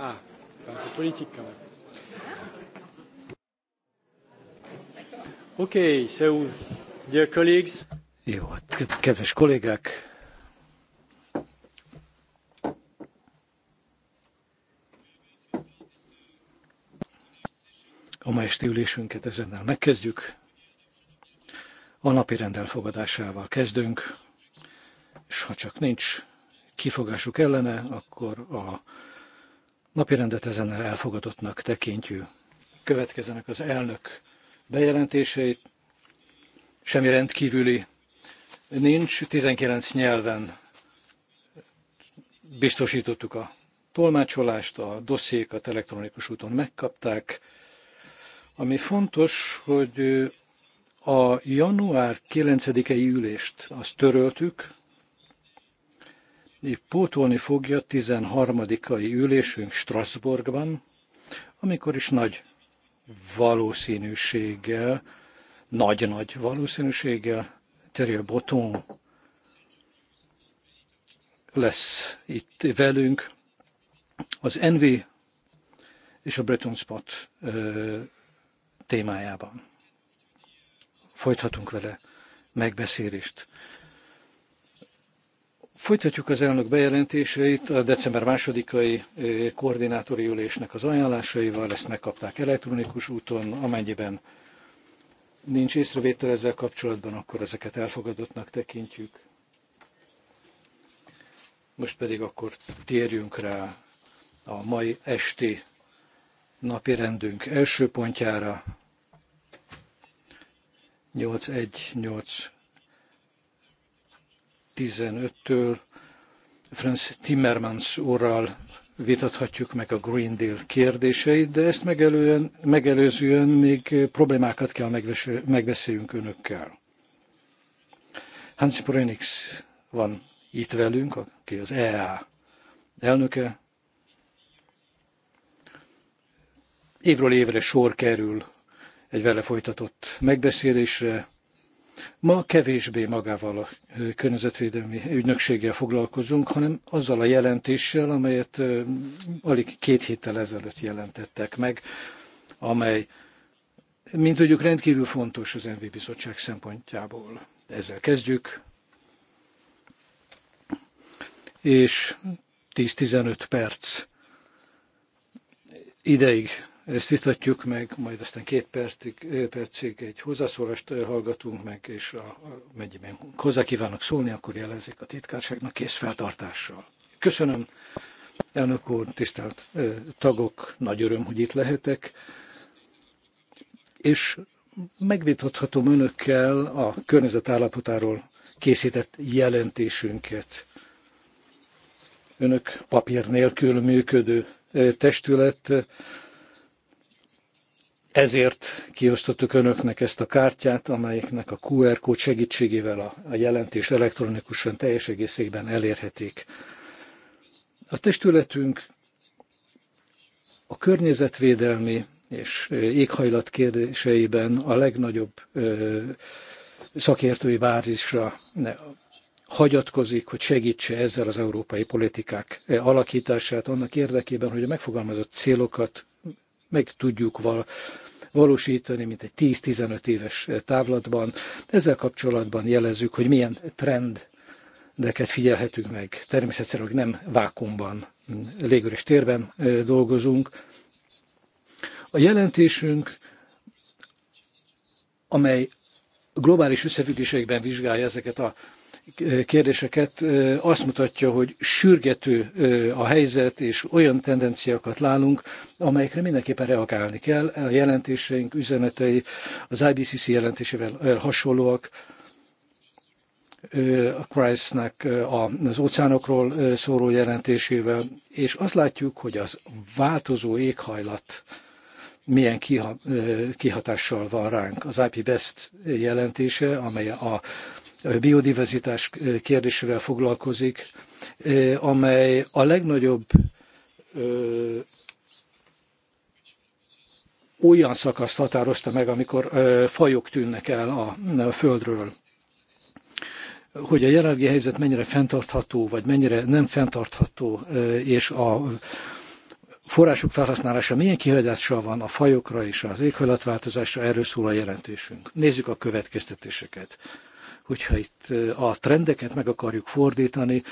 Ah, c'est un peu politique quand même. Okay, so, dear colleagues. Jó, kedves kollégák, A ma esti ülésünket ezennel megkezdjük. A napi rend elfogadásával kezdünk, és ha csak nincs kifogásuk ellene, akkor a Napirendet ezen elfogadottnak tekintjük. Következenek az elnök bejelentései. Semmi rendkívüli nincs. 19 nyelven biztosítottuk a tolmácsolást, a dossziékat elektronikus úton megkapták. Ami fontos, hogy a január 9-i ülést azt töröltük, pótolni fogja 13 ülésünk Strasbourgban, amikor is nagy valószínűséggel, nagy-nagy valószínűséggel Terje Boton lesz itt velünk. Az Envi és a Breton Spot ö, témájában. Folytatunk vele megbeszélést. Folytatjuk az elnök bejelentéseit a december másodikai koordinátori ülésnek az ajánlásaival, ezt megkapták elektronikus úton, amennyiben nincs észrevétel ezzel kapcsolatban, akkor ezeket elfogadottnak tekintjük. Most pedig akkor térjünk rá a mai esti napirendünk első pontjára, 8.1.8 15-től Franz Timmermans úrral vitathatjuk meg a Green Deal kérdéseit, de ezt megelően, megelőzően még problémákat kell megbeszéljünk önökkel. Hansi Porenix van itt velünk, aki az EA elnöke. Évről évre sor kerül egy vele folytatott megbeszélésre, Ma kevésbé magával a környezetvédelmi ügynökséggel foglalkozunk, hanem azzal a jelentéssel, amelyet alig két héttel ezelőtt jelentettek meg, amely, mint tudjuk, rendkívül fontos az MV Bizottság szempontjából. Ezzel kezdjük. És 10-15 perc ideig ezt vitatjuk meg, majd aztán két percig, percig egy hozzászólást hallgatunk meg, és a, mennyiben hozzá kívánok szólni, akkor jelezik a titkárságnak kész feltartással. Köszönöm, elnök úr, tisztelt tagok, nagy öröm, hogy itt lehetek, és megvitathatom önökkel a környezet állapotáról készített jelentésünket. Önök papír nélkül működő testület, ezért kiosztottuk önöknek ezt a kártyát, amelyeknek a QR kód segítségével a, a jelentést elektronikusan teljes egészében elérhetik. A testületünk a környezetvédelmi és éghajlat kérdéseiben a legnagyobb szakértői bázisra hagyatkozik, hogy segítse ezzel az európai politikák alakítását annak érdekében, hogy a megfogalmazott célokat meg tudjuk val valósítani, mint egy 10-15 éves távlatban. Ezzel kapcsolatban jelezzük, hogy milyen trendeket figyelhetünk meg. Természetesen, hogy nem vákumban, légüres térben dolgozunk. A jelentésünk, amely globális összefüggésekben vizsgálja ezeket a kérdéseket azt mutatja, hogy sürgető a helyzet, és olyan tendenciákat látunk, amelyekre mindenképpen reagálni kell. A jelentéseink, üzenetei az IBCC jelentésével hasonlóak, a Christnek az óceánokról szóló jelentésével, és azt látjuk, hogy az változó éghajlat milyen kihatással van ránk. Az IP Best jelentése, amely a biodiverzitás kérdésével foglalkozik, amely a legnagyobb olyan szakaszt határozta meg, amikor fajok tűnnek el a, földről. Hogy a jelenlegi helyzet mennyire fenntartható, vagy mennyire nem fenntartható, és a források felhasználása milyen kihagyással van a fajokra és az éghajlatváltozásra, erről szól a jelentésünk. Nézzük a következtetéseket hogyha itt a trendeket meg akarjuk fordítani,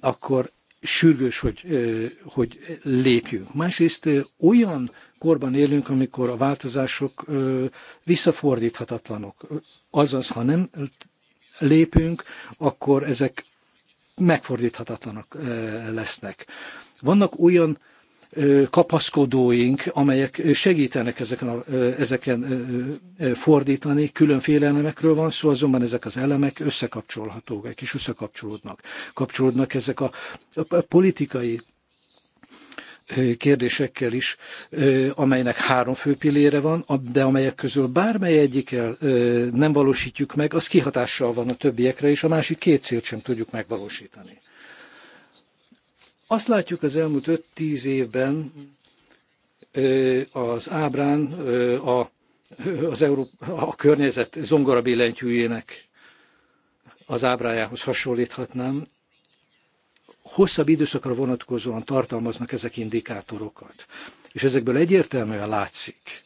akkor sürgős, hogy, hogy lépjünk. Másrészt olyan korban élünk, amikor a változások visszafordíthatatlanok. Azaz, ha nem lépünk, akkor ezek megfordíthatatlanak lesznek. Vannak olyan kapaszkodóink, amelyek segítenek ezeken, a, ezeken fordítani. Különféle elemekről van szó, azonban ezek az elemek összekapcsolhatók, és összekapcsolódnak. Kapcsolódnak ezek a, politikai kérdésekkel is, amelynek három fő pillére van, de amelyek közül bármely egyikkel nem valósítjuk meg, az kihatással van a többiekre, és a másik két célt sem tudjuk megvalósítani. Azt látjuk az elmúlt 5-10 évben az ábrán a, az Európa, a környezet zongora billentyűjének az ábrájához hasonlíthatnám, hosszabb időszakra vonatkozóan tartalmaznak ezek indikátorokat. És ezekből egyértelműen látszik,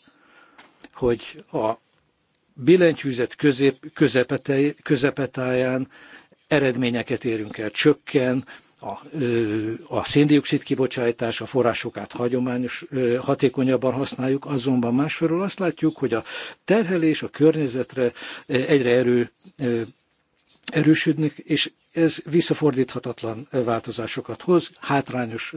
hogy a billentyűzet közép, közepetáján eredményeket érünk el, csökken a, a széndiokszid kibocsátás, a forrásokat hagyományos, hatékonyabban használjuk, azonban másfelől azt látjuk, hogy a terhelés a környezetre egyre erő, erősödnek, és ez visszafordíthatatlan változásokat hoz, hátrányos,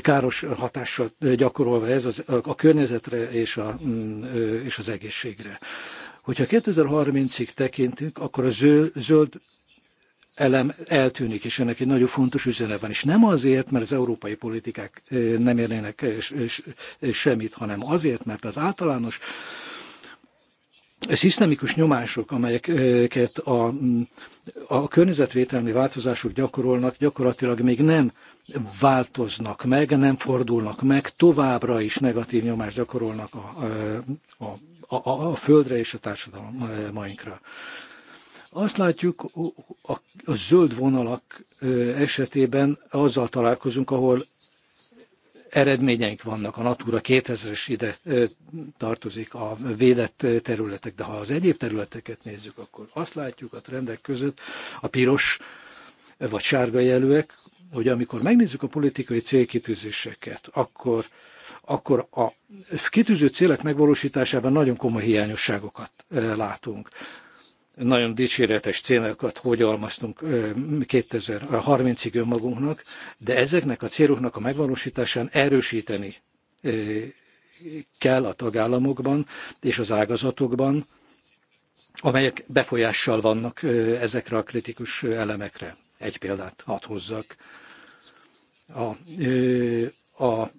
káros hatással gyakorolva ez az, a környezetre és, a, mm, és az egészségre. Hogyha 2030-ig tekintünk, akkor a zöld, zöld elem eltűnik, és ennek egy nagyon fontos üzenet van. És nem azért, mert az európai politikák nem érnének semmit, hanem azért, mert az általános szisztemikus nyomások, amelyeket a, a környezetvételmi változások gyakorolnak, gyakorlatilag még nem változnak meg, nem fordulnak meg, továbbra is negatív nyomást gyakorolnak a, a, a, a, a földre és a társadalmainkra. Azt látjuk, a, a zöld vonalak esetében azzal találkozunk, ahol eredményeink vannak, a Natura 2000-es ide tartozik, a védett területek, de ha az egyéb területeket nézzük, akkor azt látjuk a trendek között, a piros vagy sárga jelűek, hogy amikor megnézzük a politikai célkitűzéseket, akkor, akkor a kitűző célek megvalósításában nagyon komoly hiányosságokat látunk nagyon dicséretes célokat hogyalmaztunk 2030-ig önmagunknak, de ezeknek a céloknak a megvalósításán erősíteni kell a tagállamokban és az ágazatokban, amelyek befolyással vannak ezekre a kritikus elemekre. Egy példát hadd hozzak. A, a, a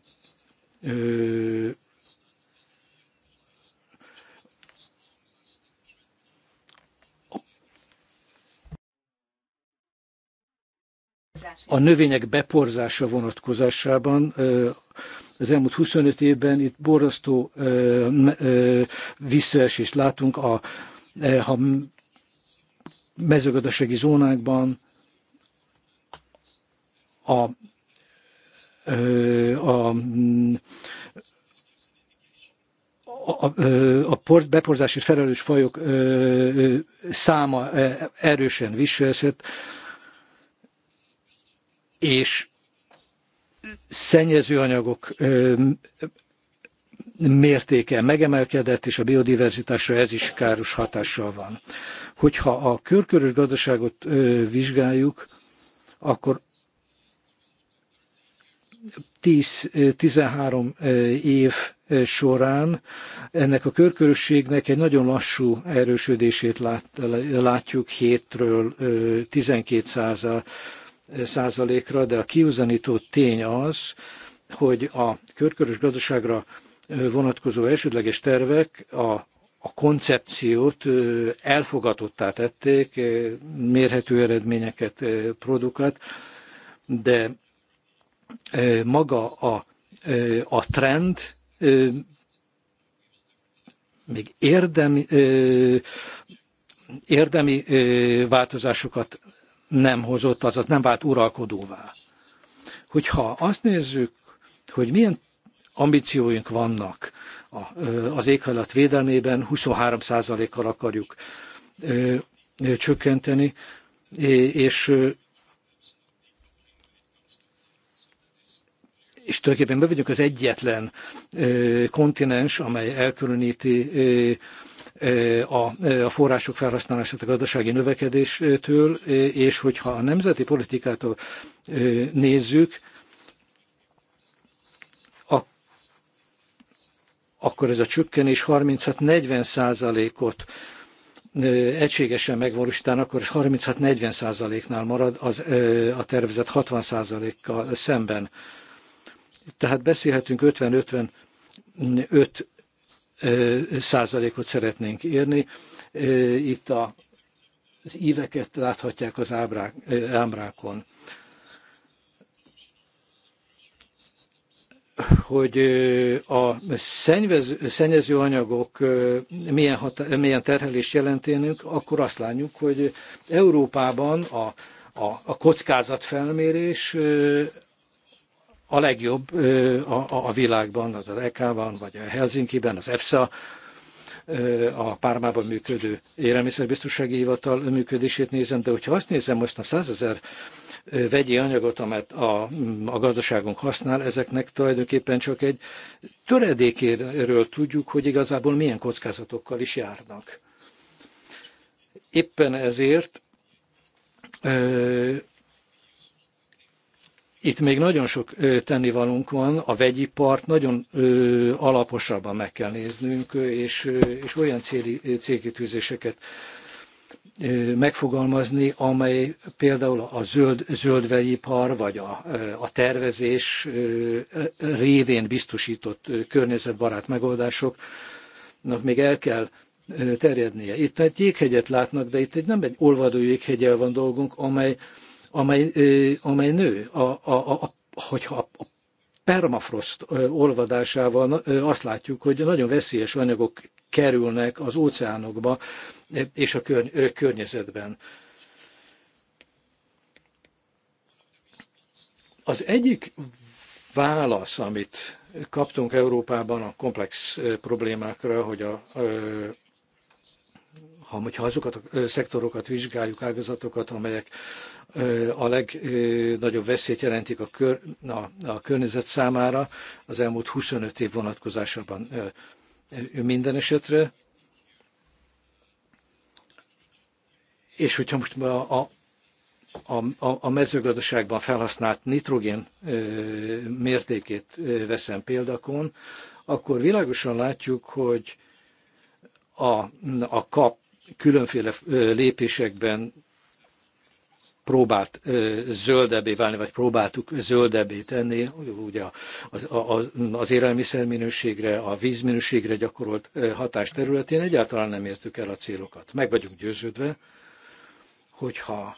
a növények beporzása vonatkozásában az elmúlt 25 évben itt borzasztó visszaesést látunk a, a mezőgazdasági zónákban, a, a, a, a port, beporzási felelős fajok száma erősen visszaesett, és szennyezőanyagok mértéke megemelkedett, és a biodiverzitásra ez is káros hatással van. Hogyha a körkörös gazdaságot vizsgáljuk, akkor 10-13 év során ennek a körkörösségnek egy nagyon lassú erősödését lát, látjuk 7-ről 12 százalékra, de a kiúzanító tény az, hogy a körkörös gazdaságra vonatkozó elsődleges tervek a, a koncepciót elfogadottá tették, mérhető eredményeket produkált, de maga a, a trend még érdemi, érdemi változásokat nem hozott, azaz nem vált uralkodóvá. Hogyha azt nézzük, hogy milyen ambícióink vannak az éghajlat védelmében, 23%-kal akarjuk csökkenteni, és és tulajdonképpen mi vagyunk az egyetlen kontinens, amely elkülöníti a források felhasználását a gazdasági növekedéstől, és hogyha a nemzeti politikát nézzük, akkor ez a csökkenés 36-40 százalékot egységesen megvalósítanak, akkor 36-40 százaléknál marad az, a tervezett 60 százalékkal szemben. Tehát beszélhetünk 50-55 százalékot szeretnénk érni. Itt a, az íveket láthatják az ábrák, ábrákon. hogy a szennyező, szennyező anyagok milyen, hatá, milyen terhelést jelentenek, akkor azt látjuk, hogy Európában a, a, a kockázatfelmérés a legjobb a, a világban, az EK-ban, vagy a Helsinki-ben, az EFSA, a Pármában működő élelmiszerbiztonsági hivatal működését nézem, de hogyha azt nézem, most a 100 ezer vegyi anyagot, amelyet a, a gazdaságunk használ, ezeknek tulajdonképpen csak egy töredékéről tudjuk, hogy igazából milyen kockázatokkal is járnak. Éppen ezért itt még nagyon sok tennivalunk van, a vegyipart nagyon alaposabban meg kell néznünk, és, és olyan céli, célkitűzéseket megfogalmazni, amely például a zöld, zöld vegyipar, vagy a, a tervezés révén biztosított környezetbarát megoldásoknak még el kell terjednie. Itt egy jéghegyet látnak, de itt egy, nem egy olvadó jéghegyel van dolgunk, amely amely, amely nő, a, a, a, hogyha a permafrost olvadásával azt látjuk, hogy nagyon veszélyes anyagok kerülnek az óceánokba és a környezetben. Az egyik válasz, amit kaptunk Európában a komplex problémákra, hogy a, ha hogyha azokat a szektorokat vizsgáljuk, ágazatokat, amelyek a legnagyobb veszélyt jelentik a, kör, a, a környezet számára az elmúlt 25 év vonatkozásában minden esetre. És hogyha most a, a a, mezőgazdaságban felhasznált nitrogén mértékét veszem példakon, akkor világosan látjuk, hogy a, a kap különféle lépésekben próbált zöldebbé válni, vagy próbáltuk zöldebbé tenni, ugye az, az, az élelmiszerminőségre, a vízminőségre gyakorolt hatás területén egyáltalán nem értük el a célokat. Meg vagyunk győződve, hogyha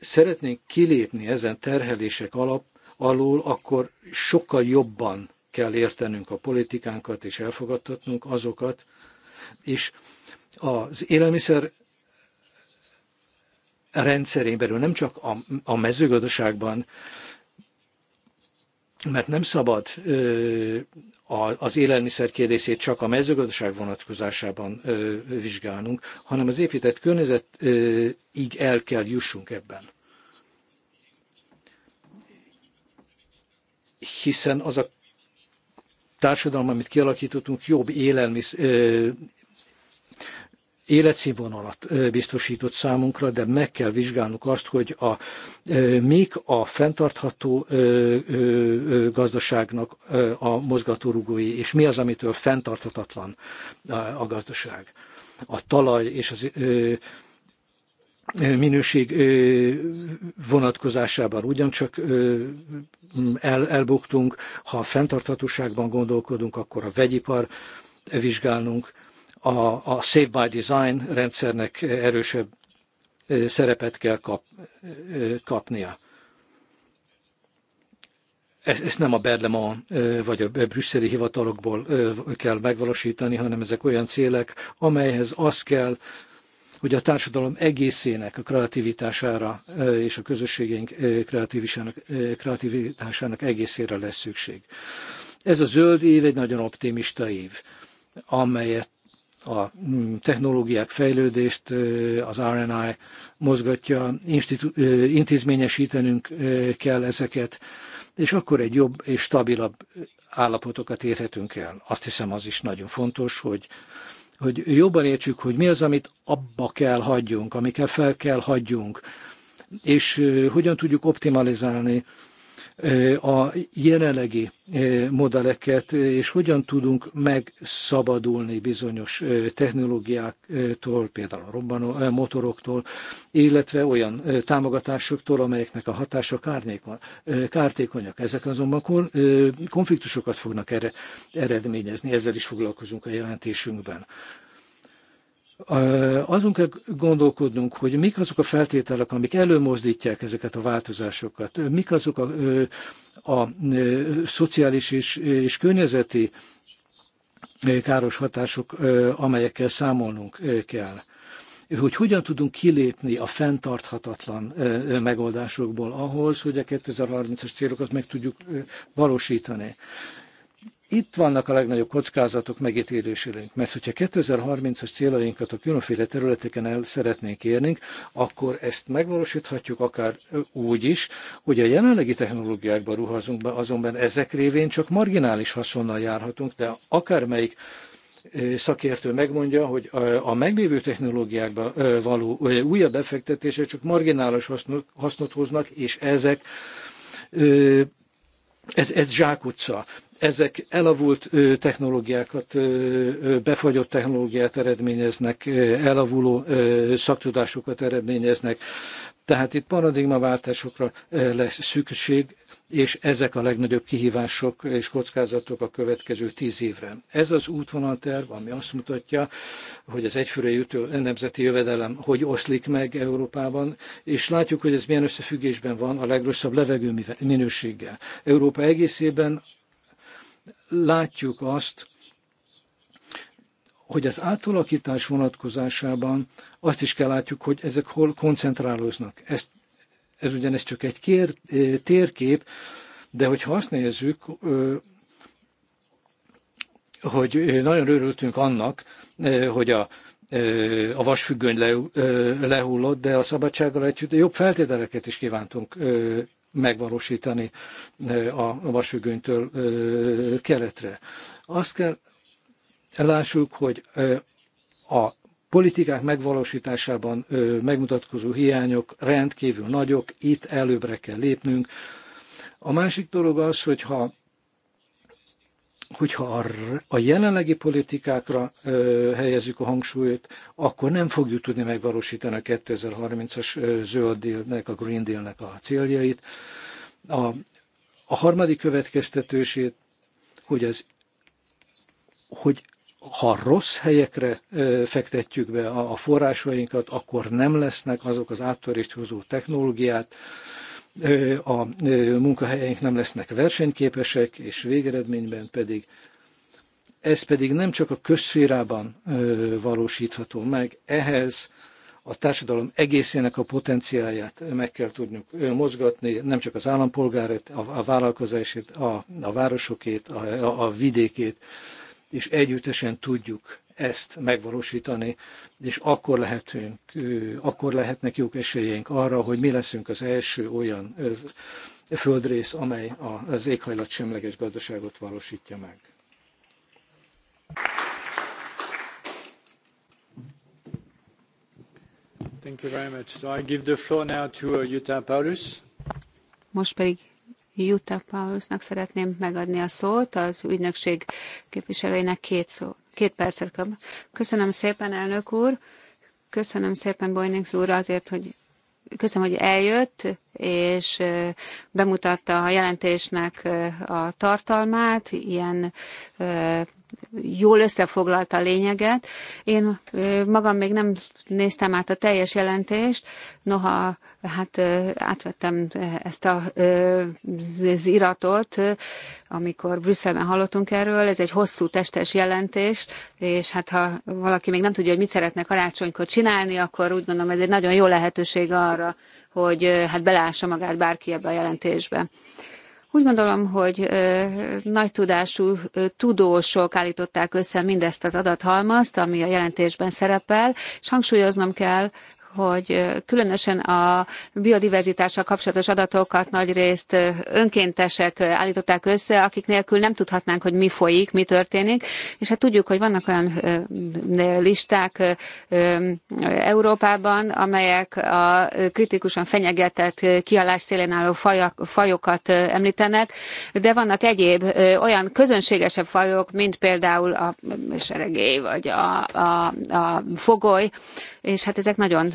szeretnénk kilépni ezen terhelések alap alól, akkor sokkal jobban kell értenünk a politikánkat és elfogadtatnunk azokat, és az élelmiszer rendszerén belül, nem csak a, a mezőgazdaságban, mert nem szabad ö, az élelmiszer kérdését csak a mezőgazdaság vonatkozásában ö, vizsgálnunk, hanem az épített környezetig el kell jussunk ebben. Hiszen az a társadalom, amit kialakítottunk, jobb élelmisz, életszínvonalat biztosított számunkra, de meg kell vizsgálnunk azt, hogy a, mik a fenntartható gazdaságnak a mozgatórugói, és mi az, amitől fenntarthatatlan a gazdaság. A talaj és az minőség vonatkozásában ugyancsak el, elbuktunk, ha a fenntarthatóságban gondolkodunk, akkor a vegyipar vizsgálnunk, a, a Save by Design rendszernek erősebb szerepet kell kap, kapnia. E, ezt nem a Berlema vagy a brüsszeli hivatalokból kell megvalósítani, hanem ezek olyan célek, amelyhez az kell, hogy a társadalom egészének a kreativitására és a közösségeink kreativitásának, kreativitásának egészére lesz szükség. Ez a zöld év egy nagyon optimista év, amelyet a mm, technológiák fejlődést, az RNI mozgatja, intézményesítenünk kell ezeket, és akkor egy jobb és stabilabb állapotokat érhetünk el. Azt hiszem az is nagyon fontos, hogy hogy jobban értsük, hogy mi az, amit abba kell hagyjunk, amikkel fel kell hagyjunk, és hogyan tudjuk optimalizálni a jelenlegi e, modelleket, és hogyan tudunk megszabadulni bizonyos e, technológiáktól, például a robbanó e, motoroktól, illetve olyan támogatásoktól, amelyeknek a hatása kártékonyak. Ezek azonban konfliktusokat fognak erre eredményezni, ezzel is foglalkozunk a jelentésünkben. Azon kell gondolkodnunk, hogy mik azok a feltételek, amik előmozdítják ezeket a változásokat, mik azok a, a, a szociális és, és környezeti káros hatások, amelyekkel számolnunk kell hogy hogyan tudunk kilépni a fenntarthatatlan megoldásokból ahhoz, hogy a 2030-as célokat meg tudjuk valósítani itt vannak a legnagyobb kockázatok megítélésének, mert hogyha 2030-as célainkat a különféle területeken el szeretnénk érni, akkor ezt megvalósíthatjuk akár úgy is, hogy a jelenlegi technológiákba ruházunk be, azonban ezek révén csak marginális haszonnal járhatunk, de akármelyik szakértő megmondja, hogy a meglévő technológiákba való újabb befektetése csak marginális hasznot, hasznot hoznak, és ezek ez, ez zsákutca ezek elavult technológiákat, befagyott technológiát eredményeznek, elavuló szaktudásokat eredményeznek. Tehát itt paradigmaváltásokra lesz szükség, és ezek a legnagyobb kihívások és kockázatok a következő tíz évre. Ez az útvonalterv, ami azt mutatja, hogy az egyfőre jutó nemzeti jövedelem hogy oszlik meg Európában, és látjuk, hogy ez milyen összefüggésben van a legrosszabb levegő minőséggel. Európa egészében látjuk azt, hogy az átalakítás vonatkozásában azt is kell látjuk, hogy ezek hol koncentrálóznak. Ez, ez ugyanez csak egy kér, térkép, de hogyha azt nézzük, hogy nagyon örültünk annak, hogy a, a vasfüggöny lehullott, de a szabadsággal együtt jobb feltételeket is kívántunk megvalósítani eh, a vasfüggönytől eh, keletre. Azt kell lássuk, hogy eh, a politikák megvalósításában megmutatkozó hiányok rendkívül nagyok, itt előbbre kell lépnünk. A másik dolog az, ha hogyha a, a jelenlegi politikákra ö, helyezzük a hangsúlyt, akkor nem fogjuk tudni megvalósítani a 2030-as zöld dealnek, a Green Dealnek a céljait. A, a harmadik következtetését, hogy, az, hogy ha rossz helyekre fektetjük be a, a forrásainkat, akkor nem lesznek azok az áttörést hozó technológiát, a munkahelyeink nem lesznek versenyképesek, és végeredményben pedig ez pedig nem csak a közszférában valósítható meg, ehhez a társadalom egészének a potenciáját meg kell tudnunk mozgatni, nem csak az állampolgárét, a, vállalkozásét, a, a városokét, a, a vidékét, és együttesen tudjuk ezt megvalósítani, és akkor, lehetünk, akkor lehetnek jók esélyeink arra, hogy mi leszünk az első olyan földrész, amely az éghajlat semleges gazdaságot valósítja meg. Thank you very much. So I give the floor now to uh, Jutta Paulus. Most pedig Jutta Paulusnak szeretném megadni a szót, az ügynökség képviselőinek két szót Két percet kap. Köszönöm szépen, elnök úr. Köszönöm szépen Bojnings úr azért, hogy köszönöm, hogy eljött, és bemutatta a jelentésnek a tartalmát, ilyen jól összefoglalta a lényeget. Én magam még nem néztem át a teljes jelentést, noha hát átvettem ezt a, az iratot, amikor Brüsszelben hallottunk erről. Ez egy hosszú testes jelentés, és hát ha valaki még nem tudja, hogy mit szeretne karácsonykor csinálni, akkor úgy gondolom ez egy nagyon jó lehetőség arra, hogy hát belássa magát bárki ebbe a jelentésbe. Úgy gondolom, hogy nagy tudású tudósok állították össze mindezt az adathalmazt, ami a jelentésben szerepel, és hangsúlyoznom kell, hogy különösen a biodiverzitással kapcsolatos adatokat nagyrészt önkéntesek állították össze, akik nélkül nem tudhatnánk, hogy mi folyik, mi történik, és hát tudjuk, hogy vannak olyan listák Európában, amelyek a kritikusan fenyegetett kialás szélén álló fajak, fajokat említenek, de vannak egyéb olyan közönségesebb fajok, mint például a seregély vagy a, a, a fogoly, és hát ezek nagyon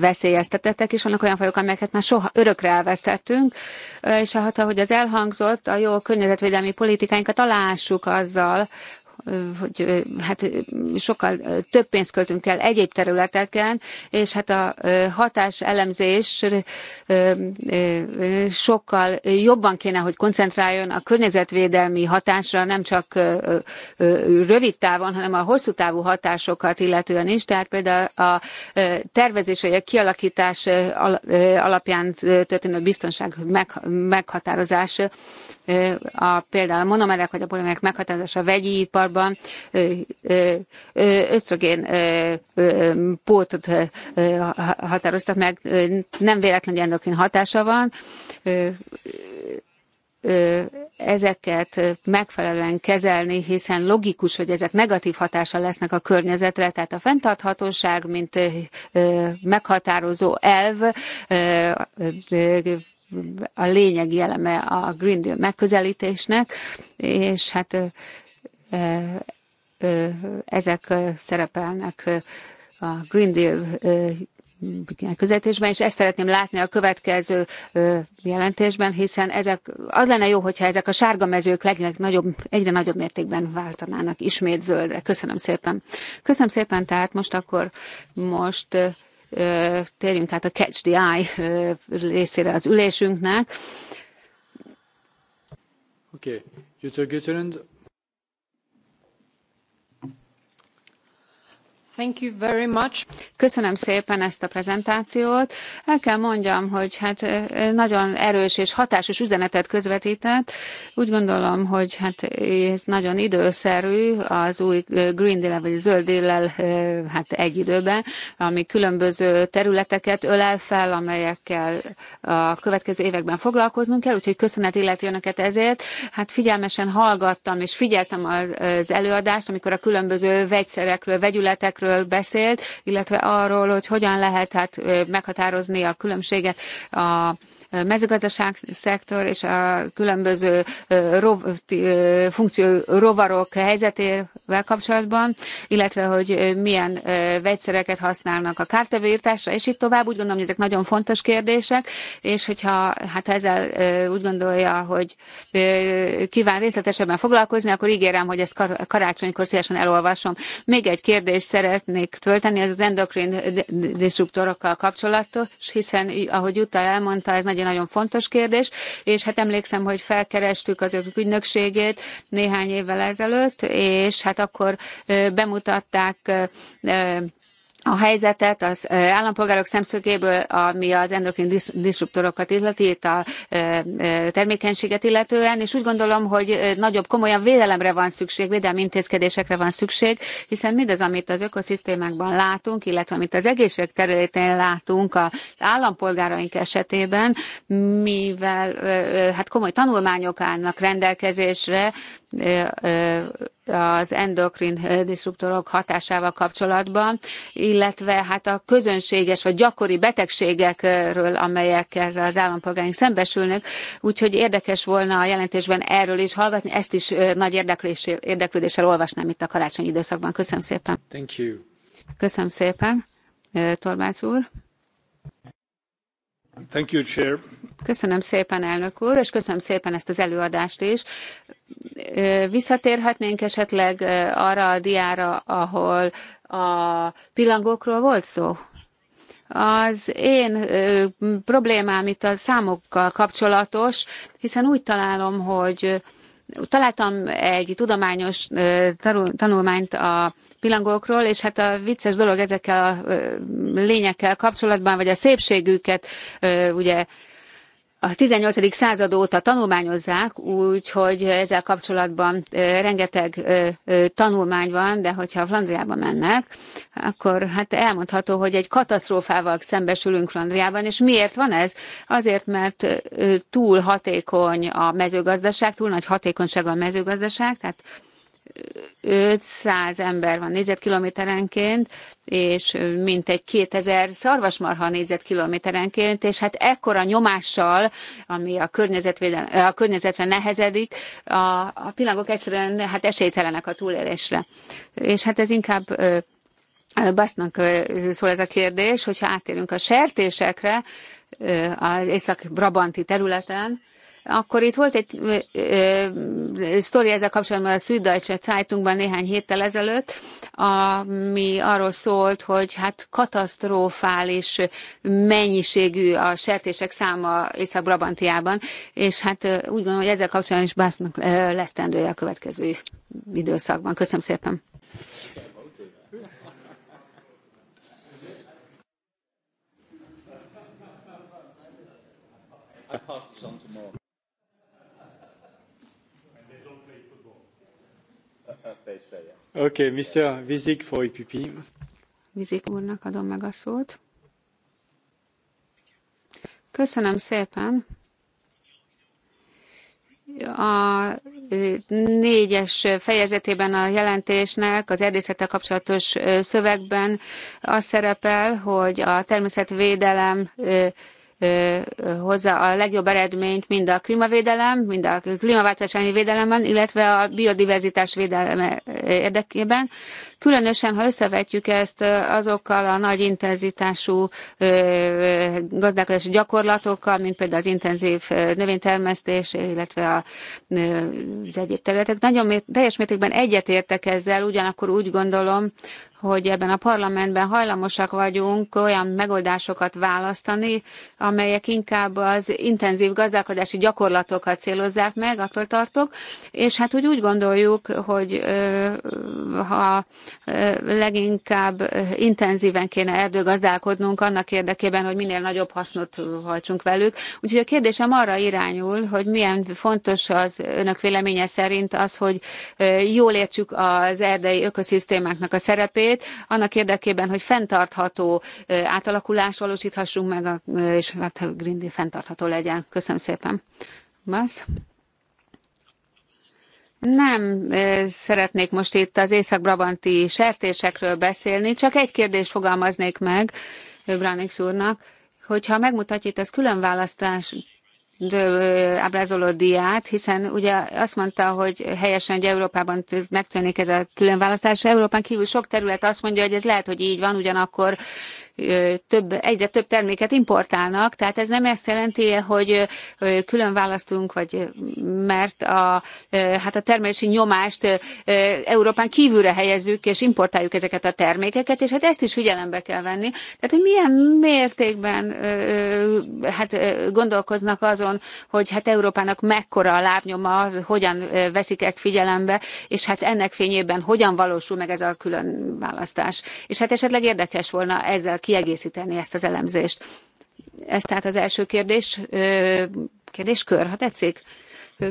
veszélyeztetettek, és vannak olyan fajok, amelyeket már soha örökre elvesztettünk, és hát, ahogy az elhangzott, a jó környezetvédelmi politikáinkat alássuk azzal, hogy hát sokkal több pénzt költünk el egyéb területeken, és hát a hatás elemzés sokkal jobban kéne, hogy koncentráljon a környezetvédelmi hatásra, nem csak rövid távon, hanem a hosszú távú hatásokat illetően is, tehát például a tervezés vagy a kialakítás alapján történő biztonság meghatározása a például a monomerek vagy a polimerek meghatározása a vegyi iparban ösztrogén pótot határoztak meg, nem hogy endokrin hatása van, ezeket megfelelően kezelni, hiszen logikus, hogy ezek negatív hatással lesznek a környezetre, tehát a fenntarthatóság, mint meghatározó elv a lényegi eleme a Green Deal megközelítésnek, és hát ezek szerepelnek a Green Deal közelítésben, és ezt szeretném látni a következő jelentésben, hiszen ezek, az lenne jó, hogyha ezek a sárga mezők legyenek nagyobb, egyre nagyobb mértékben váltanának ismét zöldre. Köszönöm szépen. Köszönöm szépen, tehát most akkor most térjünk át a Catch the Eye részére az ülésünknek. Oké, okay. Jutta Gütterend, Köszönöm szépen ezt a prezentációt. El kell mondjam, hogy hát nagyon erős és hatásos üzenetet közvetített. Úgy gondolom, hogy hát ez nagyon időszerű az új Green deal vagy Zöld deal hát egy időben, ami különböző területeket ölel fel, amelyekkel a következő években foglalkoznunk kell, úgyhogy köszönet illeti önöket ezért. Hát figyelmesen hallgattam és figyeltem az előadást, amikor a különböző vegyszerekről, vegyületekről, kérdésről beszélt, illetve arról, hogy hogyan lehet hát meghatározni a különbséget a mezőgazdaság szektor és a különböző funkció rovarok helyzetével kapcsolatban, illetve hogy milyen vegyszereket használnak a kártevőírtásra, és itt tovább. Úgy gondolom, hogy ezek nagyon fontos kérdések, és hogyha hát ezzel úgy gondolja, hogy kíván részletesebben foglalkozni, akkor ígérem, hogy ezt karácsonykor szívesen elolvasom. Még egy kérdést szeretnék tölteni ez az endokrin disruptorokkal kapcsolatos, hiszen ahogy Jutta elmondta, ez nagyon egy nagyon fontos kérdés, és hát emlékszem, hogy felkerestük az önök ügynökségét néhány évvel ezelőtt, és hát akkor bemutatták a helyzetet az állampolgárok szemszögéből, ami az endokrin disruptorokat illeti, itt a termékenységet illetően, és úgy gondolom, hogy nagyobb komolyan védelemre van szükség, védelmi intézkedésekre van szükség, hiszen mindez, amit az ökoszisztémákban látunk, illetve amit az egészség területén látunk az állampolgáraink esetében, mivel hát komoly tanulmányok állnak rendelkezésre, az endokrin eh, disruptorok hatásával kapcsolatban, illetve hát a közönséges vagy gyakori betegségekről, amelyekkel az állampolgáink szembesülnek, úgyhogy érdekes volna a jelentésben erről is hallgatni, ezt is eh, nagy érdeklődéssel olvasnám itt a karácsonyi időszakban. Köszönöm szépen. Thank you. Köszönöm szépen, eh, Tormács úr. Thank you, Chair. Köszönöm szépen, elnök úr, és köszönöm szépen ezt az előadást is. Visszatérhetnénk esetleg arra a diára, ahol a pillangókról volt szó? az én problémám itt a számokkal kapcsolatos, hiszen úgy találom, hogy találtam egy tudományos tanulmányt a pillangókról, és hát a vicces dolog ezekkel a lényekkel kapcsolatban, vagy a szépségüket ugye a 18. század óta tanulmányozzák, úgyhogy ezzel kapcsolatban rengeteg tanulmány van, de hogyha Flandriába mennek, akkor hát elmondható, hogy egy katasztrófával szembesülünk Flandriában, és miért van ez? Azért, mert túl hatékony a mezőgazdaság, túl nagy hatékonyság a mezőgazdaság, tehát 500 ember van négyzetkilométerenként, és mintegy 2000 szarvasmarha négyzetkilométerenként, és hát ekkora nyomással, ami a, a környezetre nehezedik, a, a pillangok egyszerűen hát esélytelenek a túlélésre. És hát ez inkább Basznak szól ez a kérdés, hogyha átérünk a sertésekre, az észak-brabanti területen, akkor itt volt egy ö, ö, sztori ezzel kapcsolatban a Süddeutsche Zeitungban néhány héttel ezelőtt, ami arról szólt, hogy hát katasztrofális mennyiségű a sertések száma Észak-Brabantiában, és hát úgy gondolom, hogy ezzel kapcsolatban is Básznak lesz tendője a következő időszakban. Köszönöm szépen! I passed this on to okay, Mr. Vizik for e Vizik úrnak adom meg a szót. Köszönöm szépen. A négyes fejezetében a jelentésnek, az erdészettel kapcsolatos szövegben az szerepel, hogy a természetvédelem Hozza a legjobb eredményt mind a klímavédelem, mind a klímaváltozás elleni védelemben, illetve a biodiverzitás védelme érdekében. Különösen, ha összevetjük ezt azokkal a nagy intenzitású gazdálkodási gyakorlatokkal, mint például az intenzív növénytermesztés, illetve az egyéb területek. Nagyon teljes mértékben egyetértek ezzel, ugyanakkor úgy gondolom, hogy ebben a parlamentben hajlamosak vagyunk olyan megoldásokat választani, amelyek inkább az intenzív gazdálkodási gyakorlatokat célozzák meg, attól tartok, és hát úgy úgy gondoljuk, hogy ha leginkább intenzíven kéne erdőgazdálkodnunk annak érdekében, hogy minél nagyobb hasznot hajtsunk velük. Úgyhogy a kérdésem arra irányul, hogy milyen fontos az önök véleménye szerint az, hogy jól értsük az erdei ökoszisztémáknak a szerepét, szerepét, annak érdekében, hogy fenntartható átalakulást valósíthassunk meg, és hát a Green Deal fenntartható legyen. Köszönöm szépen. Basz. Nem szeretnék most itt az észak-brabanti sertésekről beszélni, csak egy kérdést fogalmaznék meg Bránix úrnak, hogyha megmutatja itt az különválasztás ábrázoló diát, hiszen ugye azt mondta, hogy helyesen, hogy Európában megtörténik ez a különválasztás. Európán kívül sok terület azt mondja, hogy ez lehet, hogy így van, ugyanakkor több, egyre több terméket importálnak, tehát ez nem ezt jelenti, hogy külön választunk, vagy mert a, hát a termelési nyomást Európán kívülre helyezzük, és importáljuk ezeket a termékeket, és hát ezt is figyelembe kell venni. Tehát, hogy milyen mértékben hát gondolkoznak azon, hogy hát Európának mekkora a lábnyoma, hogyan veszik ezt figyelembe, és hát ennek fényében hogyan valósul meg ez a külön választás. És hát esetleg érdekes volna ezzel kiegészíteni ezt az elemzést. Ez tehát az első kérdés, kérdéskör, ha tetszik.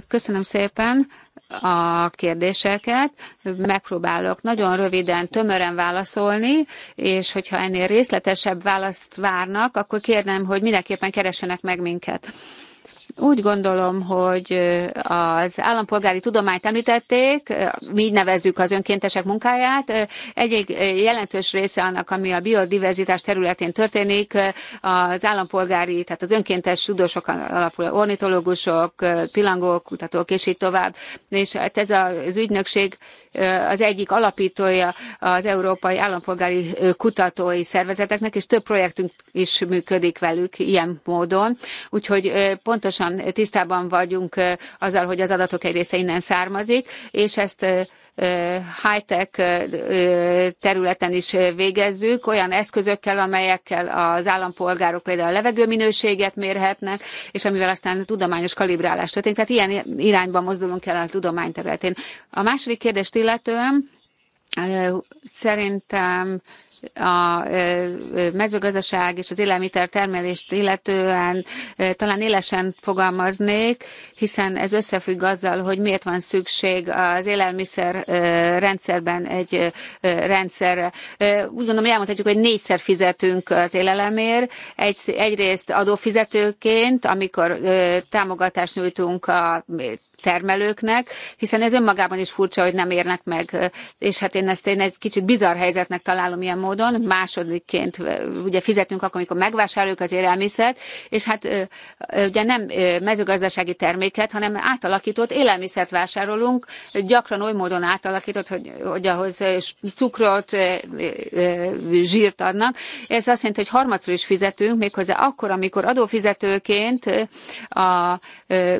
Köszönöm szépen a kérdéseket. Megpróbálok nagyon röviden, tömören válaszolni, és hogyha ennél részletesebb választ várnak, akkor kérném, hogy mindenképpen keressenek meg minket. Úgy gondolom, hogy az állampolgári tudományt említették, mi így nevezzük az önkéntesek munkáját. Egyik jelentős része annak, ami a biodiverzitás területén történik, az állampolgári, tehát az önkéntes tudósok alapul ornitológusok, pilangók, kutatók és így tovább. És hát ez az ügynökség az egyik alapítója az Európai Állampolgári Kutatói Szervezeteknek, és több projektünk is működik velük ilyen módon. Úgyhogy pont pontosan tisztában vagyunk azzal, hogy az adatok egy része innen származik, és ezt high-tech területen is végezzük, olyan eszközökkel, amelyekkel az állampolgárok például a levegőminőséget mérhetnek, és amivel aztán tudományos kalibrálás történik. Tehát ilyen irányba mozdulunk el a tudomány területén. A második kérdést illetően, Szerintem a mezőgazdaság és az élelmiszer termelést illetően talán élesen fogalmaznék, hiszen ez összefügg azzal, hogy miért van szükség az élelmiszer rendszerben egy rendszerre. Úgy gondolom, elmondhatjuk, hogy négyszer fizetünk az élelemért. Egy, egyrészt adófizetőként, amikor támogatást nyújtunk a termelőknek, hiszen ez önmagában is furcsa, hogy nem érnek meg, és hát én ezt én egy kicsit bizarr helyzetnek találom ilyen módon. Másodikként ugye fizetünk akkor, amikor megvásároljuk az élelmiszert, és hát ugye nem mezőgazdasági terméket, hanem átalakított élelmiszert vásárolunk, gyakran oly módon átalakított, hogy, hogy ahhoz cukrot, zsírt adnak. Ez azt jelenti, hogy harmadszor is fizetünk, méghozzá akkor, amikor adófizetőként a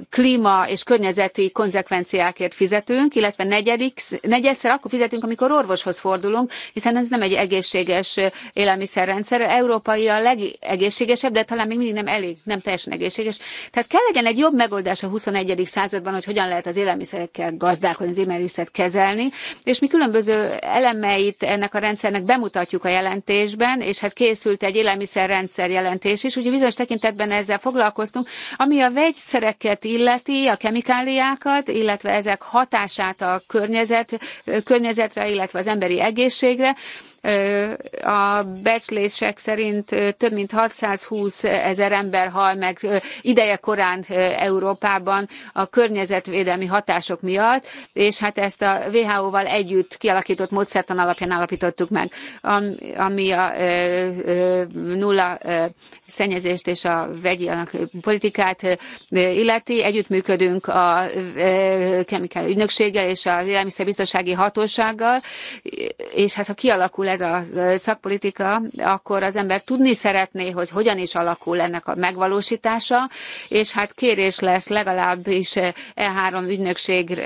klíma és környezet eredeti konzekvenciákért fizetünk, illetve negyedik, negyedszer akkor fizetünk, amikor orvoshoz fordulunk, hiszen ez nem egy egészséges élelmiszerrendszer. Európai a legegészségesebb, de talán még mindig nem elég, nem teljesen egészséges. Tehát kell legyen egy jobb megoldás a 21. században, hogy hogyan lehet az élelmiszerekkel gazdálkodni, az élelmiszert kezelni, és mi különböző elemeit ennek a rendszernek bemutatjuk a jelentésben, és hát készült egy élelmiszerrendszer jelentés is, úgyhogy bizonyos tekintetben ezzel foglalkoztunk, ami a vegyszereket illeti, a kemikáli energiákat, illetve ezek hatását a környezet, környezetre, illetve az emberi egészségre. A becslések szerint több mint 620 ezer ember hal meg ideje korán Európában a környezetvédelmi hatások miatt, és hát ezt a WHO-val együtt kialakított módszertan alapján állapítottuk meg, ami a nulla szennyezést és a vegyi politikát illeti. Együttműködünk a a kemikál ügynökséggel és az élelmiszerbiztonsági hatósággal, és hát ha kialakul ez a szakpolitika, akkor az ember tudni szeretné, hogy hogyan is alakul ennek a megvalósítása, és hát kérés lesz legalábbis e három ügynökség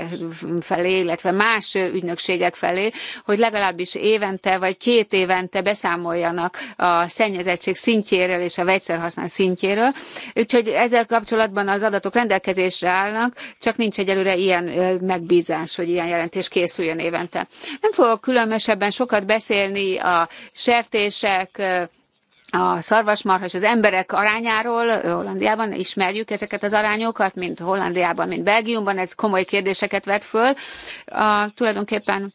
felé, illetve más ügynökségek felé, hogy legalábbis évente vagy két évente beszámoljanak a szennyezettség szintjéről és a vegyszerhasználat szintjéről. Úgyhogy ezzel kapcsolatban az adatok rendelkezésre állnak, csak csak nincs egyelőre ilyen megbízás, hogy ilyen jelentés készüljön évente. Nem fogok különösebben sokat beszélni a sertések, a szarvasmarha és az emberek arányáról Hollandiában ismerjük ezeket az arányokat, mint Hollandiában, mint Belgiumban, ez komoly kérdéseket vet föl. A, tulajdonképpen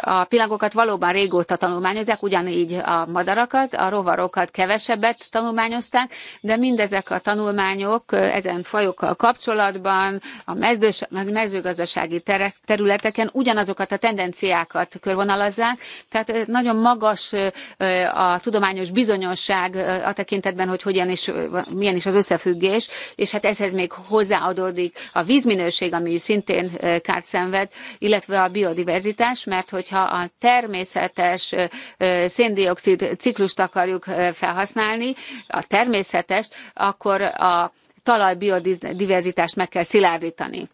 a pilagokat valóban régóta tanulmányozzák, ugyanígy a madarakat, a rovarokat kevesebbet tanulmányozták, de mindezek a tanulmányok ezen fajokkal kapcsolatban, a, a mezőgazdasági területeken ugyanazokat a tendenciákat körvonalazzák, tehát nagyon magas a tudományos bizonyosság a tekintetben, hogy hogyan is, milyen is az összefüggés, és hát ezhez még hozzáadódik a vízminőség, ami szintén kárt szenved, illetve a biodiverzitás, más, mert hogyha a természetes széndiokszid ciklust akarjuk felhasználni, a természetest, akkor a talaj biodiverzitást meg kell szilárdítani.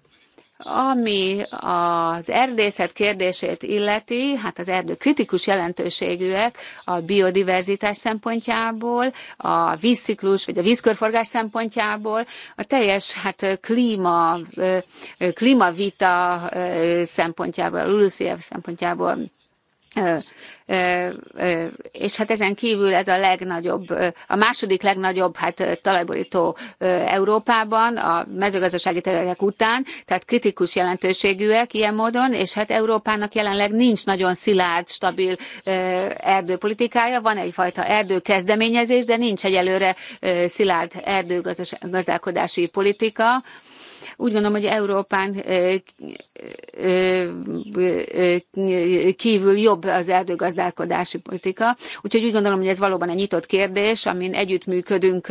Ami az erdészet kérdését illeti, hát az erdő kritikus jelentőségűek a biodiverzitás szempontjából, a vízciklus vagy a vízkörforgás szempontjából, a teljes hát klíma, klímavita szempontjából, a LULUCF szempontjából és hát ezen kívül ez a legnagyobb, a második legnagyobb hát talajborító Európában, a mezőgazdasági területek után, tehát kritikus jelentőségűek ilyen módon, és hát Európának jelenleg nincs nagyon szilárd, stabil erdőpolitikája, van egyfajta erdőkezdeményezés, de nincs egyelőre szilárd erdőgazdálkodási politika, úgy gondolom, hogy Európán kívül jobb az erdőgazdálkodási politika, úgyhogy úgy gondolom, hogy ez valóban egy nyitott kérdés, amin együttműködünk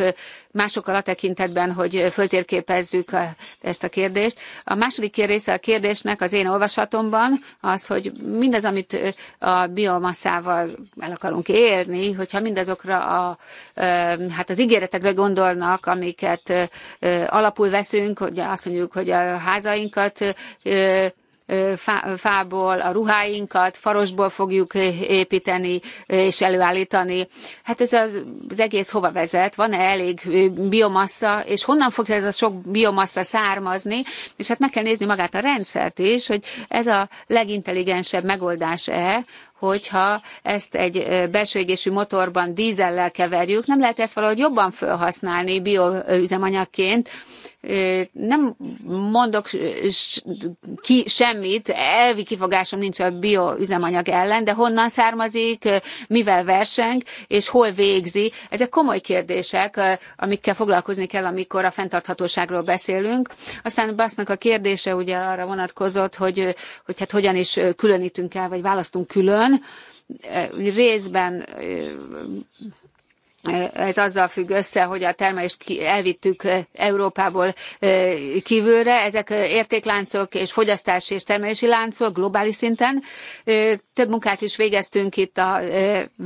másokkal a tekintetben, hogy föltérképezzük ezt a kérdést. A második része a kérdésnek az én olvasatomban az, hogy mindez, amit a biomaszával el akarunk érni, hogyha mindazokra a, hát az ígéretekre gondolnak, amiket alapul veszünk, hogy az azt mondjuk, hogy a házainkat fából, a ruháinkat, farosból fogjuk építeni és előállítani. Hát ez az egész hova vezet? Van-e elég biomassa, és honnan fog ez a sok biomassa származni? És hát meg kell nézni magát a rendszert is, hogy ez a legintelligensebb megoldás-e, hogyha ezt egy belső égésű motorban dízellel keverjük, nem lehet ezt valahogy jobban felhasználni bioüzemanyagként, nem mondok ki semmit, elvi kifogásom nincs a bioüzemanyag ellen, de honnan származik, mivel verseng, és hol végzi. Ezek komoly kérdések, amikkel foglalkozni kell, amikor a fenntarthatóságról beszélünk. Aztán Basznak a kérdése ugye arra vonatkozott, hogy, hogy hát hogyan is különítünk el, vagy választunk külön van. Részben ez azzal függ össze, hogy a termelést elvittük Európából kívülre. Ezek értékláncok és fogyasztási és termelési láncok globális szinten. Több munkát is végeztünk itt a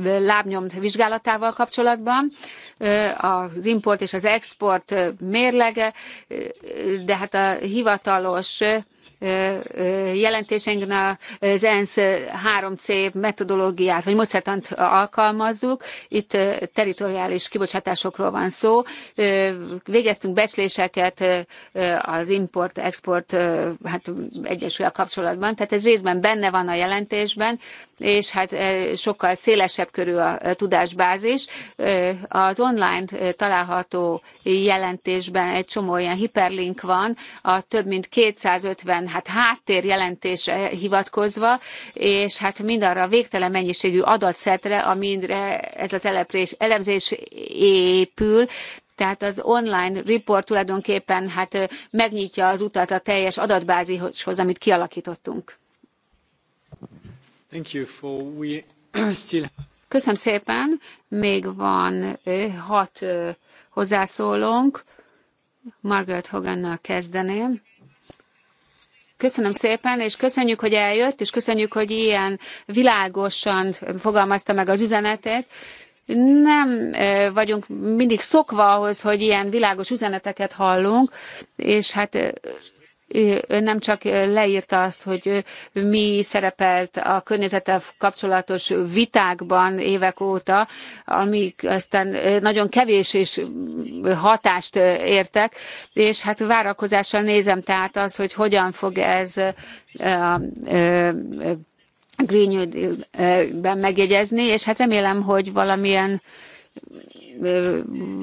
lábnyom vizsgálatával kapcsolatban. Az import és az export mérlege, de hát a hivatalos jelentésünknek az ENSZ 3C metodológiát vagy módszertant alkalmazzuk. Itt teritoriális kibocsátásokról van szó. Végeztünk becsléseket az import-export hát egyesülel kapcsolatban, tehát ez részben benne van a jelentésben, és hát sokkal szélesebb körű a tudásbázis. Az online található jelentésben egy csomó ilyen hiperlink van, a több mint 250 hát háttérjelentésre hivatkozva, és hát mindarra a végtelen mennyiségű adatszetre, amire ez az elemzés épül, tehát az online report tulajdonképpen hát megnyitja az utat a teljes adatbázishoz, amit kialakítottunk. Thank you for we still... Köszönöm szépen, még van hat hozzászólónk. Margaret Hogannal kezdeném. Köszönöm szépen, és köszönjük, hogy eljött, és köszönjük, hogy ilyen világosan fogalmazta meg az üzenetet. nem vagyunk mindig szokva ahhoz, hogy ilyen világos üzeneteket hallunk, és hát ön nem csak leírta azt, hogy mi szerepelt a környezettel kapcsolatos vitákban évek óta, amik aztán nagyon kevés és hatást értek, és hát várakozással nézem tehát az, hogy hogyan fog ez a Green New Deal-ben megjegyezni, és hát remélem, hogy valamilyen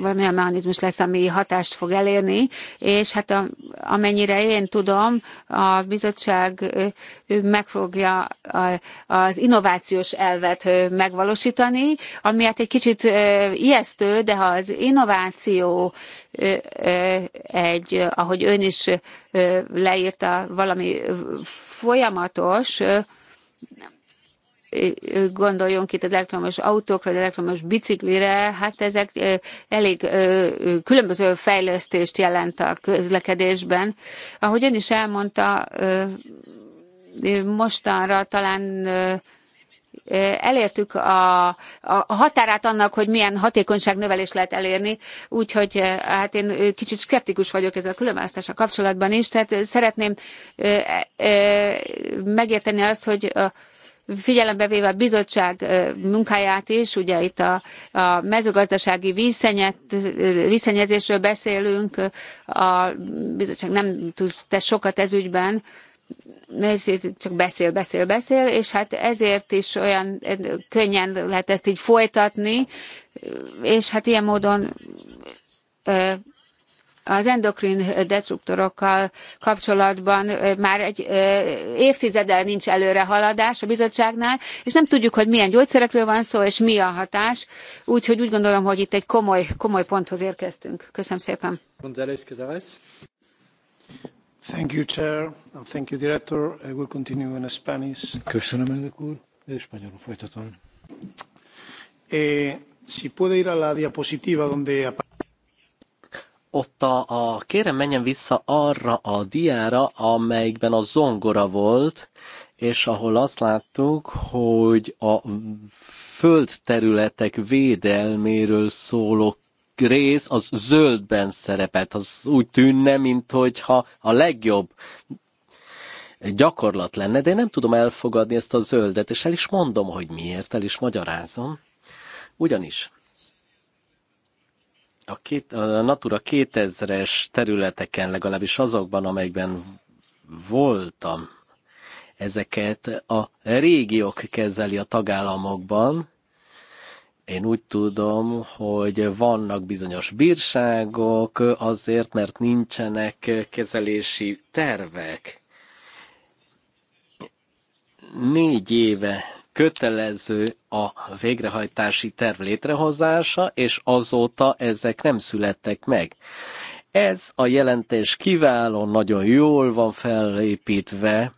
valamilyen mechanizmus lesz, ami hatást fog elérni, és hát a, amennyire én tudom, a bizottság meg fogja az innovációs elvet megvalósítani, ami hát egy kicsit ijesztő, de ha az innováció egy, ahogy ön is leírta, valami folyamatos, gondoljunk itt az elektromos autókra, az elektromos biciklire, hát ezek elég különböző fejlesztést jelent a közlekedésben. Ahogy ön is elmondta, mostanra talán elértük a, a határát annak, hogy milyen hatékonyságnövelést lehet elérni, úgyhogy hát én kicsit skeptikus vagyok ezzel a különbáztása kapcsolatban is, tehát szeretném megérteni azt, hogy figyelembe véve a bizottság munkáját is, ugye itt a, a mezőgazdasági vízszennyet, vízszennyezésről beszélünk, a bizottság nem tud tesz sokat ez ügyben, csak beszél, beszél, beszél, és hát ezért is olyan könnyen lehet ezt így folytatni, és hát ilyen módon az endokrin destruktorokkal kapcsolatban már egy évtizeddel nincs előrehaladás a bizottságnál, és nem tudjuk, hogy milyen gyógyszerekről van szó, és mi a hatás, úgyhogy úgy gondolom, hogy itt egy komoly, komoly ponthoz érkeztünk. Köszönöm szépen. Thank you, Chair, and thank you, Director. I will continue in Spanish. Köszönöm, elnök úr, spanyolul folytatom. Eh, si puede ir a la diapositiva donde ott a, a, kérem menjen vissza arra a diára, amelyikben a zongora volt, és ahol azt láttuk, hogy a földterületek védelméről szóló rész az zöldben szerepelt. Az úgy tűnne, mint hogyha a legjobb gyakorlat lenne, de én nem tudom elfogadni ezt a zöldet, és el is mondom, hogy miért, el is magyarázom. Ugyanis a, két, a Natura 2000-es területeken, legalábbis azokban, amelyekben voltam, ezeket a régiók kezeli a tagállamokban. Én úgy tudom, hogy vannak bizonyos bírságok azért, mert nincsenek kezelési tervek. Négy éve kötelező a végrehajtási terv létrehozása, és azóta ezek nem születtek meg. Ez a jelentés kiváló, nagyon jól van felépítve,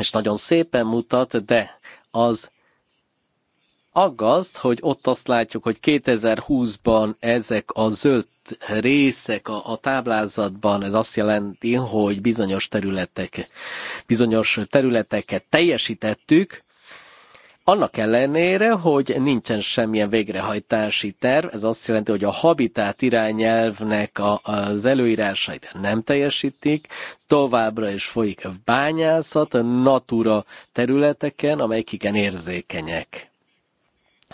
és nagyon szépen mutat, de az aggaszt, hogy ott azt látjuk, hogy 2020-ban ezek a zöld részek a, a táblázatban, ez azt jelenti, hogy bizonyos területek, bizonyos területeket teljesítettük, annak ellenére, hogy nincsen semmilyen végrehajtási terv, ez azt jelenti, hogy a habitát irányelvnek a, az előírásait nem teljesítik, továbbra is folyik a bányászat a natura területeken, amelyek igen érzékenyek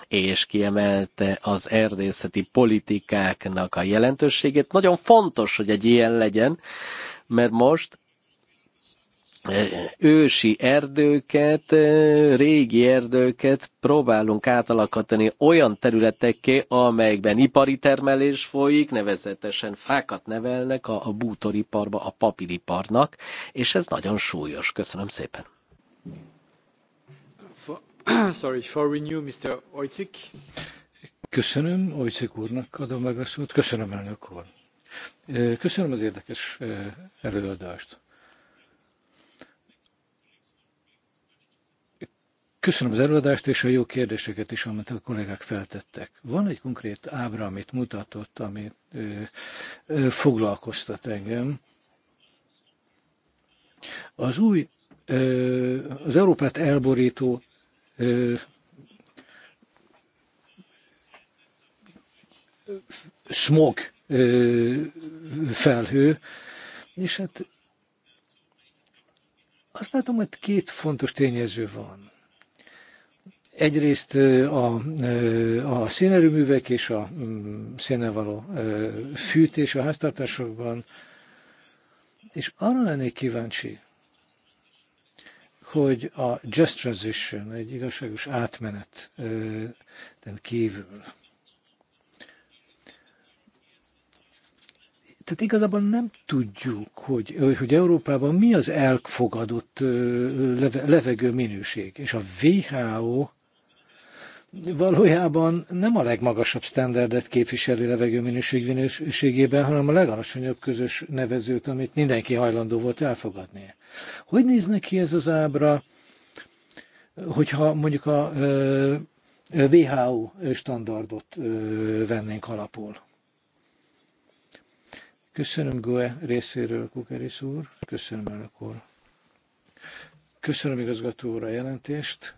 és kiemelte az erdészeti politikáknak a jelentőségét. Nagyon fontos, hogy egy ilyen legyen, mert most ősi erdőket, régi erdőket próbálunk átalakítani olyan területekké, amelyekben ipari termelés folyik, nevezetesen fákat nevelnek a, a bútoriparba, a papíriparnak, és ez nagyon súlyos. Köszönöm szépen. For, sorry, for renew, Mr. Oicik. Köszönöm, Oicik úrnak adom meg a szót. Köszönöm, elnök úr. Köszönöm az érdekes előadást Köszönöm az előadást és a jó kérdéseket is, amit a kollégák feltettek. Van egy konkrét ábra, amit mutatott, ami ö, ö, foglalkoztat engem. Az új, ö, az Európát elborító ö, smog ö, felhő, és hát azt látom, hogy két fontos tényező van Egyrészt a, a szénerőművek és a mm, szénnel fűtés a háztartásokban, és arra lennék kíváncsi, hogy a Just Transition, egy igazságos átmenet kívül. Tehát igazából nem tudjuk, hogy, hogy Európában mi az elfogadott levegő minőség. És a WHO valójában nem a legmagasabb standardet képviselő minőség minőségében, hanem a legalacsonyabb közös nevezőt, amit mindenki hajlandó volt elfogadni. Hogy néz neki ez az ábra, hogyha mondjuk a WHO standardot vennénk alapul? Köszönöm Goe részéről, Kukeris úr. Köszönöm, önök úr. Köszönöm igazgató úr a jelentést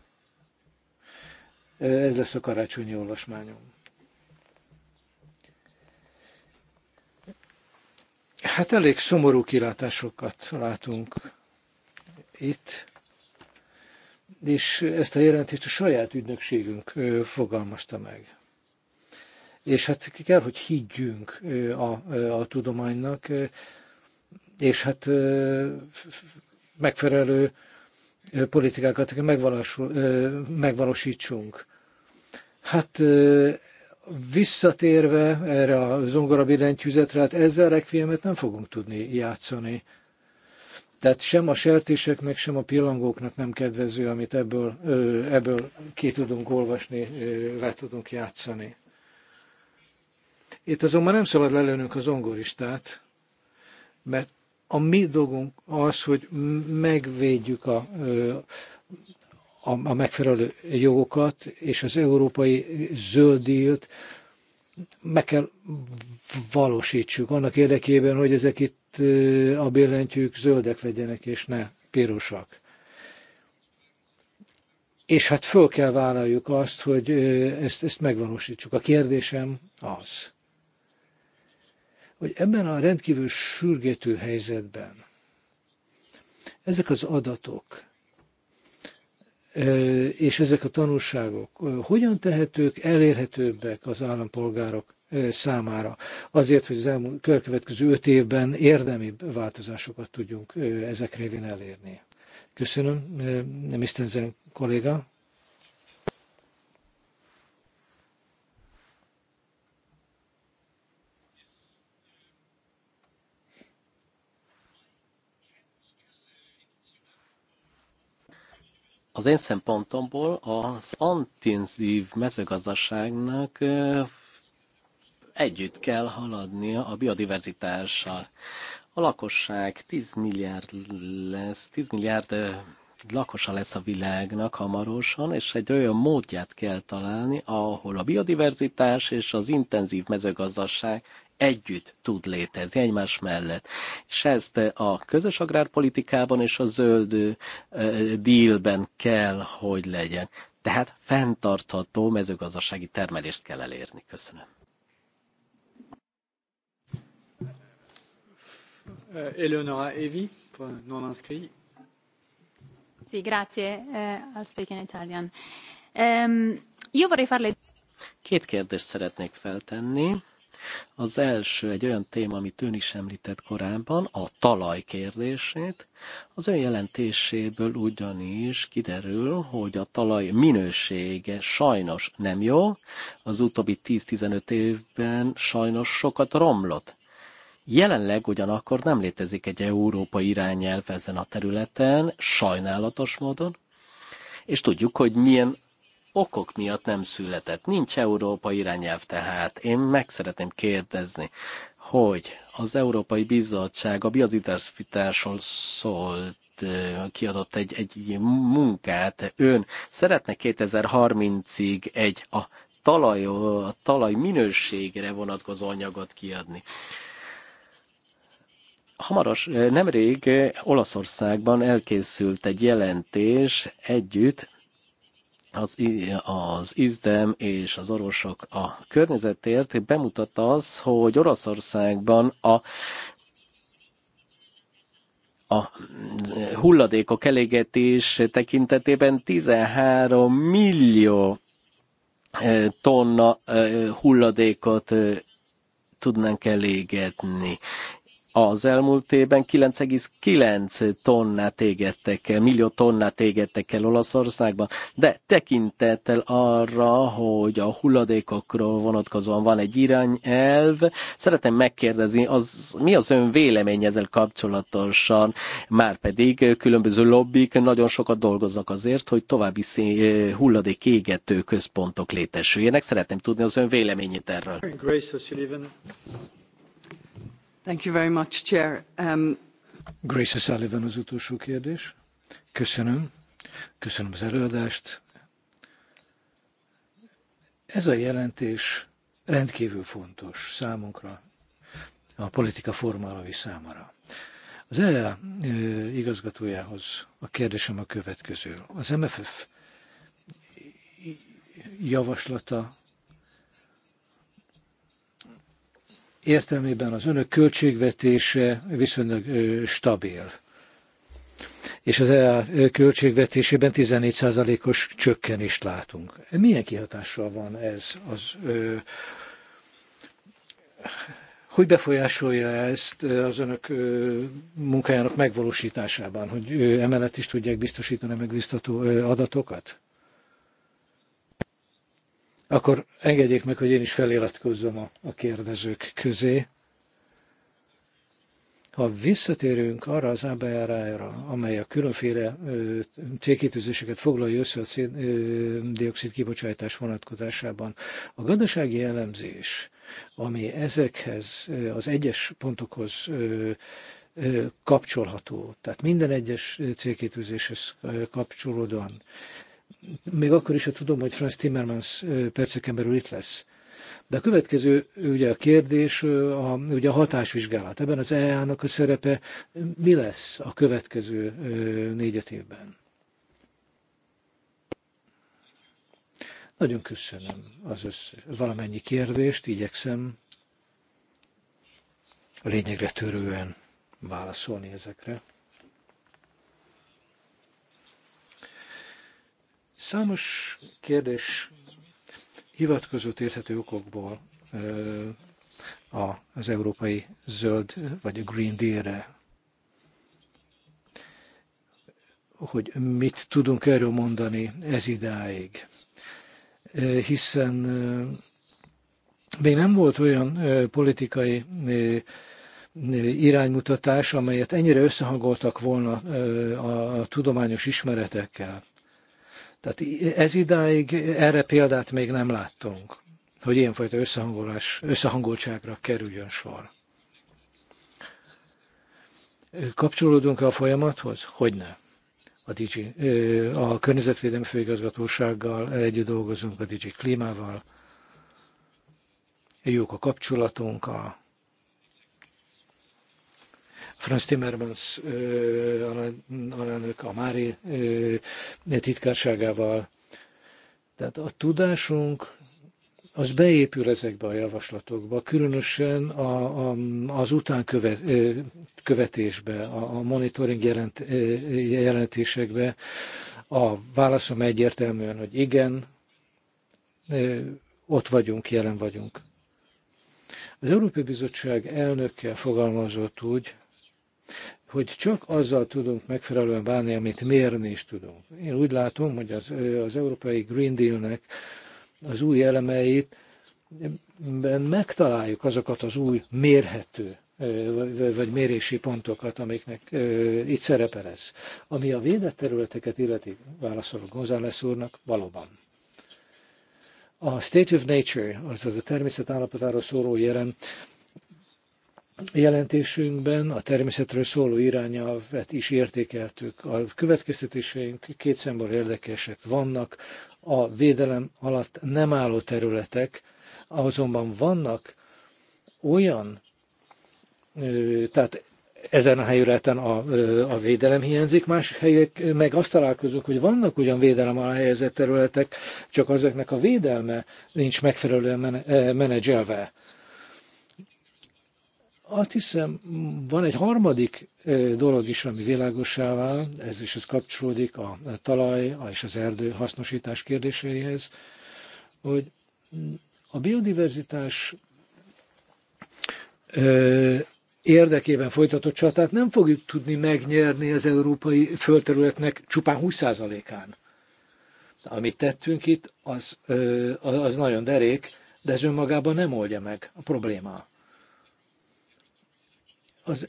ez lesz a karácsonyi olvasmányom. Hát elég szomorú kilátásokat látunk itt, és ezt a jelentést a saját ügynökségünk fogalmazta meg. És hát ki kell, hogy higgyünk a, a tudománynak, és hát megfelelő politikákat megvalósítsunk. Hát visszatérve erre a zongora billentyűzetre, hát ezzel requiemet nem fogunk tudni játszani. Tehát sem a sertéseknek, sem a pillangóknak nem kedvező, amit ebből, ebből ki tudunk olvasni, le tudunk játszani. Itt azonban nem szabad lelőnünk az zongoristát, mert a mi dolgunk az, hogy megvédjük a, a, a megfelelő jogokat és az európai zöld dílt meg kell valósítsuk annak érdekében, hogy ezek itt a billentyűk zöldek legyenek, és ne pirosak. És hát föl kell vállaljuk azt, hogy ezt, ezt megvalósítsuk. A kérdésem az, hogy ebben a rendkívül sürgető helyzetben ezek az adatok, és ezek a tanulságok hogyan tehetők elérhetőbbek az állampolgárok számára, azért, hogy az elmúlt következő öt évben érdemi változásokat tudjunk ezek révén elérni. Köszönöm, zen kolléga. Az én szempontomból az intenzív mezőgazdaságnak együtt kell haladnia a biodiverzitással. A lakosság 10 milliárd lesz, 10 milliárd lakosa lesz a világnak hamarosan, és egy olyan módját kell találni, ahol a biodiverzitás és az intenzív mezőgazdaság együtt tud létezni, egymás mellett. És ezt a közös agrárpolitikában és a zöld dílben kell, hogy legyen. Tehát fenntartható mezőgazdasági termelést kell elérni. Köszönöm. Eleonora Evi, non inscrit. Sì, grazie. Uh, I'll speak in Italian. Um, io vorrei farle... Két kérdést szeretnék feltenni. Az első egy olyan téma, amit ön is említett korábban, a talaj kérdését. Az ön jelentéséből ugyanis kiderül, hogy a talaj minősége sajnos nem jó, az utóbbi 10-15 évben sajnos sokat romlott. Jelenleg ugyanakkor nem létezik egy európai irányelv ezen a területen, sajnálatos módon, és tudjuk, hogy milyen okok miatt nem született. Nincs Európa irányelv tehát. Én meg szeretném kérdezni, hogy az Európai Bizottság a biodiversitásról szólt kiadott egy, egy munkát. Ön szeretne 2030-ig egy a talaj, a talaj minőségre vonatkozó anyagot kiadni hamaros, nemrég Olaszországban elkészült egy jelentés együtt az, az IZDEM és az orvosok a környezetért bemutatta az, hogy Oroszországban a a hulladékok elégetés tekintetében 13 millió e, tonna e, hulladékot e, tudnánk elégetni az elmúlt évben 9,9 tonnát égettek el, millió tonnát égettek el Olaszországban, de tekintettel arra, hogy a hulladékokról vonatkozóan van egy irányelv, szeretném megkérdezni, az, mi az ön vélemény ezzel kapcsolatosan, már pedig különböző lobbik nagyon sokat dolgoznak azért, hogy további szín, hulladék égető központok létesüljenek. Szeretném tudni az ön véleményét erről. Grace Thank you very much, Chair. Um... Grace Sullivan az utolsó kérdés. Köszönöm. Köszönöm az előadást. Ez a jelentés rendkívül fontos számunkra, a politika formálói számára. Az EA igazgatójához a kérdésem a következő. Az MFF javaslata értelmében az önök költségvetése viszonylag stabil. És az EA költségvetésében 14%-os csökkenést látunk. Milyen kihatással van ez az hogy befolyásolja ezt az önök munkájának megvalósításában, hogy emellett is tudják biztosítani megbiztató adatokat? akkor engedjék meg, hogy én is feliratkozzom a, a kérdezők közé. Ha visszatérünk arra az ábrára, amely a különféle célkitűzéseket foglalja össze a szén-dioxid kibocsátás vonatkozásában, a gazdasági elemzés, ami ezekhez az egyes pontokhoz kapcsolható, tehát minden egyes célkitűzéshez kapcsolódóan még akkor is, ha tudom, hogy Franz Timmermans perceken belül itt lesz. De a következő ugye a kérdés, a, ugye a hatásvizsgálat. Ebben az EA-nak a szerepe mi lesz a következő négyet évben? Nagyon köszönöm az össz valamennyi kérdést, igyekszem a lényegre törően válaszolni ezekre. Számos kérdés hivatkozott érthető okokból az európai zöld vagy a Green Deal-re. Hogy mit tudunk erről mondani ez idáig. Hiszen még nem volt olyan politikai iránymutatás, amelyet ennyire összehangoltak volna a tudományos ismeretekkel tehát ez idáig erre példát még nem láttunk, hogy ilyenfajta összehangolás, összehangoltságra kerüljön sor. Kapcsolódunk -e a folyamathoz? Hogyne. A, Digi, a Környezetvédelmi Főigazgatósággal együtt dolgozunk, a Digi Klímával. Jók a kapcsolatunk a Franz Timmermans alelnök a Mári titkárságával. Tehát a tudásunk az beépül ezekbe a javaslatokba, különösen a, a, az utánkövetésbe, a, a monitoring jelent, jelentésekbe. A válaszom egyértelműen, hogy igen, ott vagyunk, jelen vagyunk. Az Európai Bizottság elnöke fogalmazott úgy, hogy csak azzal tudunk megfelelően bánni, amit mérni is tudunk. Én úgy látom, hogy az, az európai Green Dealnek az új elemeit megtaláljuk azokat az új mérhető vagy mérési pontokat, amiknek itt szerepel ez. Ami a védett területeket illeti, válaszolok González úrnak, valóban. A State of Nature, azaz a természet állapotáról szóló jelen jelentésünkben a természetről szóló irányelvet is értékeltük. A következtetéseink két szemből érdekesek vannak. A védelem alatt nem álló területek, azonban vannak olyan, tehát ezen a helyületen a, a védelem hiányzik, más helyek meg azt találkozunk, hogy vannak ugyan védelem alá helyezett területek, csak azoknak a védelme nincs megfelelően menedzselve azt hiszem, van egy harmadik dolog is, ami világosá vál, ez is ez kapcsolódik a talaj és az erdő hasznosítás kérdéseihez, hogy a biodiverzitás érdekében folytatott csatát nem fogjuk tudni megnyerni az európai földterületnek csupán 20%-án. Amit tettünk itt, az, az nagyon derék, de ez önmagában nem oldja meg a problémát. Az,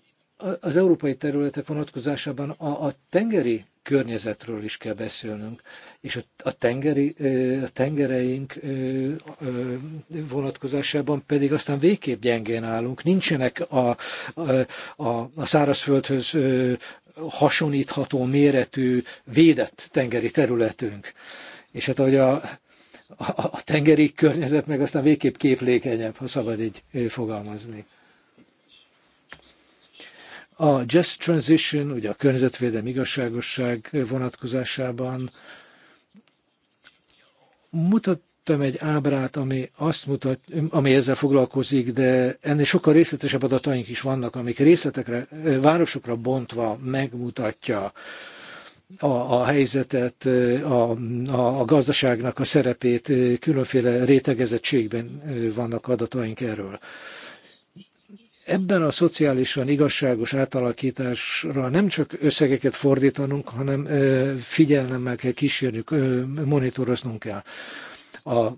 az európai területek vonatkozásában a, a tengeri környezetről is kell beszélnünk, és a, a, tengeri, a tengereink vonatkozásában pedig aztán végképp gyengén állunk. Nincsenek a, a, a szárazföldhöz hasonlítható méretű védett tengeri területünk. És hát ahogy a, a, a tengeri környezet meg aztán végképp képlékenyebb, ha szabad így fogalmazni. A Just Transition, ugye a környezetvédelmi igazságosság vonatkozásában mutattam egy ábrát, ami azt mutat, ami ezzel foglalkozik, de ennél sokkal részletesebb adataink is vannak, amik részletekre, városokra bontva megmutatja a, a helyzetet, a, a, a gazdaságnak a szerepét, különféle rétegezettségben vannak adataink erről. Ebben a szociálisan igazságos átalakításra nem csak összegeket fordítanunk, hanem figyelnemmel kell kísérnünk, monitoroznunk kell. A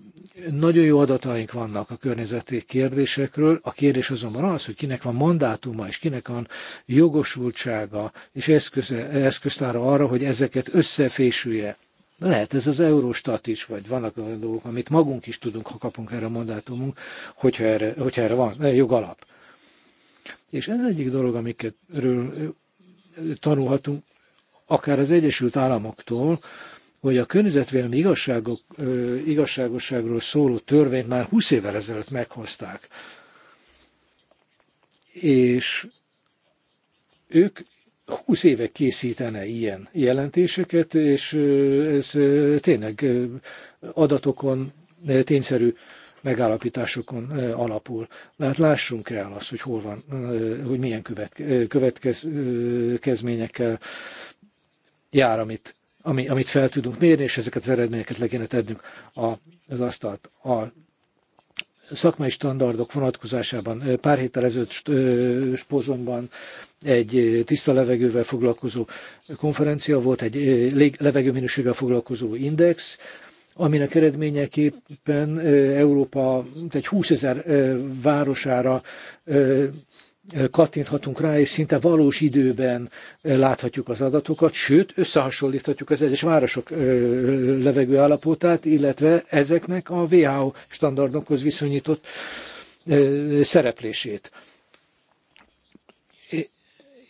nagyon jó adataink vannak a környezeti kérdésekről, a kérdés azonban az, hogy kinek van mandátuma és kinek van jogosultsága és eszköze, eszköztára arra, hogy ezeket összefésülje. Lehet ez az Eurostat is, vagy vannak olyan dolgok, amit magunk is tudunk, ha kapunk erre a mandátumunk, hogyha erre, hogyha erre van eh, jogalap. És ez egyik dolog, amikről tanulhatunk, akár az Egyesült Államoktól, hogy a környezetvédelmi igazságok, igazságosságról szóló törvényt már 20 évvel ezelőtt meghozták. És ők 20 éve készítene ilyen jelentéseket, és ez tényleg adatokon tényszerű megállapításokon alapul. lehet lássunk el azt, hogy hol van, hogy milyen következményekkel jár, amit, amit fel tudunk mérni, és ezeket az eredményeket le kéne tennünk az asztalt. A szakmai standardok vonatkozásában pár héttel ezelőtt Pozsonyban egy tiszta levegővel foglalkozó konferencia volt, egy levegőminőséggel foglalkozó index, aminek eredményeképpen Európa egy 20 ezer városára kattinthatunk rá, és szinte valós időben láthatjuk az adatokat, sőt, összehasonlíthatjuk az egyes városok levegő állapotát, illetve ezeknek a WHO standardokhoz viszonyított szereplését.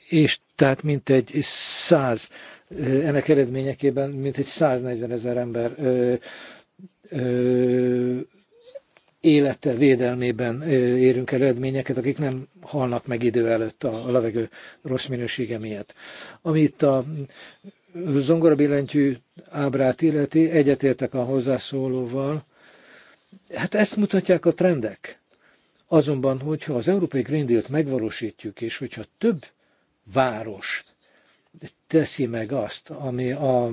És tehát mintegy száz ennek eredményekében mintegy 140 ezer ember élete védelmében érünk el eredményeket, akik nem halnak meg idő előtt a levegő rossz minősége miatt. Ami itt a zongorabillentyű ábrát illeti, egyetértek a hozzászólóval. Hát ezt mutatják a trendek. Azonban, hogyha az Európai Green Deal-t megvalósítjuk, és hogyha több város teszi meg azt, ami a,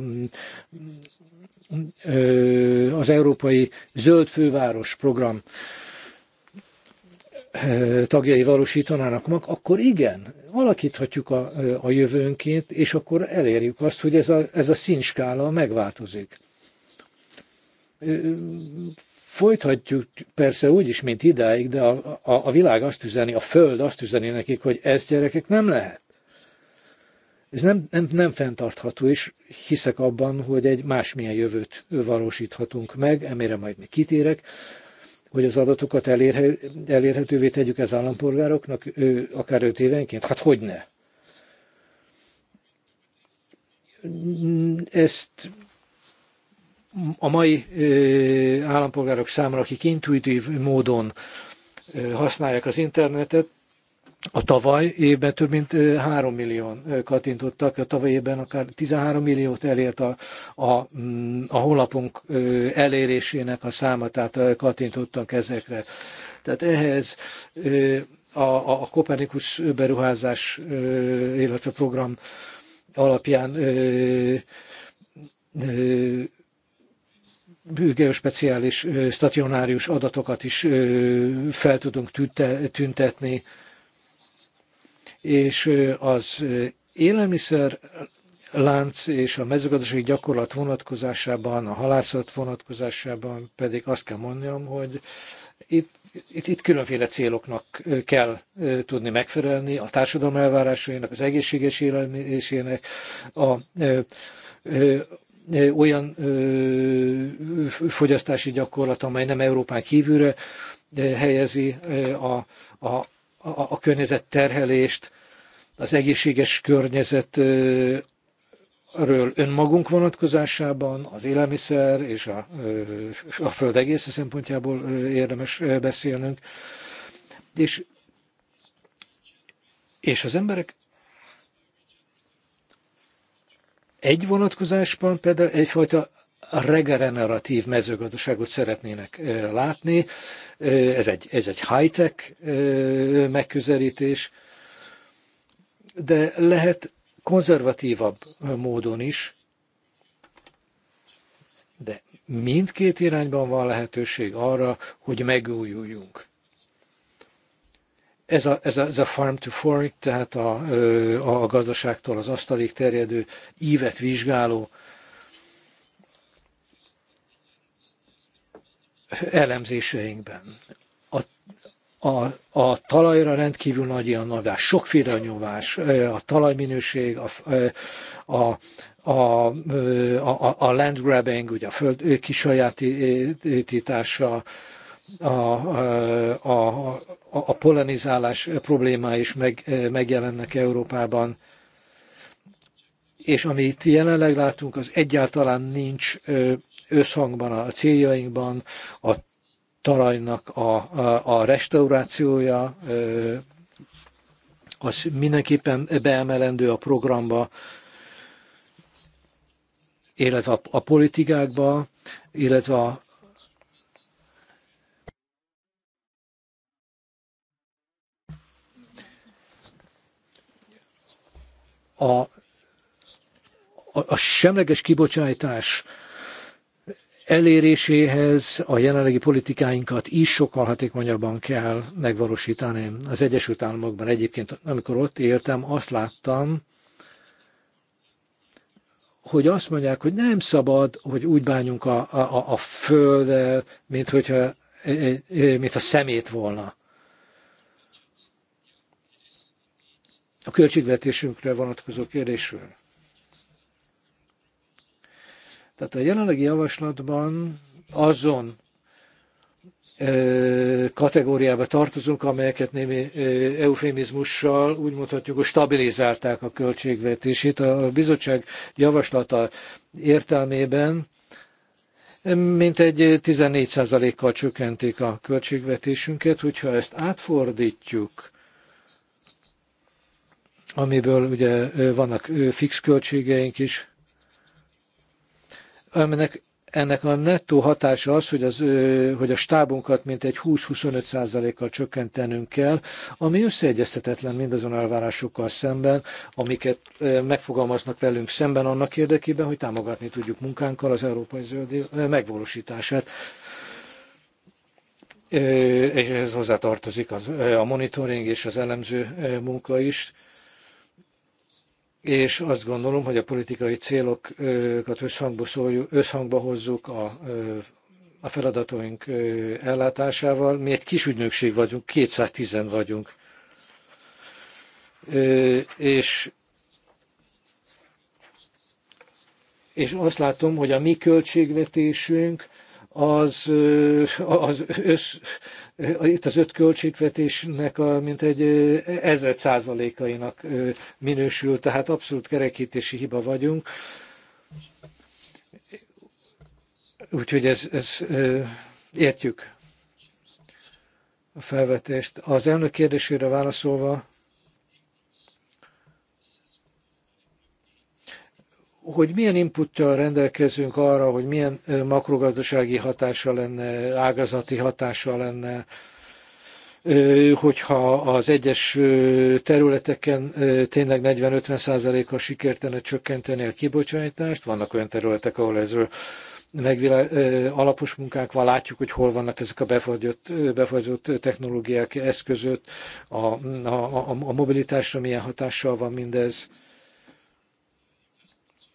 az Európai Zöld Főváros program tagjai valósítanának mag, akkor igen, alakíthatjuk a, a jövőnként, és akkor elérjük azt, hogy ez a, ez a színskála megváltozik. Folytatjuk persze úgy is, mint idáig, de a, a, a világ azt üzeni, a föld azt üzeni nekik, hogy ez gyerekek nem lehet. Ez nem, nem, nem fenntartható, és hiszek abban, hogy egy másmilyen jövőt valósíthatunk meg, emére majd még kitérek, hogy az adatokat elérhe, elérhetővé tegyük az állampolgároknak, ő, akár öt évenként? Hát hogy ne? Ezt a mai állampolgárok számára, akik intuitív módon használják az internetet, a tavaly évben több mint 3 millió kattintottak, a tavaly évben akár 13 milliót elért a, a, mm, a honlapunk elérésének a száma, tehát kattintottak ezekre. Tehát ehhez a, a Kopernikus beruházás, illetve program alapján geospeciális stacionárius adatokat is fel tudunk tüntetni, és az élelmiszer lánc és a mezőgazdasági gyakorlat vonatkozásában, a halászat vonatkozásában pedig azt kell mondjam, hogy itt, itt, itt különféle céloknak kell tudni megfelelni, a társadalom elvárásainak, az egészséges élelmisének, a ö, ö, olyan ö, fogyasztási gyakorlat, amely nem Európán kívülre helyezi a, a a, a környezet terhelést, az egészséges környezetről önmagunk vonatkozásában, az élelmiszer és a, a föld egész szempontjából érdemes beszélnünk. És, és az emberek egy vonatkozásban például egyfajta regeneratív mezőgazdaságot szeretnének látni. Ez egy, ez egy high-tech megközelítés, de lehet konzervatívabb módon is, de mindkét irányban van lehetőség arra, hogy megújuljunk ez a, ez a, ez a farm to fork, tehát a, a gazdaságtól az asztalig terjedő ívet vizsgáló elemzéseinkben. A, a, a talajra rendkívül nagy a nyomás, sokféle nyomás, a talajminőség, a, a, a, a, a land grabbing, ugye a föld kisajátítása, a, a, a, a pollenizálás problémái is meg, megjelennek Európában és amit jelenleg látunk, az egyáltalán nincs összhangban a céljainkban, a talajnak a, a, a restaurációja, az mindenképpen beemelendő a programba, illetve a, a politikákba, illetve a a, a, a semleges kibocsátás eléréséhez a jelenlegi politikáinkat is sokkal hatékonyabban kell megvalósítani. Az Egyesült Államokban egyébként, amikor ott éltem, azt láttam, hogy azt mondják, hogy nem szabad, hogy úgy bánjunk a, a, a földdel, mint hogyha e, e, e, mint a szemét volna. A költségvetésünkre vonatkozó kérdésről. Tehát a jelenlegi javaslatban azon kategóriába tartozunk, amelyeket némi eufémizmussal úgy mondhatjuk, hogy stabilizálták a költségvetését. A bizottság javaslata értelmében mint egy 14%-kal csökkentik a költségvetésünket, hogyha ezt átfordítjuk, amiből ugye vannak fix költségeink is, aminek ennek a nettó hatása az, hogy, az, hogy a stábunkat mintegy 20-25%-kal csökkentenünk kell, ami összeegyeztetetlen mindazon elvárásokkal szemben, amiket megfogalmaznak velünk szemben annak érdekében, hogy támogatni tudjuk munkánkkal az európai zöld megvalósítását. És ehhez hozzátartozik az, a monitoring és az elemző munka is és azt gondolom, hogy a politikai célokat összhangba, szóljuk, összhangba hozzuk a, a feladataink ellátásával. Mi egy kis ügynökség vagyunk, 210 vagyunk. És és azt látom, hogy a mi költségvetésünk az, az össz, itt az öt költségvetésnek a, mint egy ezred százalékainak minősül, tehát abszolút kerekítési hiba vagyunk. Úgyhogy ez, ez értjük a felvetést. Az elnök kérdésére válaszolva, hogy milyen inputtal rendelkezünk arra, hogy milyen makrogazdasági hatása lenne, ágazati hatása lenne, hogyha az egyes területeken tényleg 40-50%-kal sikertene csökkenteni a kibocsátást, vannak olyan területek, ahol ezről megvilá, alapos van látjuk, hogy hol vannak ezek a befagyott, befagyott technológiák, eszközök, a, a, a mobilitásra milyen hatással van mindez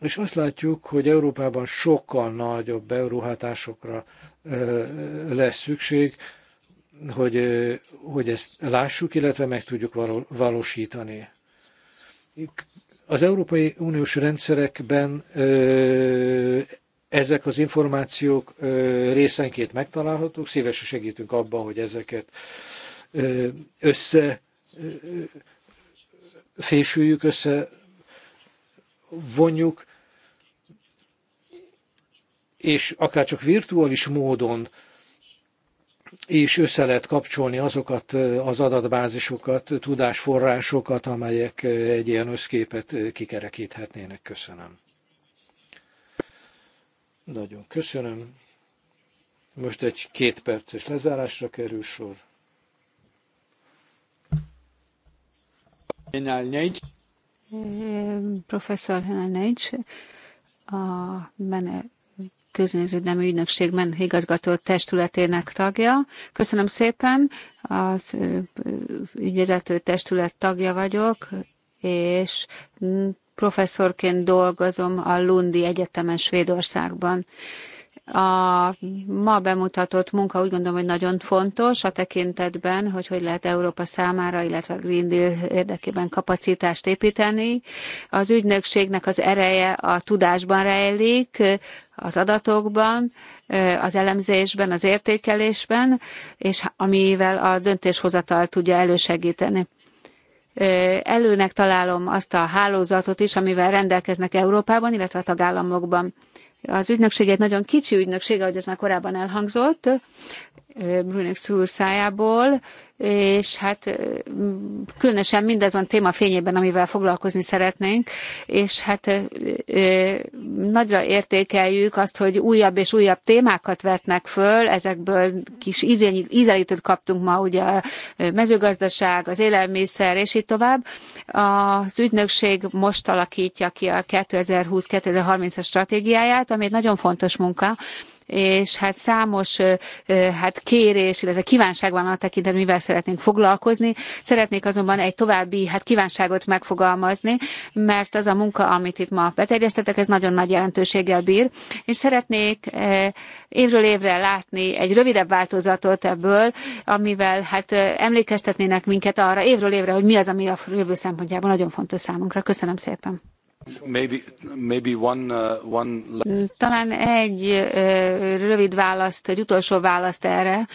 és azt látjuk, hogy Európában sokkal nagyobb beruhátásokra lesz szükség, hogy, hogy ezt lássuk, illetve meg tudjuk valósítani. Az Európai Uniós rendszerekben ezek az információk részenként megtalálhatók, szívesen segítünk abban, hogy ezeket összefésüljük, össze vonjuk, és akár csak virtuális módon és össze lehet kapcsolni azokat az adatbázisokat, tudásforrásokat, amelyek egy ilyen összképet kikerekíthetnének. Köszönöm. Nagyon köszönöm. Most egy két perces lezárásra kerül sor. Professzor Henel Neitz, a mene köznéződelmi ügynökség igazgató testületének tagja. Köszönöm szépen, az ügyvezető testület tagja vagyok, és professzorként dolgozom a Lundi Egyetemen Svédországban. A ma bemutatott munka úgy gondolom, hogy nagyon fontos a tekintetben, hogy hogy lehet Európa számára, illetve a Green Deal érdekében kapacitást építeni. Az ügynökségnek az ereje a tudásban rejlik, az adatokban, az elemzésben, az értékelésben, és amivel a döntéshozatal tudja elősegíteni előnek találom azt a hálózatot is, amivel rendelkeznek Európában, illetve a tagállamokban. Az ügynökség egy nagyon kicsi ügynökség, ahogy ez már korábban elhangzott, Brunex úr szájából, és hát különösen mindazon téma fényében, amivel foglalkozni szeretnénk, és hát nagyra értékeljük azt, hogy újabb és újabb témákat vetnek föl, ezekből kis ízelítőt kaptunk ma, ugye a mezőgazdaság, az élelmiszer, és így tovább. Az ügynökség most alakítja ki a 2020-2030-as stratégiáját, ami egy nagyon fontos munka, és hát számos hát kérés, illetve kívánság van a tekintetben, mivel szeretnénk foglalkozni. Szeretnék azonban egy további hát kívánságot megfogalmazni, mert az a munka, amit itt ma beterjesztetek, ez nagyon nagy jelentőséggel bír, és szeretnék évről évre látni egy rövidebb változatot ebből, amivel hát emlékeztetnének minket arra évről évre, hogy mi az, ami a jövő szempontjából nagyon fontos számunkra. Köszönöm szépen. Uh, Talán egy rövid választ, egy utolsó választ erre.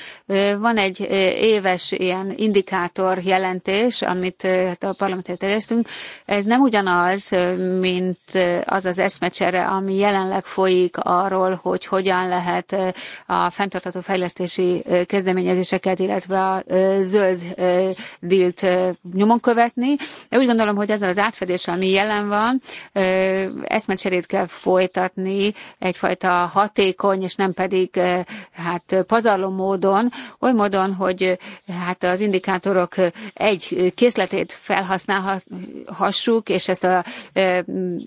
Van egy éves ilyen indikátor jelentés, amit hát a parlamentet terjesztünk. Ez nem ugyanaz, mint az az eszmecsere, ami jelenleg folyik arról, hogy hogyan lehet a fenntartható fejlesztési kezdeményezéseket, illetve a zöld dílt nyomon követni. Én úgy gondolom, hogy ezzel az átfedéssel, ami jelen van, eszmecserét kell folytatni egyfajta hatékony, és nem pedig hát pazarló módon, oly módon, hogy hát az indikátorok egy készletét felhasználhassuk, és ezt a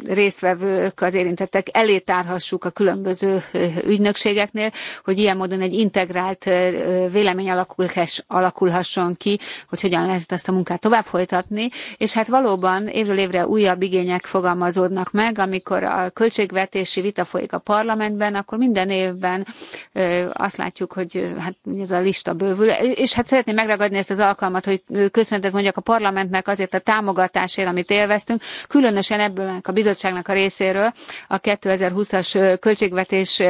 résztvevők, az érintettek elé tárhassuk a különböző ügynökségeknél, hogy ilyen módon egy integrált vélemény alakulhasson ki, hogy hogyan lehet ezt a munkát tovább folytatni, és hát valóban évről évre újabb igények fogalmazódnak fogalmazódnak meg, amikor a költségvetési vita folyik a parlamentben, akkor minden évben azt látjuk, hogy hát ez a lista bővül. És hát szeretném megragadni ezt az alkalmat, hogy köszönetet mondjak a parlamentnek azért a támogatásért, amit élveztünk, különösen ebből a bizottságnak a részéről a 2020-as költségvetés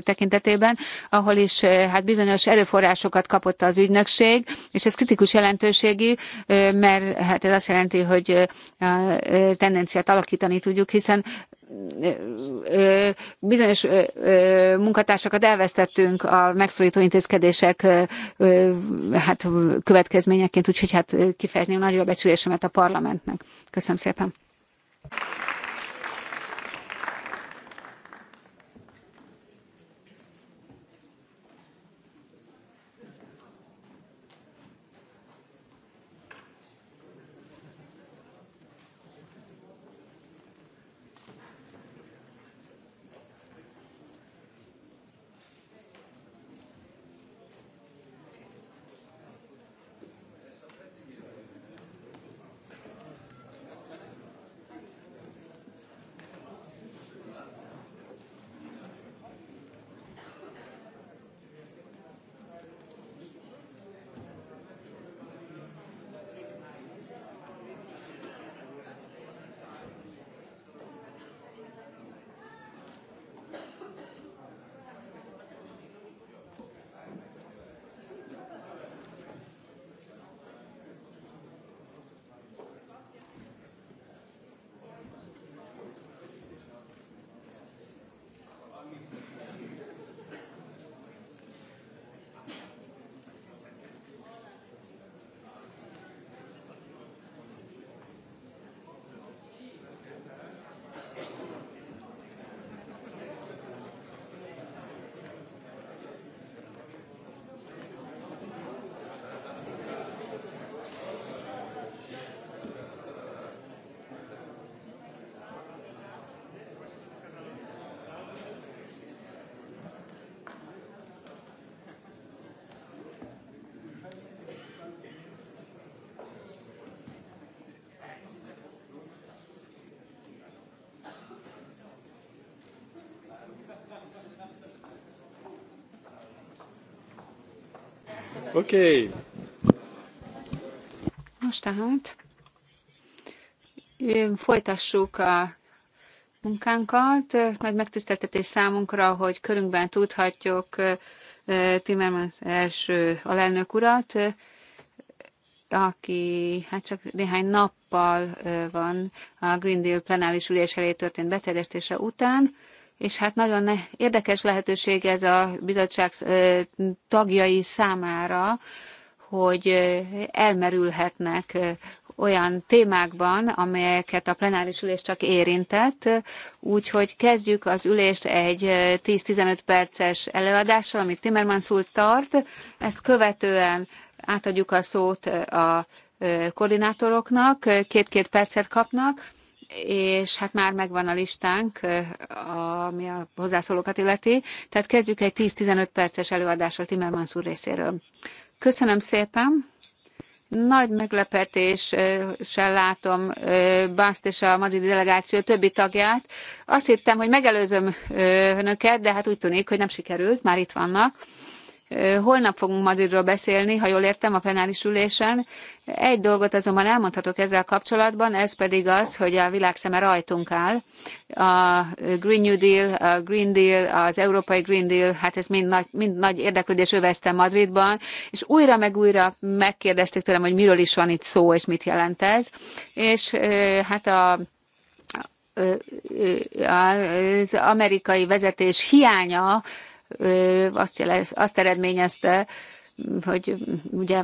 tekintetében, ahol is hát bizonyos erőforrásokat kapott az ügynökség, és ez kritikus jelentőségű, mert hát ez azt jelenti, hogy a tendenciát alakít alakítani tudjuk, hiszen bizonyos munkatársakat elvesztettünk a megszorító intézkedések hát, következményeként, úgyhogy hát kifejezném nagyra becsülésemet a parlamentnek. Köszönöm szépen. Oké. Okay. Most tehát folytassuk a munkánkat. Nagy megtiszteltetés számunkra, hogy körünkben tudhatjuk Timmermans első alelnök urat, aki hát csak néhány nappal van a Green Deal plenáris ülés elé történt beterjesztése után és hát nagyon érdekes lehetőség ez a bizottság tagjai számára, hogy elmerülhetnek olyan témákban, amelyeket a plenáris ülés csak érintett, úgyhogy kezdjük az ülést egy 10-15 perces előadással, amit Timmermans úr tart, ezt követően átadjuk a szót a koordinátoroknak, két-két percet kapnak, és hát már megvan a listánk, ami a hozzászólókat illeti. Tehát kezdjük egy 10-15 perces előadással Timmermans úr részéről. Köszönöm szépen! Nagy meglepetéssel látom Bast és a Madrid delegáció többi tagját. Azt hittem, hogy megelőzöm önöket, de hát úgy tűnik, hogy nem sikerült, már itt vannak. Holnap fogunk Madridról beszélni, ha jól értem, a plenáris ülésen. Egy dolgot azonban elmondhatok ezzel kapcsolatban, ez pedig az, hogy a világ szeme rajtunk áll. A Green New Deal, a Green Deal, az Európai Green Deal, hát ez mind nagy, mind nagy érdeklődés övezte Madridban, és újra meg újra megkérdezték tőlem, hogy miről is van itt szó, és mit jelent ez. És hát a az amerikai vezetés hiánya azt, jelez, azt eredményezte, hogy ugye,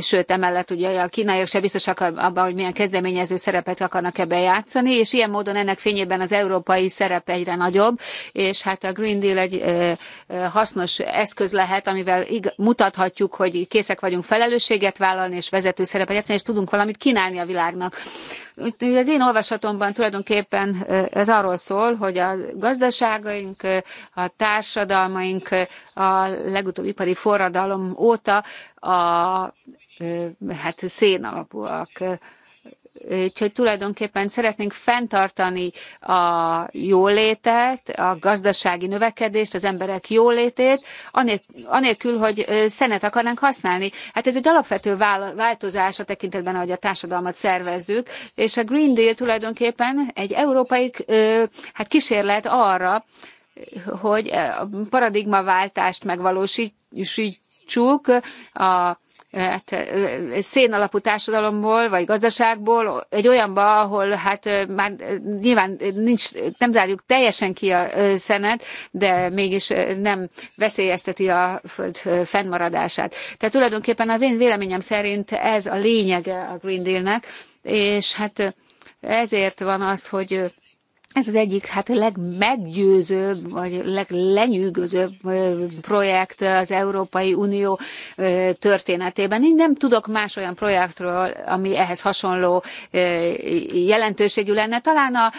sőt, emellett ugye a kínaiak se biztosak abban, hogy milyen kezdeményező szerepet akarnak ebben játszani, és ilyen módon ennek fényében az európai szerep egyre nagyobb, és hát a Green Deal egy ö, ö, hasznos eszköz lehet, amivel ig- mutathatjuk, hogy készek vagyunk felelősséget vállalni, és vezető szerepet játszani, és tudunk valamit kínálni a világnak. Az én olvasatomban tulajdonképpen ez arról szól, hogy a gazdaságaink, a társadalmaink a legutóbbi ipari forradalom óta a hát szénalapúak. alapúak Úgyhogy tulajdonképpen szeretnénk fenntartani a jólétet, a gazdasági növekedést, az emberek jólétét, anélkül, hogy szenet akarnánk használni. Hát ez egy alapvető változás a tekintetben, ahogy a társadalmat szervezzük, és a Green Deal tulajdonképpen egy európai hát kísérlet arra, hogy a paradigmaváltást megvalósítsuk, a hát, szénalapú társadalomból, vagy gazdaságból egy olyanba, ahol hát már nyilván nincs, nem zárjuk teljesen ki a szenet, de mégis nem veszélyezteti a föld fennmaradását. Tehát tulajdonképpen a én véleményem szerint ez a lényege a Green Dealnek, és hát ezért van az, hogy ez az egyik hát legmeggyőzőbb, vagy leglenyűgözőbb projekt az Európai Unió történetében. Én nem tudok más olyan projektről, ami ehhez hasonló jelentőségű lenne. Talán a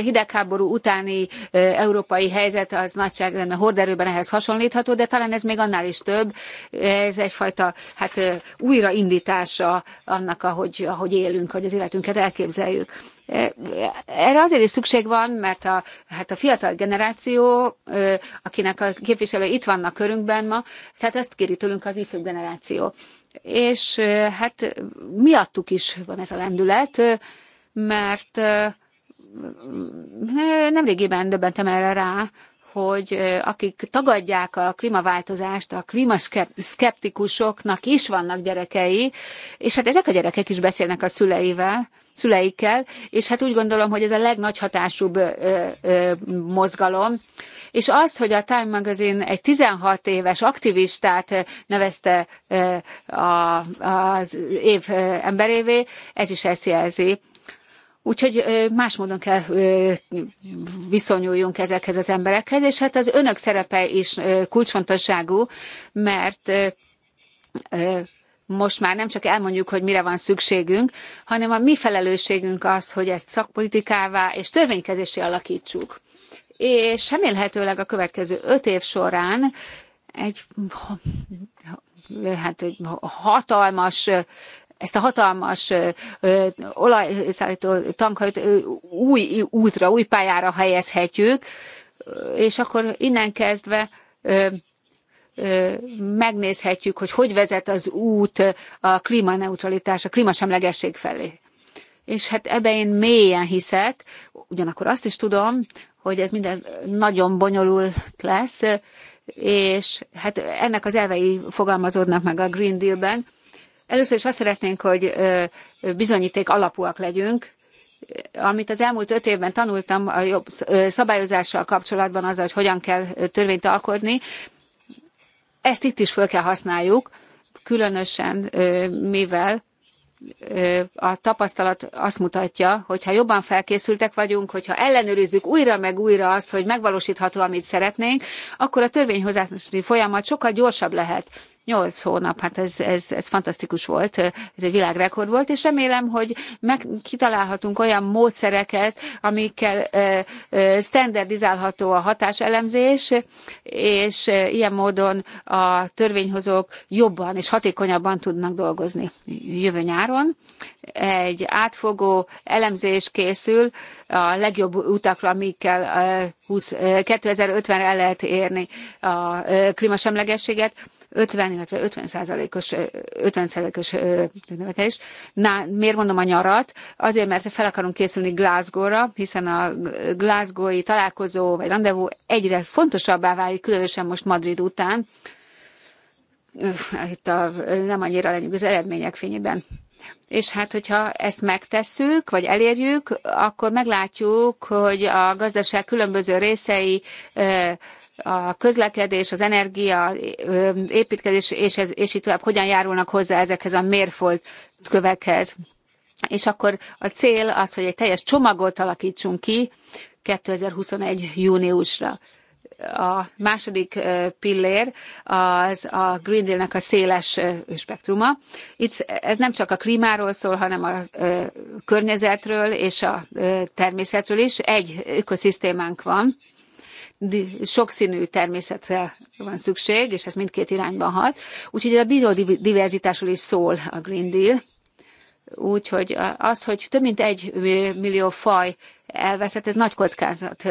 hidegháború utáni európai helyzet az nagyságrendben, a horderőben ehhez hasonlítható, de talán ez még annál is több. Ez egyfajta hát újraindítása annak, ahogy, ahogy élünk, hogy az életünket elképzeljük. Erre azért is szükség van, mert a, hát a fiatal generáció, akinek a képviselői itt vannak körünkben ma, tehát ezt kéri tőlünk az ifjú generáció. És hát miattuk is van ez a lendület, mert nemrégiben döbbentem erre rá, hogy akik tagadják a klímaváltozást, a klímaszkeptikusoknak is vannak gyerekei, és hát ezek a gyerekek is beszélnek a szüleivel, szüleikkel, és hát úgy gondolom, hogy ez a legnagy hatásúbb ö, ö, mozgalom. És az, hogy a Time Magazine egy 16 éves aktivistát nevezte ö, a, az év emberévé, ez is ezt jelzi. Úgyhogy más módon kell viszonyuljunk ezekhez az emberekhez, és hát az önök szerepe is kulcsfontosságú, mert most már nem csak elmondjuk, hogy mire van szükségünk, hanem a mi felelősségünk az, hogy ezt szakpolitikává és törvénykezésé alakítsuk. És remélhetőleg a következő öt év során egy hát egy hatalmas ezt a hatalmas olajszállító tankot új útra, új pályára helyezhetjük, és akkor innen kezdve megnézhetjük, hogy hogy vezet az út a klímaneutralitás, a klímasemlegesség felé. És hát ebben én mélyen hiszek, ugyanakkor azt is tudom, hogy ez minden nagyon bonyolult lesz, és hát ennek az elvei fogalmazódnak meg a Green Deal-ben, Először is azt szeretnénk, hogy bizonyíték alapúak legyünk, amit az elmúlt öt évben tanultam a jobb szabályozással kapcsolatban, az, hogy hogyan kell törvényt alkotni, ezt itt is föl kell használjuk, különösen mivel a tapasztalat azt mutatja, hogy ha jobban felkészültek vagyunk, hogyha ellenőrizzük újra meg újra azt, hogy megvalósítható, amit szeretnénk, akkor a törvényhozási folyamat sokkal gyorsabb lehet. Nyolc hónap, hát ez, ez, ez fantasztikus volt, ez egy világrekord volt, és remélem, hogy meg, kitalálhatunk olyan módszereket, amikkel standardizálható a hatáselemzés, és ilyen módon a törvényhozók jobban és hatékonyabban tudnak dolgozni jövő nyáron. Egy átfogó elemzés készül a legjobb utakra, amikkel 20, 2050-re el lehet érni a klímasemlegességet 50, illetve 50 százalékos, 50 százalékos növekedés. Na, miért mondom a nyarat? Azért, mert fel akarunk készülni Glasgow-ra, hiszen a Glasgowi találkozó vagy rendezvú egyre fontosabbá válik, különösen most Madrid után. Itt a, nem annyira lenyűgöző eredmények fényében. És hát, hogyha ezt megtesszük, vagy elérjük, akkor meglátjuk, hogy a gazdaság különböző részei a közlekedés, az energia, építkezés és, és így tovább hogyan járulnak hozzá ezekhez a mérföldkövekhez. És akkor a cél az, hogy egy teljes csomagot alakítsunk ki 2021. júniusra. A második pillér az a Green Deal-nek a széles spektruma. Itt ez nem csak a klímáról szól, hanem a környezetről és a természetről is. Egy ökoszisztémánk van, sokszínű természetre van szükség, és ez mindkét irányban hat. Úgyhogy ez a biodiverzitásról is szól a Green Deal. Úgyhogy az, hogy több mint egy millió faj elveszett, ez nagy kockázat.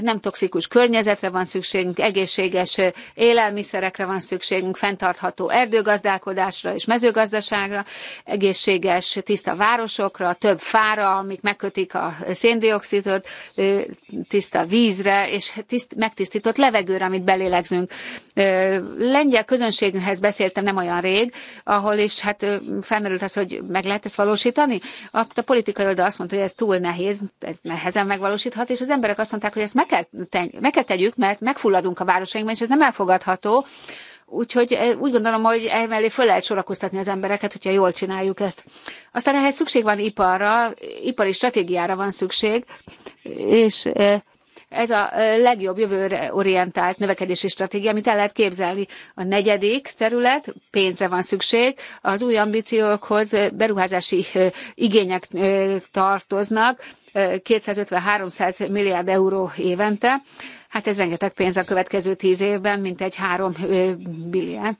Nem toxikus környezetre van szükségünk, egészséges élelmiszerekre van szükségünk, fenntartható erdőgazdálkodásra és mezőgazdaságra, egészséges, tiszta városokra, több fára, amik megkötik a széndiokszidot, tiszta vízre és tiszt, megtisztított levegőre, amit belélegzünk. Lengyel közönségünkhez beszéltem nem olyan rég, ahol is hát felmerült az, hogy meg lehet ezt valósítani. A politikai oldal azt mondta, hogy ez túl nehéz, nehezen megvalósíthat, és az emberek azt mondták, hogy ezt meg kell, meg kell tegyük, mert megfulladunk a városainkban, és ez nem elfogadható. Úgyhogy eh, úgy gondolom, hogy emellé föl lehet sorakoztatni az embereket, hogyha jól csináljuk ezt. Aztán ehhez szükség van iparra, ipari stratégiára van szükség, és eh, ez a legjobb jövőre orientált növekedési stratégia, amit el lehet képzelni. A negyedik terület, pénzre van szükség, az új ambíciókhoz beruházási igények tartoznak, 250-300 milliárd euró évente. Hát ez rengeteg pénz a következő tíz évben, mint egy három milliárd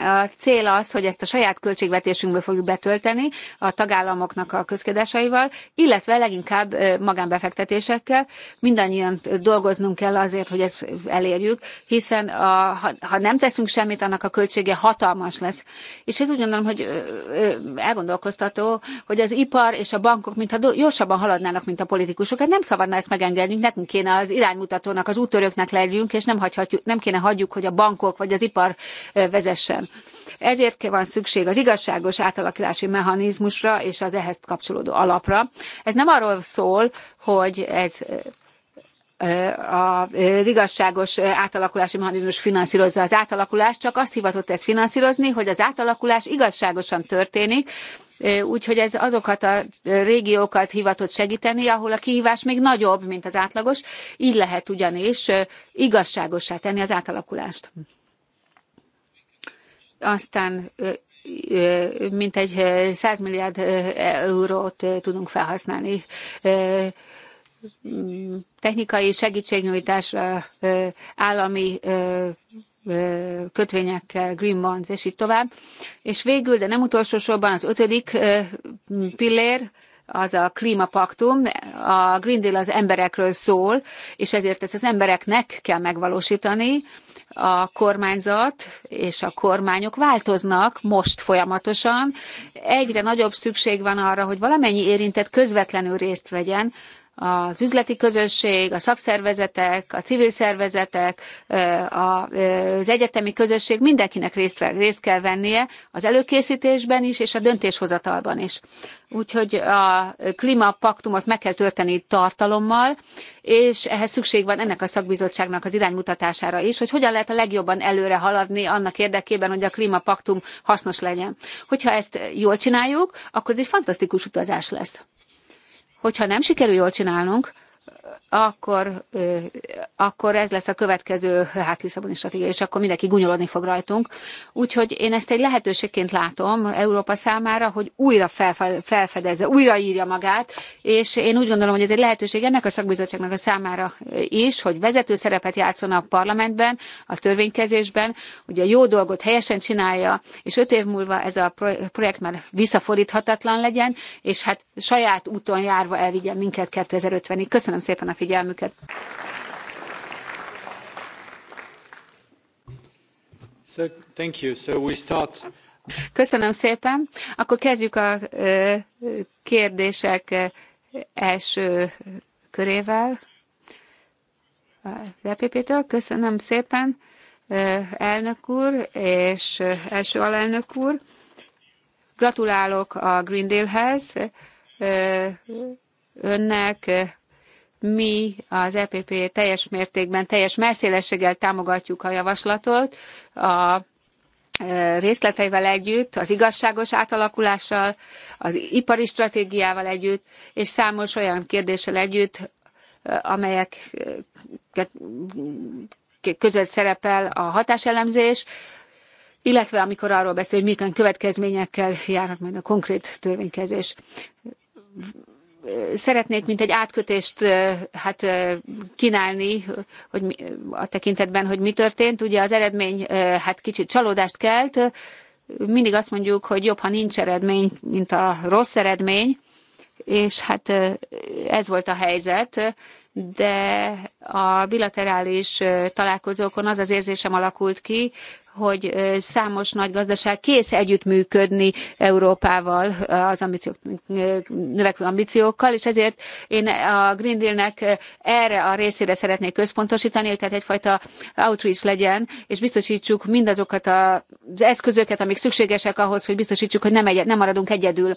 a cél az, hogy ezt a saját költségvetésünkből fogjuk betölteni a tagállamoknak a közkedásaival, illetve leginkább magánbefektetésekkel. Mindannyian dolgoznunk kell azért, hogy ezt elérjük, hiszen a, ha, ha nem teszünk semmit, annak a költsége hatalmas lesz. És ez úgy gondolom, hogy elgondolkoztató, hogy az ipar és a bankok mintha gyorsabban haladnának, mint a politikusok. Hát nem szabadna ezt megengednünk, nekünk kéne az iránymutatónak, az úttörőknek legyünk, és nem, hagyhatjuk, nem kéne hagyjuk, hogy a bankok vagy az ipar vezessen kapcsolatban. Ezért van szükség az igazságos átalakulási mechanizmusra és az ehhez kapcsolódó alapra. Ez nem arról szól, hogy ez az igazságos átalakulási mechanizmus finanszírozza az átalakulást, csak azt hivatott ezt finanszírozni, hogy az átalakulás igazságosan történik, Úgyhogy ez azokat a régiókat hivatott segíteni, ahol a kihívás még nagyobb, mint az átlagos, így lehet ugyanis igazságossá tenni az átalakulást aztán mintegy 100 milliárd eurót tudunk felhasználni technikai segítségnyújtásra, állami kötvényekkel, green bonds, és így tovább. És végül, de nem utolsó sorban az ötödik pillér, az a klímapaktum, a Green Deal az emberekről szól, és ezért ezt az embereknek kell megvalósítani, a kormányzat és a kormányok változnak most folyamatosan. Egyre nagyobb szükség van arra, hogy valamennyi érintett közvetlenül részt vegyen az üzleti közösség, a szakszervezetek, a civil szervezetek, az egyetemi közösség, mindenkinek részt, részt kell vennie az előkészítésben is, és a döntéshozatalban is. Úgyhogy a klímapaktumot meg kell tölteni tartalommal, és ehhez szükség van ennek a szakbizottságnak az iránymutatására is, hogy hogyan lehet a legjobban előre haladni annak érdekében, hogy a klímapaktum hasznos legyen. Hogyha ezt jól csináljuk, akkor ez egy fantasztikus utazás lesz hogyha nem sikerül jól csinálnunk, akkor, akkor ez lesz a következő hát Lisszaboni stratégia, és akkor mindenki gunyolodni fog rajtunk. Úgyhogy én ezt egy lehetőségként látom Európa számára, hogy újra felfedezze, újraírja magát, és én úgy gondolom, hogy ez egy lehetőség ennek a szakbizottságnak a számára is, hogy vezető szerepet játszon a parlamentben, a törvénykezésben, hogy a jó dolgot helyesen csinálja, és öt év múlva ez a projekt már visszafordíthatatlan legyen, és hát saját úton járva elvigyen minket 2050-ig. Köszönöm szépen! szépen a figyelmüket. So, thank you. So we start... Köszönöm szépen. Akkor kezdjük a kérdések első körével. Az EPP-től köszönöm szépen, elnök úr és első alelnök úr. Gratulálok a Green Dealhez, önnek, mi az EPP teljes mértékben, teljes messzélességgel támogatjuk a javaslatot, a e, részleteivel együtt, az igazságos átalakulással, az ipari stratégiával együtt, és számos olyan kérdéssel együtt, e, amelyek e, között szerepel a hatáselemzés, illetve amikor arról beszél, hogy milyen következményekkel járhat majd a konkrét törvénykezés szeretnék mint egy átkötést hát kínálni hogy a tekintetben, hogy mi történt. Ugye az eredmény hát kicsit csalódást kelt. Mindig azt mondjuk, hogy jobb, ha nincs eredmény, mint a rossz eredmény. És hát ez volt a helyzet, de a bilaterális találkozókon az az érzésem alakult ki, hogy számos nagy gazdaság kész együttműködni Európával az ambíciók, növekvő ambíciókkal, és ezért én a Green Dealnek erre a részére szeretnék központosítani, tehát egyfajta outreach legyen, és biztosítsuk mindazokat az eszközöket, amik szükségesek ahhoz, hogy biztosítsuk, hogy nem, egyet, nem maradunk egyedül.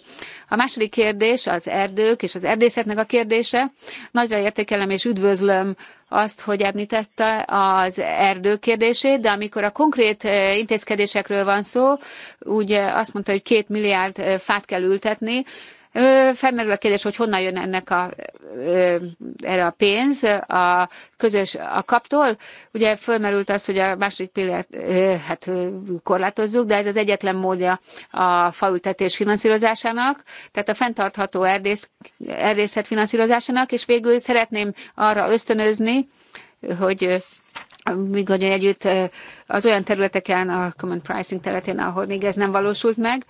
A második kérdés az erdők és az erdészetnek a kérdése. Nagyra értékelem és üdvözlöm azt, hogy említette az erdő kérdését, de amikor a konkrét intézkedésekről van szó, úgy azt mondta, hogy két milliárd fát kell ültetni, Felmerül a kérdés, hogy honnan jön ennek a, erre a pénz a közös a kaptól. Ugye felmerült az, hogy a második pillért hát korlátozzuk, de ez az egyetlen módja a faültetés finanszírozásának, tehát a fenntartható erdész, erdészet finanszírozásának, és végül szeretném arra ösztönözni, hogy még együtt az olyan területeken, a common pricing területén, ahol még ez nem valósult meg,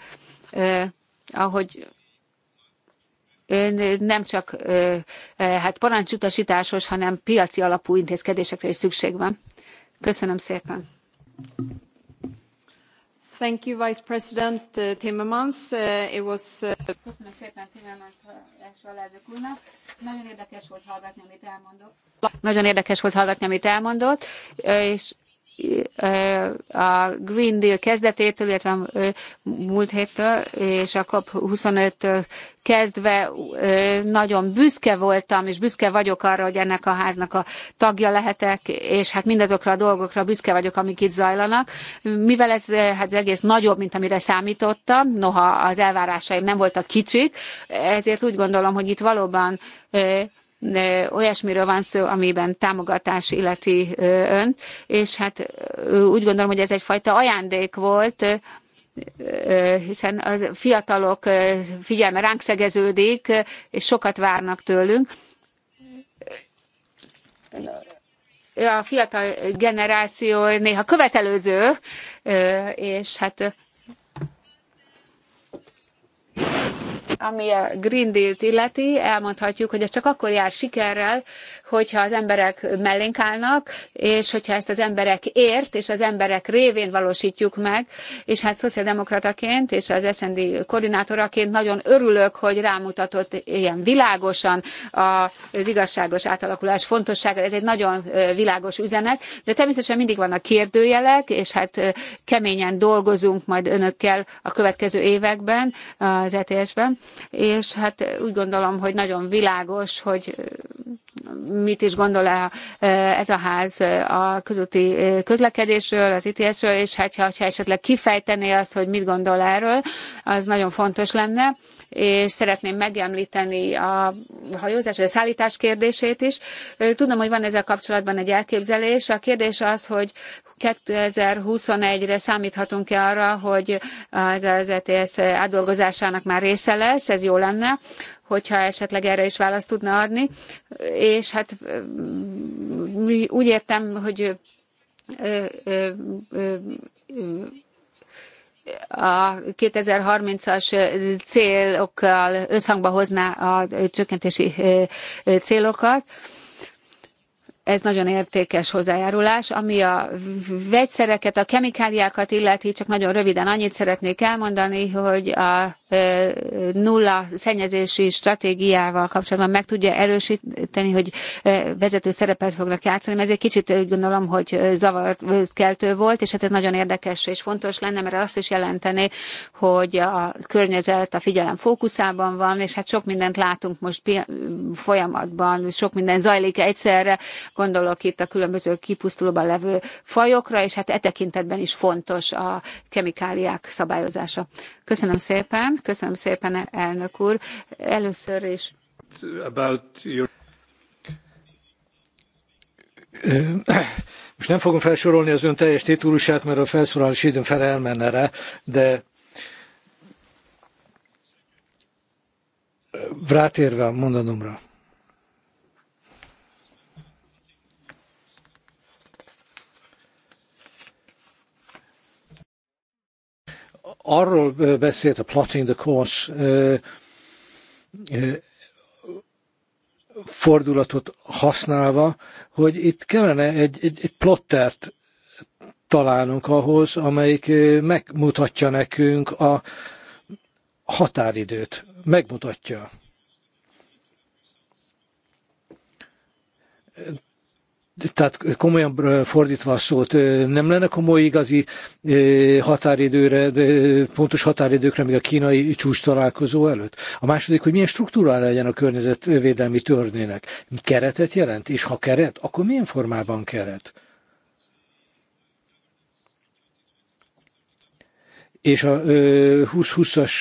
ahogy nem csak hát parancsutasításos, hanem piaci alapú intézkedésekre is szükség van. Köszönöm szépen. Thank you, Vice President uh, Timmermans. Uh, it was... Uh, Köszönöm szépen Timmermans alelnök úrnak. Nagyon érdekes volt hallgatni, amit elmondott. Nagyon érdekes volt hallgatni, amit elmondott, és a Green Deal kezdetétől, illetve múlt héttől, és a COP25-től kezdve nagyon büszke voltam, és büszke vagyok arra, hogy ennek a háznak a tagja lehetek, és hát mindazokra a dolgokra büszke vagyok, amik itt zajlanak. Mivel ez hát az egész nagyobb, mint amire számítottam, noha az elvárásaim nem voltak kicsik, ezért úgy gondolom, hogy itt valóban olyasmiről van szó, amiben támogatás illeti ön, és hát úgy gondolom, hogy ez egyfajta ajándék volt, hiszen a fiatalok figyelme ránk szegeződik, és sokat várnak tőlünk. A fiatal generáció néha követelőző, és hát ami a Green Deal-t illeti, elmondhatjuk, hogy ez csak akkor jár sikerrel, hogyha az emberek mellénk állnak, és hogyha ezt az emberek ért, és az emberek révén valósítjuk meg, és hát szociáldemokrataként és az SND koordinátoraként nagyon örülök, hogy rámutatott ilyen világosan az igazságos átalakulás fontosságára. Ez egy nagyon világos üzenet, de természetesen mindig vannak kérdőjelek, és hát keményen dolgozunk majd önökkel a következő években az ETS-ben, és hát úgy gondolom, hogy nagyon világos, hogy mit is gondol -e ez a ház e, a közúti e, közlekedésről, az ITS-ről, és hát ha, ha esetleg kifejtené azt, hogy mit gondol erről, az nagyon fontos lenne és szeretném megemlíteni a hajózás vagy a szállítás kérdését is. Tudom, hogy van ezzel kapcsolatban egy elképzelés. A kérdés az, hogy 2021-re számíthatunk-e arra, hogy az ETS átdolgozásának már része lesz, ez jó lenne hogyha esetleg erre is választ tudna adni. És hát mm, úgy értem, hogy a 2030-as célokkal összhangba hozná a csökkentési célokat ez nagyon értékes hozzájárulás. Ami a vegyszereket, a kemikáliákat illeti, csak nagyon röviden annyit szeretnék elmondani, hogy a nulla szennyezési stratégiával kapcsolatban meg tudja erősíteni, hogy vezető szerepet fognak játszani, mert ez egy kicsit úgy gondolom, hogy keltő volt, és hát ez nagyon érdekes és fontos lenne, mert azt is jelenteni, hogy a környezet a figyelem fókuszában van, és hát sok mindent látunk most folyamatban, sok minden zajlik egyszerre, gondolok itt a különböző kipusztulóban levő fajokra, és hát e tekintetben is fontos a kemikáliák szabályozása. Köszönöm szépen, köszönöm szépen, elnök úr. Először is. Most nem fogom felsorolni az ön teljes titulusát, mert a felszorolási időn fel elmenne rá, de rátérve a mondanomra. arról beszélt, a plotting the course fordulatot használva, hogy itt kellene egy, egy, egy plottert találnunk ahhoz, amelyik megmutatja nekünk a határidőt. Megmutatja tehát komolyan fordítva a szót, nem lenne komoly igazi határidőre, pontos határidőkre még a kínai csúcs találkozó előtt? A második, hogy milyen struktúra legyen a környezetvédelmi törnének. keretet jelent? És ha keret, akkor milyen formában keret? és a 2020-as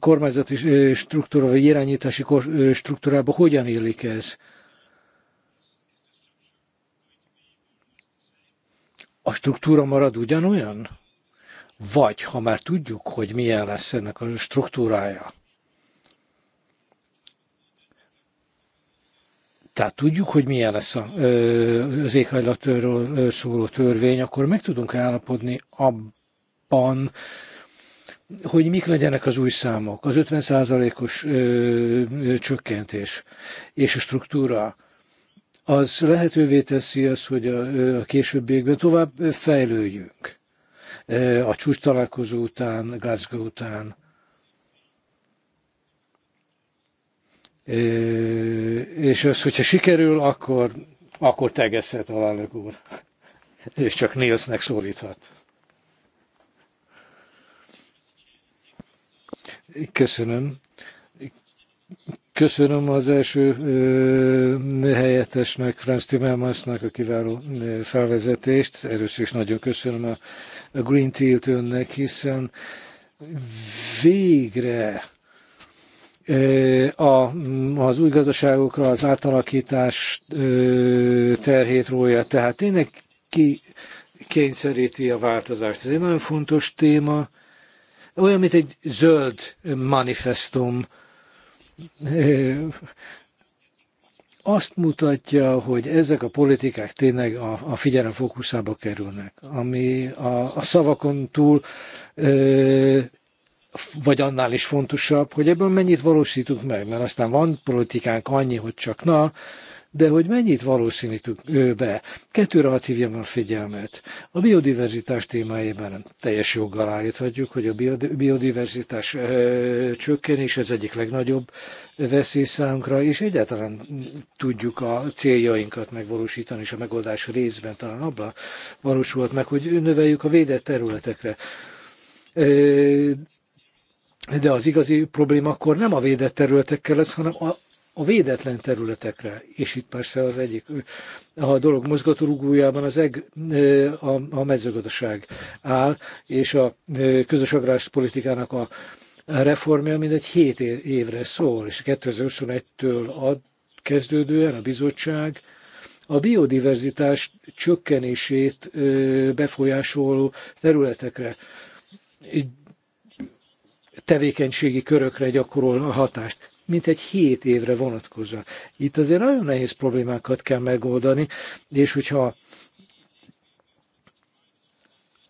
kormányzati struktúra, vagy irányítási struktúrába hogyan illik ez? a struktúra marad ugyanolyan? Vagy, ha már tudjuk, hogy milyen lesz ennek a struktúrája, Tehát tudjuk, hogy milyen lesz a, az éghajlatról szóló törvény, akkor meg tudunk állapodni abban, hogy mik legyenek az új számok, az 50%-os csökkentés és a struktúra, az lehetővé teszi azt, hogy a, a későbbiekben tovább fejlődjünk. A csúcs találkozó után, Glasgow után, és az, hogyha sikerül, akkor, akkor tegezhet a lányok úr. És csak Nilsnek szólíthat. Köszönöm. Köszönöm az első ö, helyettesnek, Franz Timmermansnak a kiváló felvezetést. Először is nagyon köszönöm a, a Green Tilt önnek, hiszen végre a, az új gazdaságokra az átalakítás terhét rója, tehát tényleg ki kényszeríti a változást. Ez egy nagyon fontos téma, olyan, mint egy zöld manifestum, azt mutatja, hogy ezek a politikák tényleg a, a figyelem fókuszába kerülnek, ami a, a szavakon túl ö, vagy annál is fontosabb, hogy ebből mennyit valósítunk meg, mert aztán van politikánk annyi, hogy csak na, de hogy mennyit valószínítünk ő be. Kettőre hadd hívjam a figyelmet. A biodiverzitás témájában teljes joggal állíthatjuk, hogy a biodiverzitás csökkenés az egyik legnagyobb veszély számunkra, és egyáltalán tudjuk a céljainkat megvalósítani, és a megoldás részben talán abban valósulhat meg, hogy növeljük a védett területekre. De az igazi probléma akkor nem a védett területekkel lesz, hanem a a védetlen területekre, és itt persze az egyik, a dolog mozgatórugójában az eg, e, a, a mezőgazdaság áll, és a e, közös agrárpolitikának a reformja mindegy 7 évre szól, és 2021-től ad, kezdődően a bizottság a biodiverzitás csökkenését e, befolyásoló területekre tevékenységi körökre gyakorol a hatást mint egy hét évre vonatkozza. Itt azért nagyon nehéz problémákat kell megoldani, és hogyha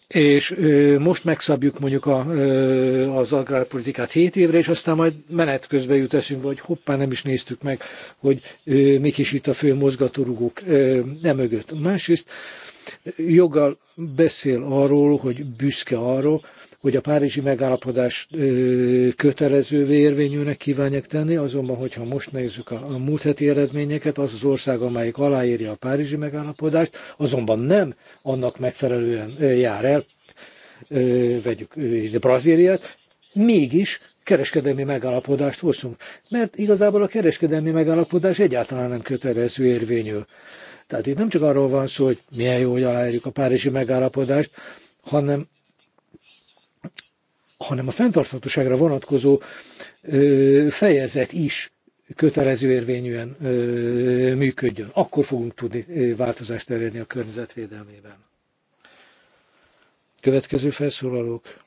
és ö, most megszabjuk mondjuk a, ö, az agrárpolitikát 7 évre, és aztán majd menet közben jut eszünkbe, hogy hoppá, nem is néztük meg, hogy ö, mik is itt a fő mozgatórugók nem mögött. Másrészt joggal beszél arról, hogy büszke arról, hogy a párizsi megállapodás kötelező érvényűnek kívánják tenni, azonban, hogyha most nézzük a, a múlt heti eredményeket, az az ország, amelyik aláírja a párizsi megállapodást, azonban nem annak megfelelően jár el, vegyük Brazíliát, mégis kereskedelmi megállapodást hozunk. Mert igazából a kereskedelmi megállapodás egyáltalán nem kötelező érvényű. Tehát itt nem csak arról van szó, hogy milyen jó, hogy aláírjuk a párizsi megállapodást, hanem hanem a fenntarthatóságra vonatkozó fejezet is kötelező érvényűen működjön. Akkor fogunk tudni változást elérni a környezetvédelmében. Következő felszólalók.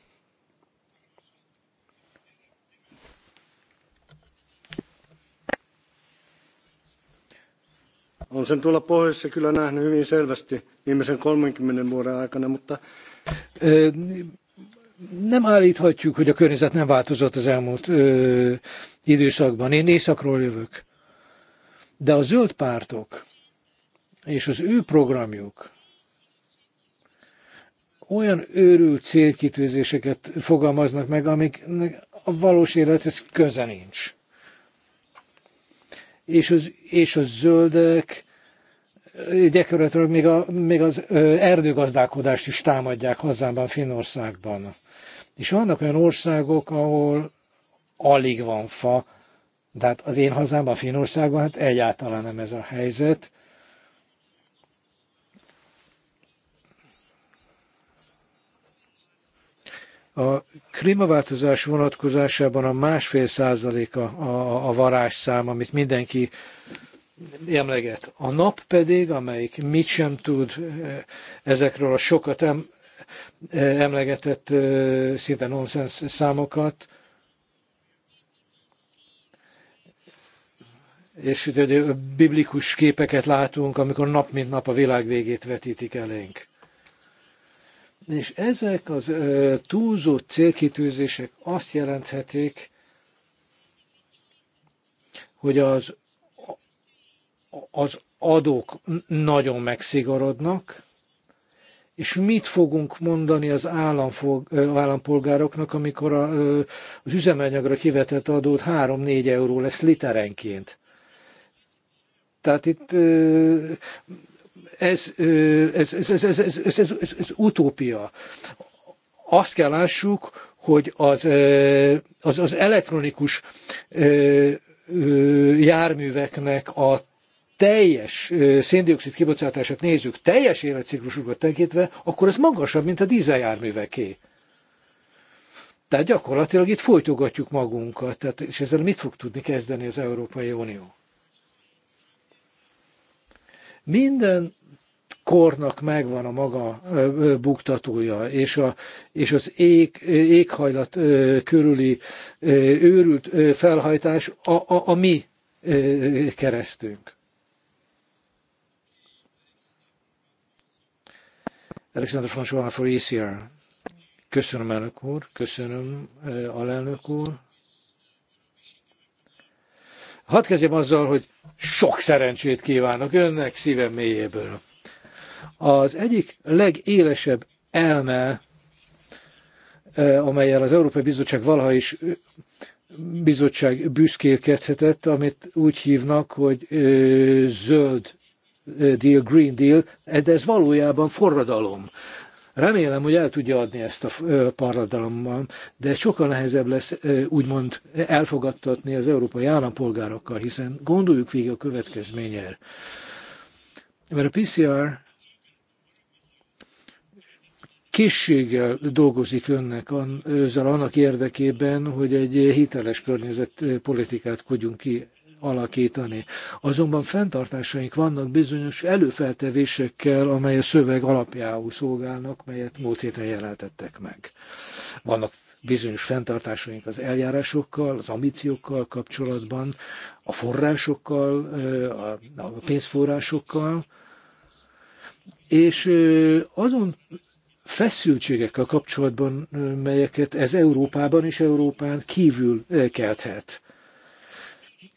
On sen tuolla pohjoisessa kyllä nähnyt hyvin selvästi viimeisen 30 vuoden aikana, mutta nem állíthatjuk, hogy a környezet nem változott az elmúlt ö, időszakban. Én éjszakról jövök. De a zöld pártok és az ő programjuk olyan őrült célkitűzéseket fogalmaznak meg, amiknek a valós élethez köze nincs. És, az, és a zöldek gyakorlatilag még, a, még az erdőgazdálkodást is támadják hazámban, Finnországban. És vannak olyan országok, ahol alig van fa, de hát az én hazámban, Finországban, hát egyáltalán nem ez a helyzet. A klímaváltozás vonatkozásában a másfél százalék a, a, a varázsszám, amit mindenki emleget. A nap pedig, amelyik mit sem tud eh, ezekről a sokat em, E, emlegetett e, szinte nonsens számokat, és ugye, biblikus képeket látunk, amikor nap mint nap a világ végét vetítik elénk. És ezek az e, túlzott célkitűzések azt jelenthetik, hogy az, az adók nagyon megszigorodnak, és mit fogunk mondani az államfog, állampolgároknak, amikor a, az üzemanyagra kivetett adót 3-4 euró lesz literenként. Tehát itt ez, ez, ez, ez, ez, ez, ez, ez, ez, ez utópia. Azt kell lássuk, hogy az, az, az elektronikus járműveknek a teljes széndiokszid kibocsátását nézzük teljes életciklusukat tekintve, akkor ez magasabb, mint a dízeljárműveké. Tehát gyakorlatilag itt folytogatjuk magunkat, tehát, és ezzel mit fog tudni kezdeni az Európai Unió? Minden kornak megvan a maga buktatója, és, a, és az ég, éghajlat körüli őrült felhajtás a, a, a mi keresztünk. Alexander François for ECR. Köszönöm, elnök úr, köszönöm, eh, alelnök úr. Hadd kezdjem azzal, hogy sok szerencsét kívánok önnek szívem mélyéből. Az egyik legélesebb elme, eh, amelyel az Európai Bizottság valaha is eh, bizottság büszkélkedhetett, amit úgy hívnak, hogy zöld Deal, Green Deal, de ez valójában forradalom. Remélem, hogy el tudja adni ezt a parradalommal, de sokkal nehezebb lesz úgymond elfogadtatni az európai állampolgárokkal, hiszen gondoljuk végig a következményer. Mert a PCR készséggel dolgozik önnek an, ezzel annak érdekében, hogy egy hiteles környezetpolitikát kodjunk ki alakítani. Azonban fenntartásaink vannak bizonyos előfeltevésekkel, amely a szöveg alapjául szolgálnak, melyet múlt héten jelentettek meg. Vannak bizonyos fenntartásaink az eljárásokkal, az ambíciókkal kapcsolatban, a forrásokkal, a pénzforrásokkal, és azon feszültségekkel kapcsolatban, melyeket ez Európában és Európán kívül kelthet.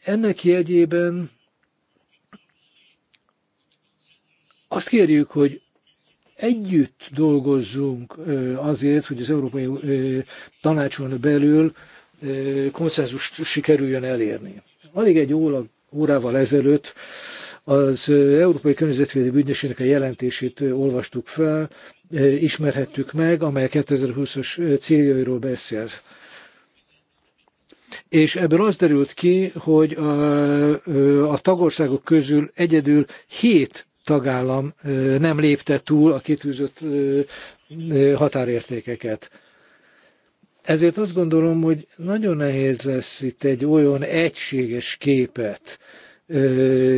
Ennek jegyében azt kérjük, hogy együtt dolgozzunk azért, hogy az Európai Tanácson belül konszenzust sikerüljön elérni. Alig egy óra, órával ezelőtt az Európai Környezetvédelmi Ügynökségnek a jelentését olvastuk fel, ismerhettük meg, amely 2020-as céljairól beszél és ebből az derült ki, hogy a, a tagországok közül egyedül hét tagállam nem lépte túl a kitűzött határértékeket. Ezért azt gondolom, hogy nagyon nehéz lesz itt egy olyan egységes képet,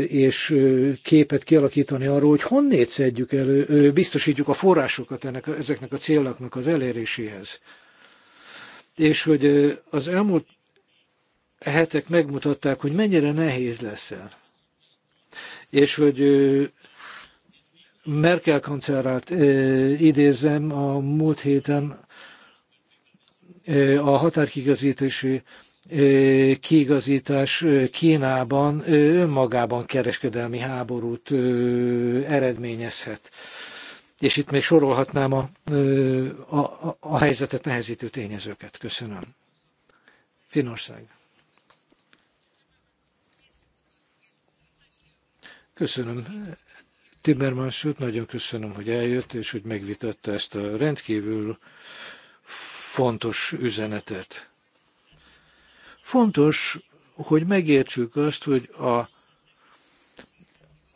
és képet kialakítani arról, hogy honnét szedjük elő, biztosítjuk a forrásokat ennek, ezeknek a célnak az eléréséhez. És hogy az elmúlt hetek megmutatták, hogy mennyire nehéz leszel. És hogy Merkel kancellárt idézem, a múlt héten a határkigazítási kiigazítás Kínában önmagában kereskedelmi háborút eredményezhet. És itt még sorolhatnám a, a, a helyzetet nehezítő tényezőket. Köszönöm. Finország. Köszönöm. Timmermans úr, nagyon köszönöm, hogy eljött, és hogy megvitatta ezt a rendkívül fontos üzenetet. Fontos, hogy megértsük azt, hogy a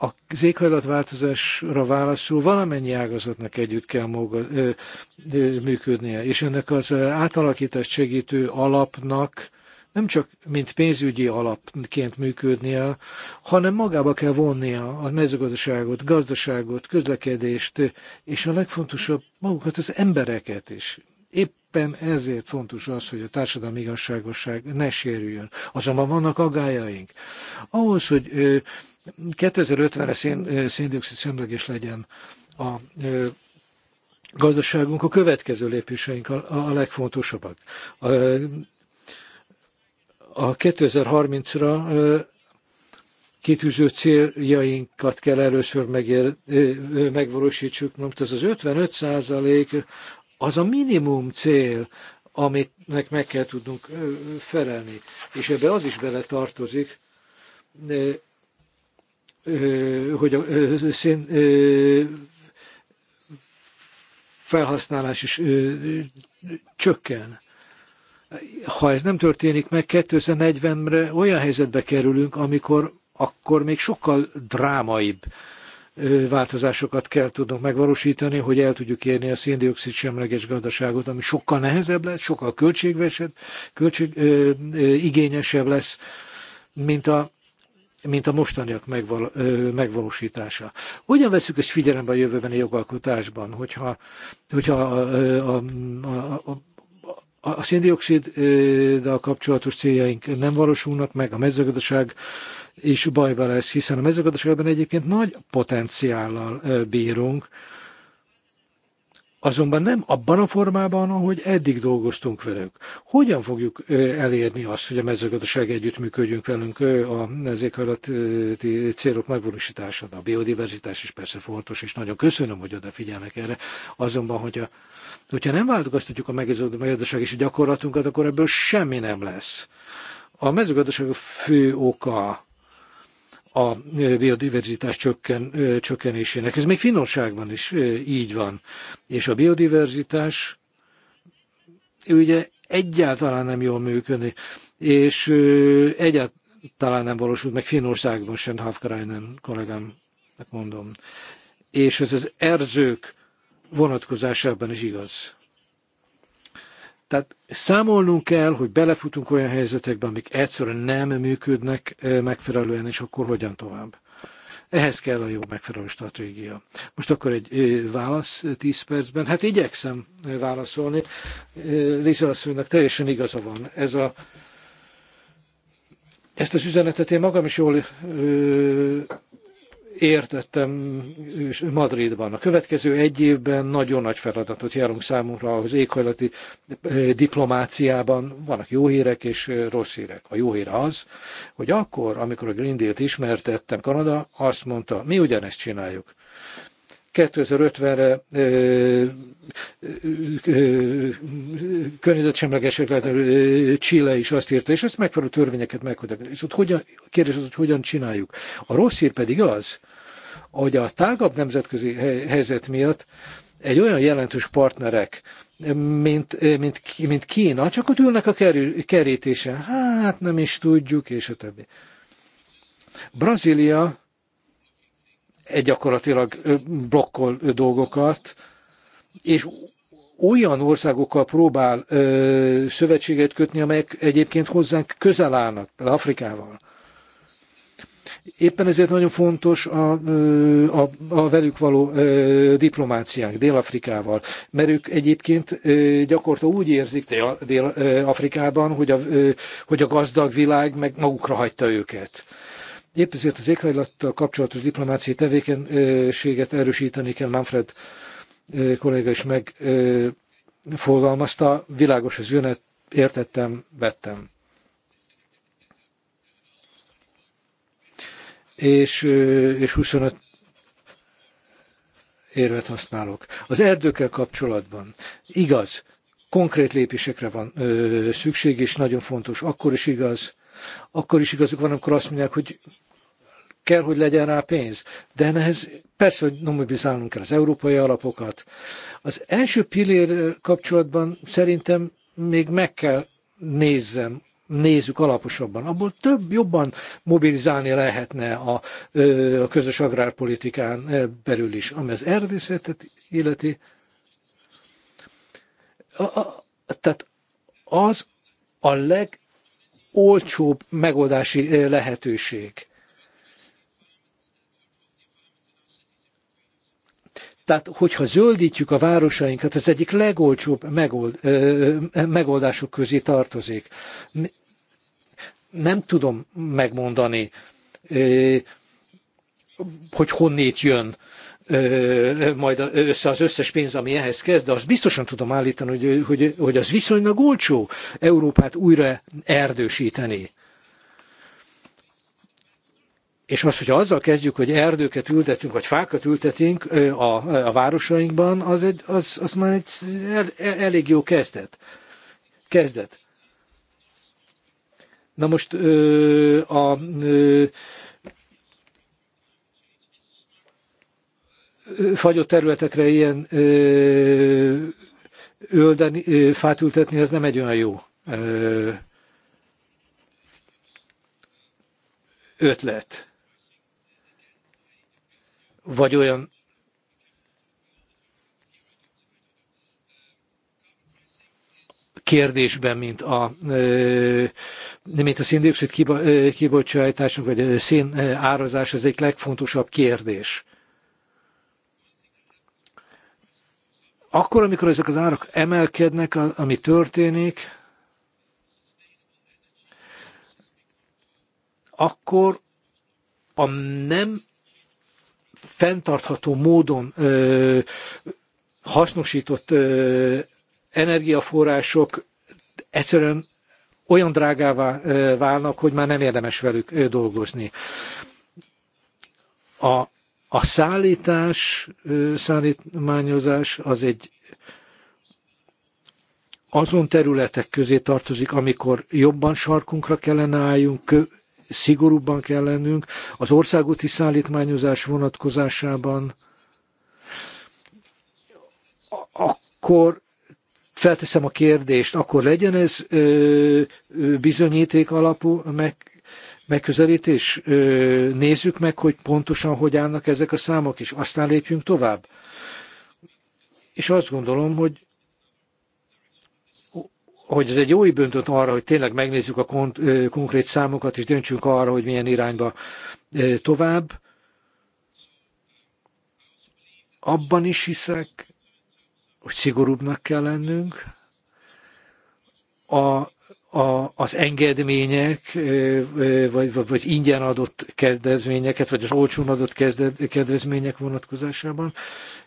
a éghajlatváltozásra válaszul valamennyi ágazatnak együtt kell maga, ö, ö, működnie, és ennek az átalakítást segítő alapnak nem csak mint pénzügyi alapként működnie, hanem magába kell vonnia a mezőgazdaságot, gazdaságot, közlekedést, és a legfontosabb magukat az embereket is. Éppen ezért fontos az, hogy a társadalmi igazságosság ne sérüljön. Azonban vannak agályaink. Ahhoz, hogy 2050-re szén, széndiokszid szemleges legyen a gazdaságunk, a következő lépéseink a, a legfontosabbak a 2030-ra kitűző céljainkat kell először megér, megvalósítsuk. Most ez az 55 százalék az a minimum cél, aminek meg kell tudnunk felelni. És ebbe az is bele tartozik, hogy a szén felhasználás is csökken. Ha ez nem történik meg, 2040-re olyan helyzetbe kerülünk, amikor akkor még sokkal drámaibb változásokat kell tudnunk megvalósítani, hogy el tudjuk érni a széndiokszid semleges gazdaságot, ami sokkal nehezebb lesz, sokkal költségvesebb, költség, ö, ö, igényesebb lesz, mint a, mint a mostaniak megval, ö, megvalósítása. Hogyan veszük ezt figyelembe a jövőbeni jogalkotásban, hogyha, hogyha a, a, a, a a széndioksziddal kapcsolatos céljaink nem valósulnak meg, a mezőgazdaság is bajba lesz, hiszen a mezőgazdaságban egyébként nagy potenciállal bírunk, azonban nem abban a formában, ahogy eddig dolgoztunk velük. Hogyan fogjuk elérni azt, hogy a mezőgazdaság együttműködjünk velünk a éghajlati célok megvalósításában? A biodiverzitás is persze fontos, és nagyon köszönöm, hogy odafigyelnek erre. Azonban, hogy a de hogyha nem változtatjuk a a gyakorlatunkat, akkor ebből semmi nem lesz. A mezőgazdaság fő oka a biodiverzitás csökken, csökkenésének. Ez még finomságban is így van. És a biodiverzitás ugye egyáltalán nem jól működik, és egyáltalán nem valósult meg Finországban sem, Hafkarainen kollégámnak mondom. És ez az erzők vonatkozásában is igaz. Tehát számolnunk kell, hogy belefutunk olyan helyzetekbe, amik egyszerűen nem működnek eh, megfelelően, és akkor hogyan tovább. Ehhez kell a jó megfelelő stratégia. Most akkor egy eh, válasz 10 eh, percben. Hát igyekszem válaszolni. Lisa asszonynak teljesen igaza van. Ez a, ezt az üzenetet én magam is jól értettem Madridban. A következő egy évben nagyon nagy feladatot járunk számunkra az éghajlati eh, diplomáciában. Vannak jó hírek és eh, rossz hírek. A jó hír az, hogy akkor, amikor a Green Deal-t ismertettem Kanada, azt mondta, mi ugyanezt csináljuk. 2050-re környezetsemleges lehetnek, Chile is azt írta, és ezt megfelelő törvényeket meghozzák. És ott hogyan, kérdés az, hogy hogyan csináljuk. A rossz hír pedig az, hogy a tágabb nemzetközi helyzet miatt egy olyan jelentős partnerek, mint, mint, mint Kína, csak ott ülnek a kerítésen. Hát nem is tudjuk, és a többi. Brazília gyakorlatilag blokkol dolgokat, és olyan országokkal próbál ö, szövetséget kötni, amelyek egyébként hozzánk közel állnak, Afrikával. Éppen ezért nagyon fontos a, a, a velük való ö, diplomáciánk Dél-Afrikával, mert ők egyébként ö, gyakorta úgy érzik Dél-Afrikában, hogy, a, ö, hogy a gazdag világ meg magukra hagyta őket Épp ezért az éghajlattal kapcsolatos diplomáciai tevékenységet erősíteni kell, Manfred kolléga is megfogalmazta, világos az üzenet, értettem, vettem. És, és 25 érvet használok. Az erdőkkel kapcsolatban igaz, konkrét lépésekre van ö, szükség, és nagyon fontos, akkor is igaz, akkor is igazuk van, amikor azt mondják, hogy kell, hogy legyen rá pénz. De ehhez persze, hogy nomibizálnunk kell az európai alapokat. Az első pillér kapcsolatban szerintem még meg kell nézzem, nézzük alaposabban. Abból több jobban mobilizálni lehetne a, a közös agrárpolitikán belül is, ami az erdészetet illeti. A, a, tehát az a leg olcsóbb megoldási eh, lehetőség. Tehát, hogyha zöldítjük a városainkat, ez egyik legolcsóbb megold, ö, eh, eh, megoldások közé tartozik. Nem tudom megmondani, ö, hogy honnét jön majd össze az összes pénz, ami ehhez kezd, de azt biztosan tudom állítani, hogy, hogy, hogy az viszonylag olcsó Európát újra erdősíteni. És az, hogy azzal kezdjük, hogy erdőket ültetünk, vagy fákat ültetünk a, a városainkban, az, egy, az, az már egy el, el, elég jó kezdet. Kezdet. Na most a, a fagyott területekre ilyen öldeni, fát ültetni, ez nem egy olyan jó ötlet. Vagy olyan kérdésben, mint a, mint a szindioxid kibocsátásunk, vagy a szén árazás, ez egy legfontosabb kérdés. Akkor, amikor ezek az árak emelkednek, ami történik, akkor a nem fenntartható módon ö, hasznosított ö, energiaforrások egyszerűen olyan drágává válnak, hogy már nem érdemes velük dolgozni. A a szállítás, szállítmányozás az egy azon területek közé tartozik, amikor jobban sarkunkra kellene álljunk, szigorúbban kell lennünk, az országúti szállítmányozás vonatkozásában, akkor felteszem a kérdést, akkor legyen ez bizonyíték alapú meg, megközelítés. Nézzük meg, hogy pontosan hogy állnak ezek a számok, és aztán lépjünk tovább. És azt gondolom, hogy hogy ez egy jó időntött arra, hogy tényleg megnézzük a konkrét számokat, és döntsünk arra, hogy milyen irányba tovább. Abban is hiszek, hogy szigorúbbnak kell lennünk. A a, az engedmények, vagy, vagy, vagy ingyen adott kezdezményeket, vagy az olcsón adott kezded, kedvezmények vonatkozásában.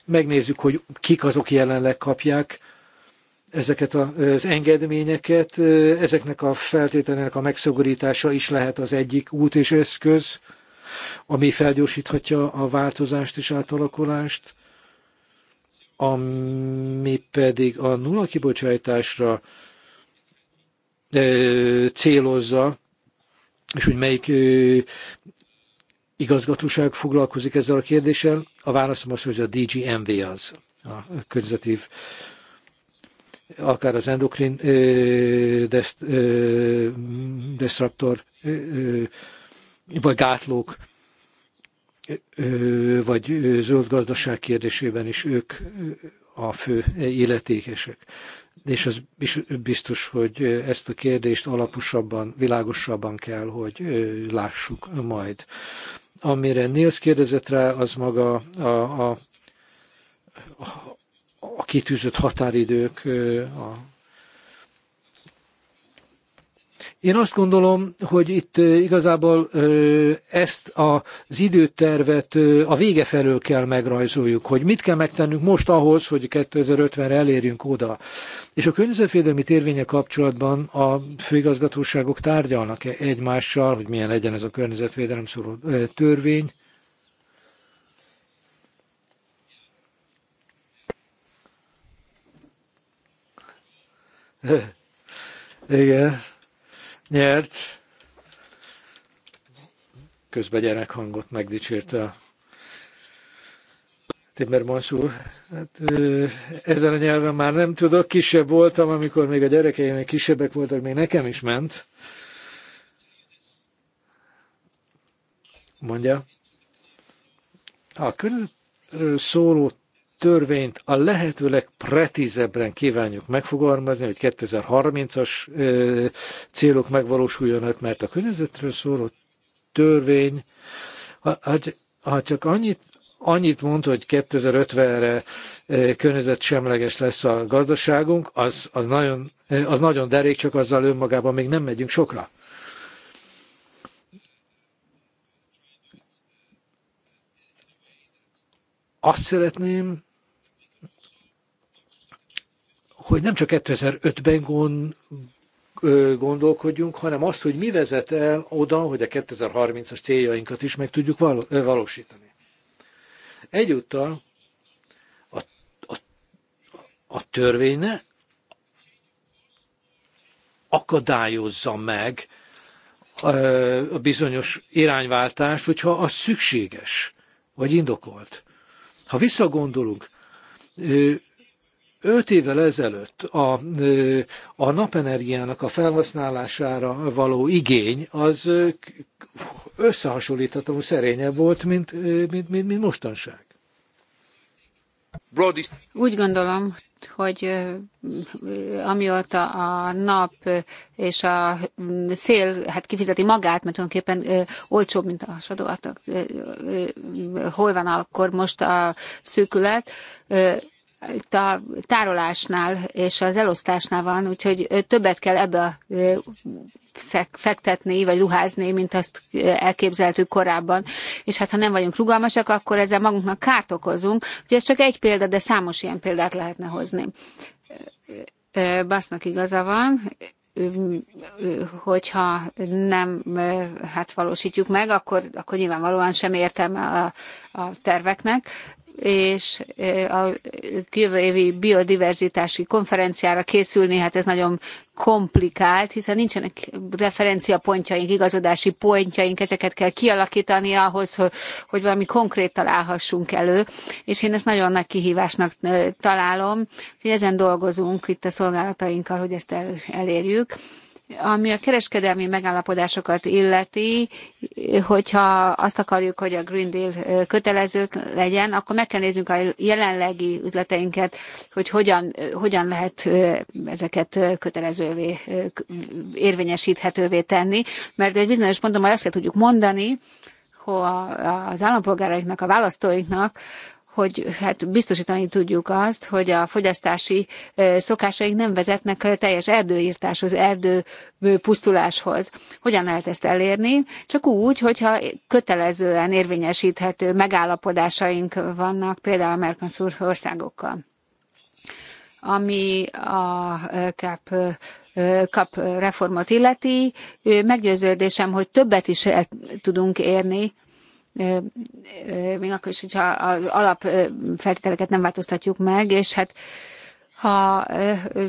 Megnézzük, hogy kik azok jelenleg kapják ezeket az engedményeket. Ezeknek a feltételének a megszogorítása is lehet az egyik út és eszköz, ami felgyorsíthatja a változást és átalakulást, ami pedig a nulla kibocsátásra célozza, és hogy melyik igazgatóság foglalkozik ezzel a kérdéssel. A válaszom az, hogy a DGMV az, a környezetív akár az endokrin destruktor, vagy gátlók, vagy zöld gazdaság kérdésében is ők a fő illetékesek és az biztos, hogy ezt a kérdést alaposabban, világosabban kell, hogy lássuk majd. Amire Nils kérdezett rá, az maga a, a, a kitűzött határidők, a Én azt gondolom, hogy itt igazából ezt az időtervet a vége felől kell megrajzoljuk, hogy mit kell megtennünk most ahhoz, hogy 2050-re elérjünk oda. És a környezetvédelmi térvénye kapcsolatban a főigazgatóságok tárgyalnak -e egymással, hogy milyen legyen ez a környezetvédelem szóló törvény. Igen nyert. Közben gyerekhangot megdicsérte a Timmermans úr, hát ezen a nyelven már nem tudok, kisebb voltam, amikor még a gyerekeim még kisebbek voltak, még nekem is ment. Mondja. A szóló törvényt a lehető legpretizebben kívánjuk megfogalmazni, hogy 2030-as célok megvalósuljanak, mert a környezetről szóló törvény, ha, hát, ha csak annyit, annyit mond, hogy 2050-re környezetsemleges lesz a gazdaságunk, az, az, nagyon, az nagyon derék, csak azzal önmagában még nem megyünk sokra. Azt szeretném, hogy nem csak 2005-ben gond, gondolkodjunk, hanem azt, hogy mi vezet el oda, hogy a 2030-as céljainkat is meg tudjuk valósítani. Egyúttal a, a, a törvény ne akadályozza meg a bizonyos irányváltás, hogyha az szükséges, vagy indokolt. Ha visszagondolunk, Öt évvel ezelőtt a, a napenergiának a felhasználására való igény az összehasonlítható szerényebb volt, mint, mint, mint, mint mostanság. Úgy gondolom, hogy amióta a nap és a szél hát kifizeti magát, mert tulajdonképpen olcsóbb, mint a sadogatnak, hol van akkor most a szűkület, itt a tárolásnál és az elosztásnál van, úgyhogy többet kell ebbe fektetni, vagy ruházni, mint azt elképzeltük korábban. És hát ha nem vagyunk rugalmasak, akkor ezzel magunknak kárt okozunk. Úgyhogy ez csak egy példa, de számos ilyen példát lehetne hozni. Basznak igaza van, hogyha nem hát valósítjuk meg, akkor, akkor nyilvánvalóan sem értelme a, a terveknek és a jövő évi biodiverzitási konferenciára készülni, hát ez nagyon komplikált, hiszen nincsenek referenciapontjaink, igazodási pontjaink, ezeket kell kialakítani ahhoz, hogy valami konkrét találhassunk elő, és én ezt nagyon nagy kihívásnak találom, hogy ezen dolgozunk itt a szolgálatainkkal, hogy ezt elérjük ami a kereskedelmi megállapodásokat illeti, hogyha azt akarjuk, hogy a Green Deal kötelező legyen, akkor meg kell néznünk a jelenlegi üzleteinket, hogy hogyan, hogyan lehet ezeket kötelezővé, érvényesíthetővé tenni, mert egy bizonyos ponton már azt kell tudjuk mondani, az állampolgáraiknak, a választóiknak, hogy hát biztosítani tudjuk azt, hogy a fogyasztási szokásaik nem vezetnek teljes erdőírtáshoz, erdő pusztuláshoz. Hogyan lehet ezt elérni? Csak úgy, hogyha kötelezően érvényesíthető megállapodásaink vannak, például a Mercosur országokkal ami a CAP kap reformot illeti. Meggyőződésem, hogy többet is tudunk érni, még akkor is, hogyha az alapfeltételeket nem változtatjuk meg, és hát ha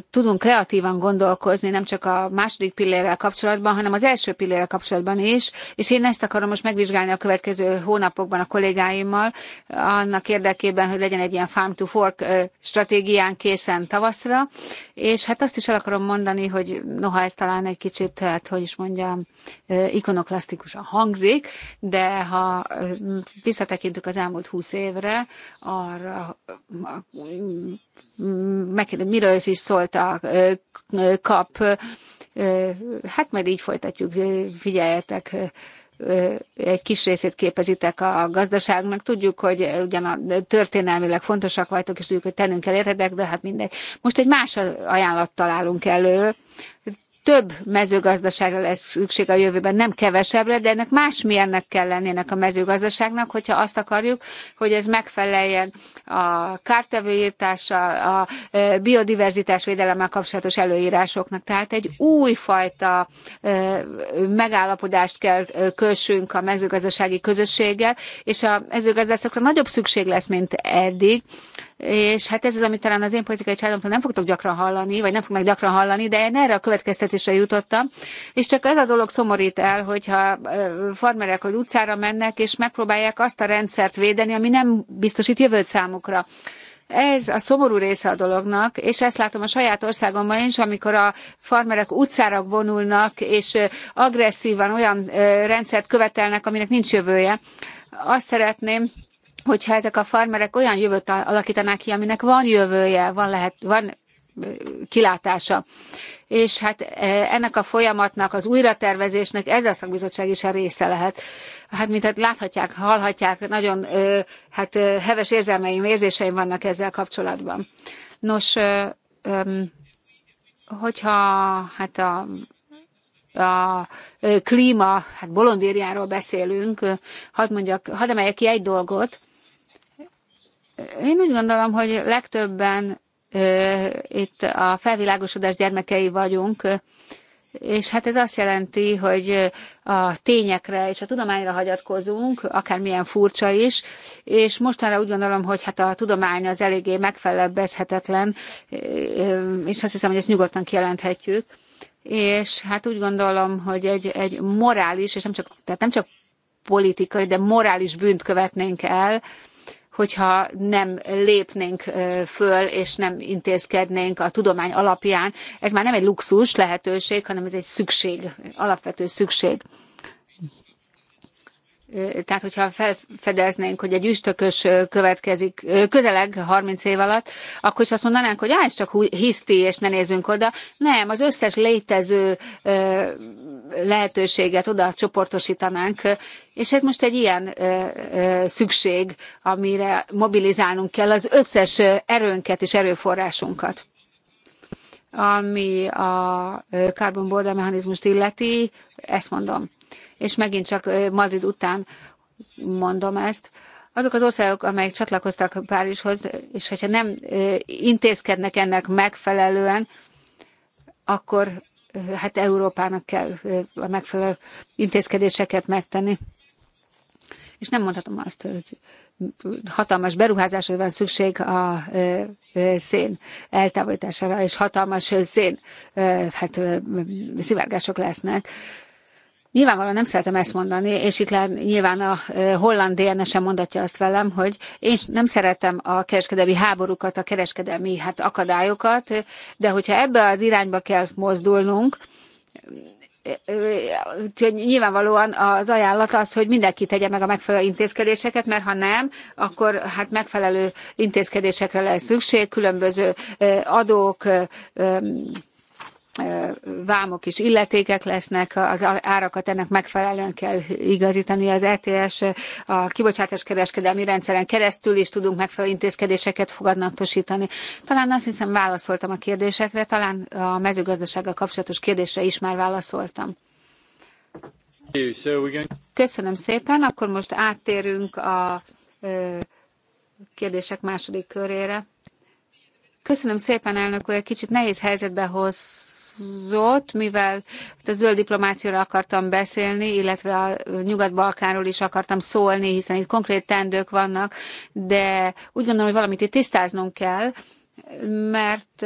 tudunk kreatívan gondolkozni, nem csak a második pillérrel kapcsolatban, hanem az első pillérrel kapcsolatban is, és én ezt akarom most megvizsgálni a következő hónapokban a kollégáimmal, annak érdekében, hogy legyen egy ilyen farm to fork stratégián készen tavaszra, és hát azt is el akarom mondani, hogy noha ez talán egy kicsit, hát hogy is mondjam, ikonoklasztikusan hangzik, de ha visszatekintünk az elmúlt húsz évre, arra meg, miről is szólt a kap. Hát majd így folytatjuk, figyeljetek egy kis részét képezitek a gazdaságnak. Tudjuk, hogy ugyan a történelmileg fontosak vagytok, és tudjuk, hogy tennünk kell értetek, de hát mindegy. Most egy más ajánlat találunk elő több mezőgazdaságra lesz szükség a jövőben, nem kevesebbre, de ennek másmilyennek kell lennének a mezőgazdaságnak, hogyha azt akarjuk, hogy ez megfeleljen a kártevőírtással, a e, biodiverzitás védelemmel kapcsolatos előírásoknak. Tehát egy újfajta e, megállapodást kell e, kössünk a mezőgazdasági közösséggel, és a mezőgazdászokra nagyobb szükség lesz, mint eddig, és hát ez az, amit talán az én politikai családomtól nem fogtok gyakran hallani, vagy nem fognak gyakran hallani, de én erre a következtetésre jutottam, és csak ez a dolog szomorít el, hogyha farmerek, hogy utcára mennek, és megpróbálják azt a rendszert védeni, ami nem biztosít jövőt számukra. Ez a szomorú része a dolognak, és ezt látom a saját országomban is, amikor a farmerek utcára vonulnak, és agresszívan olyan rendszert követelnek, aminek nincs jövője. Azt szeretném, hogyha ezek a farmerek olyan jövőt alakítanák ki, aminek van jövője, van, lehet, van kilátása. És hát e, ennek a folyamatnak, az újratervezésnek ez a szakbizottság is a része lehet. Hát, mint hát láthatják, hallhatják, nagyon hát heves érzelmeim, érzéseim vannak ezzel kapcsolatban. Nos, hogyha hát a a klíma, hát bolondériáról beszélünk, hadd mondjak, hadd emeljek ki egy dolgot, én úgy gondolom, hogy legtöbben itt a felvilágosodás gyermekei vagyunk, és hát ez azt jelenti, hogy a tényekre és a tudományra hagyatkozunk, akármilyen furcsa is, és mostanra úgy gondolom, hogy hát a tudomány az eléggé megfelebbezhetetlen, és azt hiszem, hogy ezt nyugodtan kijelenthetjük. És hát úgy gondolom, hogy egy, egy morális, és nem csak, tehát nem csak politikai, de morális bűnt követnénk el, hogyha nem lépnénk föl, és nem intézkednénk a tudomány alapján. Ez már nem egy luxus lehetőség, hanem ez egy szükség, alapvető szükség tehát hogyha felfedeznénk, hogy egy üstökös következik közeleg 30 év alatt, akkor is azt mondanánk, hogy állj csak hiszti, és ne nézzünk oda. Nem, az összes létező lehetőséget oda csoportosítanánk, és ez most egy ilyen szükség, amire mobilizálnunk kell az összes erőnket és erőforrásunkat ami a carbon border mechanizmust illeti, ezt mondom, és megint csak Madrid után mondom ezt, azok az országok, amelyek csatlakoztak Párizshoz, és hogyha nem intézkednek ennek megfelelően, akkor hát Európának kell a megfelelő intézkedéseket megtenni. És nem mondhatom azt, hogy hatalmas beruházásra van szükség a szén eltávolítására, és hatalmas szén hát, szivárgások lesznek. Nyilvánvalóan nem szeretem ezt mondani, és itt nyilván a holland DNS mondatja azt velem, hogy én nem szeretem a kereskedelmi háborúkat, a kereskedelmi hát, akadályokat, de hogyha ebbe az irányba kell mozdulnunk, nyilvánvalóan az ajánlat az, hogy mindenki tegye meg a megfelelő intézkedéseket, mert ha nem, akkor hát megfelelő intézkedésekre lesz szükség, különböző adók, vámok és illetékek lesznek, az árakat ennek megfelelően kell igazítani. Az ETS a kibocsátás kereskedelmi rendszeren keresztül is tudunk megfelelő intézkedéseket fogadnatosítani. Talán azt hiszem válaszoltam a kérdésekre, talán a mezőgazdasággal kapcsolatos kérdésre is már válaszoltam. Köszönöm szépen, akkor most áttérünk a kérdések második körére. Köszönöm szépen, elnök úr, egy kicsit nehéz helyzetbe hoz elhangzott, mivel a zöld diplomációra akartam beszélni, illetve a Nyugat-Balkánról is akartam szólni, hiszen itt konkrét tendők vannak, de úgy gondolom, hogy valamit itt tisztáznunk kell, mert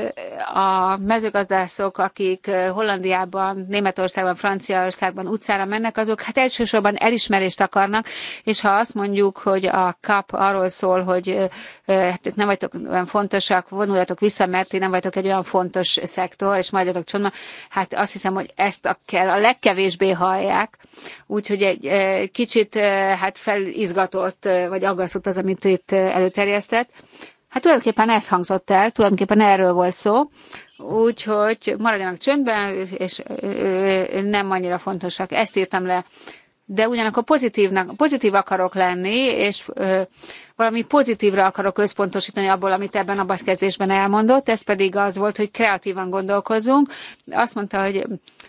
a mezőgazdászok, akik Hollandiában, Németországban, Franciaországban utcára mennek, azok hát elsősorban elismerést akarnak, és ha azt mondjuk, hogy a kap arról szól, hogy hát nem vagytok olyan fontosak, vonuljatok vissza, mert ti nem vagytok egy olyan fontos szektor, és majd adok hát azt hiszem, hogy ezt a, kell, a legkevésbé hallják, úgyhogy egy kicsit hát felizgatott, vagy aggasztott az, amit itt előterjesztett. Hát tulajdonképpen ez hangzott el, tulajdonképpen erről volt szó, úgyhogy maradjanak csöndben, és nem annyira fontosak. Ezt írtam le de ugyanakkor pozitívnak, pozitív akarok lenni, és ö, valami pozitívra akarok összpontosítani abból, amit ebben a bekezdésben elmondott, ez pedig az volt, hogy kreatívan gondolkozunk. Azt mondta, hogy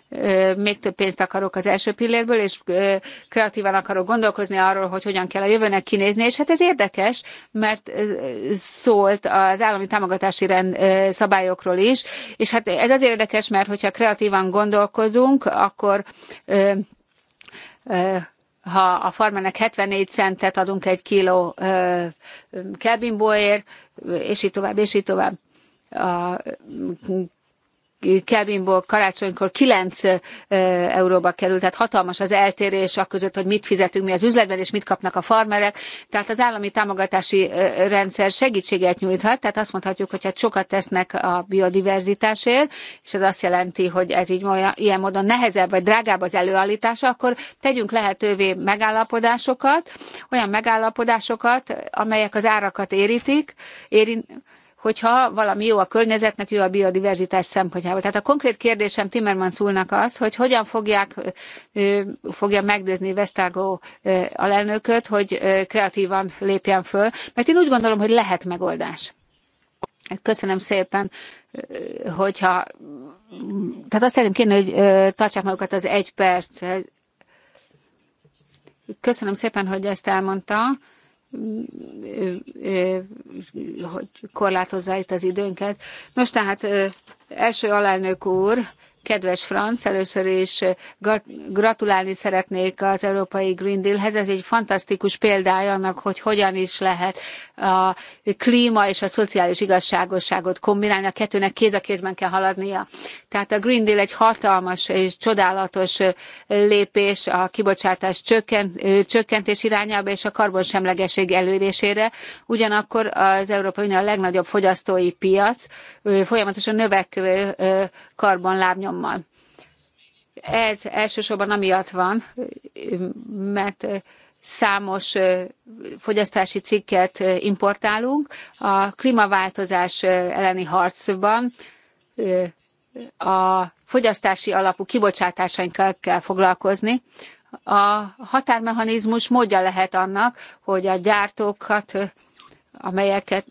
ö, még több pénzt akarok az első pillérből, és ö, kreatívan akarok gondolkozni arról, hogy hogyan kell a jövőnek kinézni, és hát ez érdekes, mert szólt az állami támogatási rend ö, szabályokról is, és hát ez az érdekes, mert hogyha kreatívan gondolkozunk, akkor ö, ha a farmernek 74 centet adunk egy kiló kelbimbóért, és így tovább, és így tovább. A kelvinból karácsonykor 9 euróba került, tehát hatalmas az eltérés a között, hogy mit fizetünk mi az üzletben, és mit kapnak a farmerek. Tehát az állami támogatási rendszer segítséget nyújthat, tehát azt mondhatjuk, hogy hát sokat tesznek a biodiverzitásért, és ez azt jelenti, hogy ez így olyan, ilyen módon nehezebb vagy drágább az előállítása, akkor tegyünk lehetővé megállapodásokat, olyan megállapodásokat, amelyek az árakat érítik, hogyha valami jó a környezetnek, jó a biodiverzitás szempontjából. Tehát a konkrét kérdésem Timmermans úrnak az, hogy hogyan fogják, fogja megdőzni Vesztágó alelnököt, hogy kreatívan lépjen föl, mert én úgy gondolom, hogy lehet megoldás. Köszönöm szépen, hogyha... Tehát azt szeretném kérni, hogy tartsák magukat az egy perc. Köszönöm szépen, hogy ezt elmondta hogy korlátozza itt az időnket. Nos, tehát első alelnök úr, Kedves Franz, először is eh, gratulálni szeretnék az Európai Green Dealhez. Ez egy fantasztikus példája annak, hogy hogyan is lehet a klíma és a szociális igazságosságot kombinálni. A kettőnek kéz a kézben kell haladnia. Tehát a Green Deal egy hatalmas és csodálatos eh, lépés a kibocsátás eh, csökkentés irányába és a karbonsemlegesség elérésére. Ugyanakkor az Európai Unió a legnagyobb fogyasztói piac, folyamatosan növekvő karbonlábnyommal. Ez elsősorban amiatt van, mert számos fogyasztási cikket importálunk. A klímaváltozás elleni harcban a fogyasztási alapú kibocsátásainkkal kell foglalkozni. A határmechanizmus módja lehet annak, hogy a gyártókat, amelyeket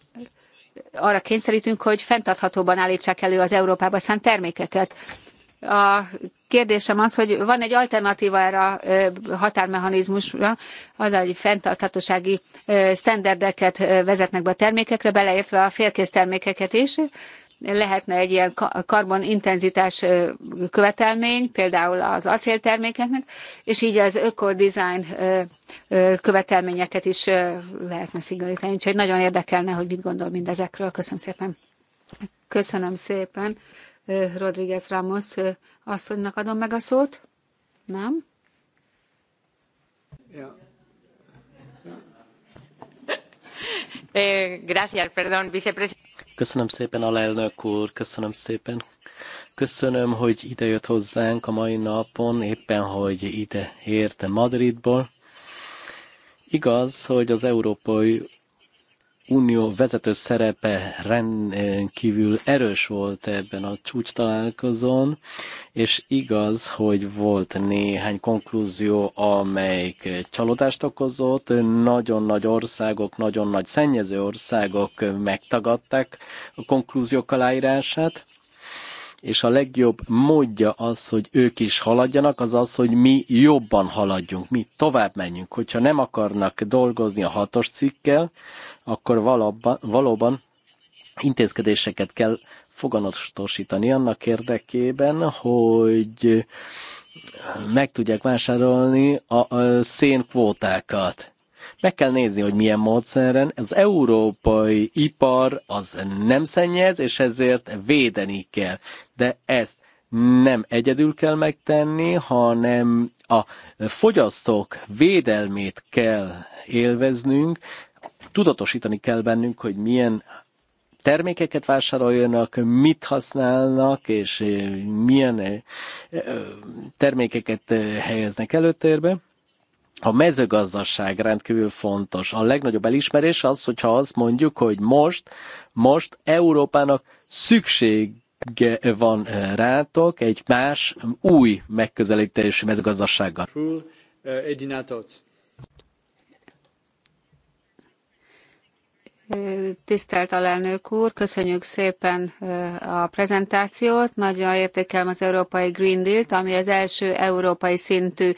arra kényszerítünk, hogy fenntarthatóban állítsák elő az Európába szánt termékeket. A kérdésem az, hogy van egy alternatíva erre a határmechanizmusra, az, hogy fenntarthatósági sztenderdeket vezetnek be a termékekre, beleértve a félkész termékeket is, lehetne egy ilyen karbonintenzitás követelmény, például az acéltermékeknek, és így az ökodizájn követelményeket is lehetne szigorítani. Úgyhogy nagyon érdekelne, hogy mit gondol mindezekről. Köszönöm szépen. Köszönöm szépen. Rodriguez Ramos asszonynak adom meg a szót. Nem? Yeah. eh, gracias, perdón, vicepresidente. Köszönöm szépen, alelnök úr, köszönöm szépen. Köszönöm, hogy idejött hozzánk a mai napon, éppen, hogy ide érte Madridból. Igaz, hogy az Európai Unió vezető szerepe rendkívül erős volt ebben a csúcs találkozón, és igaz, hogy volt néhány konklúzió, amelyik csalódást okozott, nagyon nagy országok, nagyon nagy szennyező országok megtagadták a konklúziók aláírását, és a legjobb módja az, hogy ők is haladjanak, az az, hogy mi jobban haladjunk, mi tovább menjünk. Hogyha nem akarnak dolgozni a hatos cikkel, akkor valóban, valóban intézkedéseket kell foganatosítani annak érdekében, hogy meg tudják vásárolni a, a szénkvótákat. Meg kell nézni, hogy milyen módszeren. Az európai ipar az nem szennyez, és ezért védeni kell. De ezt nem egyedül kell megtenni, hanem a fogyasztók védelmét kell élveznünk, tudatosítani kell bennünk, hogy milyen termékeket vásároljanak, mit használnak, és milyen eh, eh, termékeket eh, helyeznek előtérbe a mezőgazdaság rendkívül fontos. A legnagyobb elismerés az, hogyha azt mondjuk, hogy most, most Európának szükség van eh, rátok egy más, új megközelítésű mezőgazdasággal. Eh, Tisztelt alelnök úr, köszönjük szépen a prezentációt. Nagyon értékelem az Európai Green Deal-t, ami az első európai szintű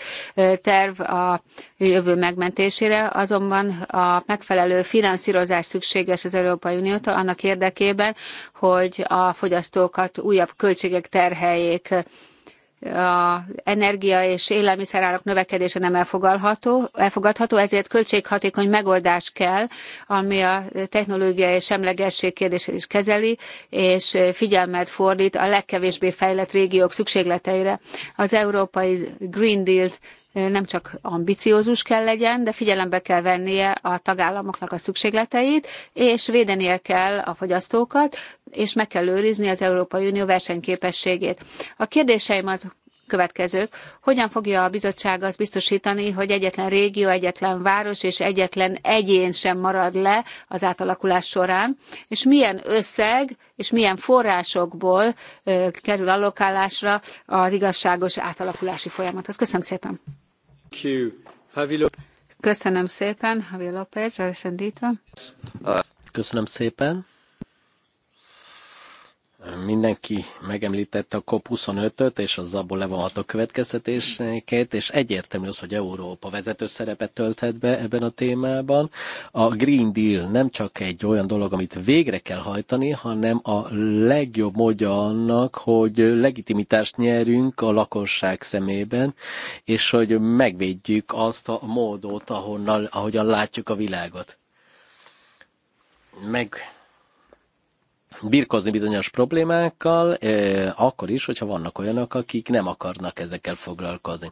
terv a jövő megmentésére, azonban a megfelelő finanszírozás szükséges az Európai Uniótól annak érdekében, hogy a fogyasztókat újabb költségek terheljék a energia és élelmiszerárak növekedése nem elfogadható, elfogadható, ezért költséghatékony megoldás kell, ami a technológiai semlegesség kérdését is kezeli, és figyelmet fordít a legkevésbé fejlett régiók szükségleteire. Az Európai Green Deal nem csak ambiciózus kell legyen, de figyelembe kell vennie a tagállamoknak a szükségleteit, és védenie kell a fogyasztókat, és meg kell őrizni az Európai Unió versenyképességét. A kérdéseim az következők. Hogyan fogja a bizottság azt biztosítani, hogy egyetlen régió, egyetlen város és egyetlen egyén sem marad le az átalakulás során? És milyen összeg és milyen forrásokból kerül allokálásra az igazságos átalakulási folyamathoz? Köszönöm szépen! Köszönöm szépen, javier López, elszendítve. Köszönöm szépen mindenki megemlítette a COP25-öt és az abból levonható következtetéseket, és egyértelmű az, hogy Európa vezető szerepet tölthet be ebben a témában. A Green Deal nem csak egy olyan dolog, amit végre kell hajtani, hanem a legjobb módja annak, hogy legitimitást nyerünk a lakosság szemében, és hogy megvédjük azt a módot, ahonnan, ahogyan látjuk a világot. Meg birkozni bizonyos problémákkal, akkor is, hogyha vannak olyanok, akik nem akarnak ezekkel foglalkozni.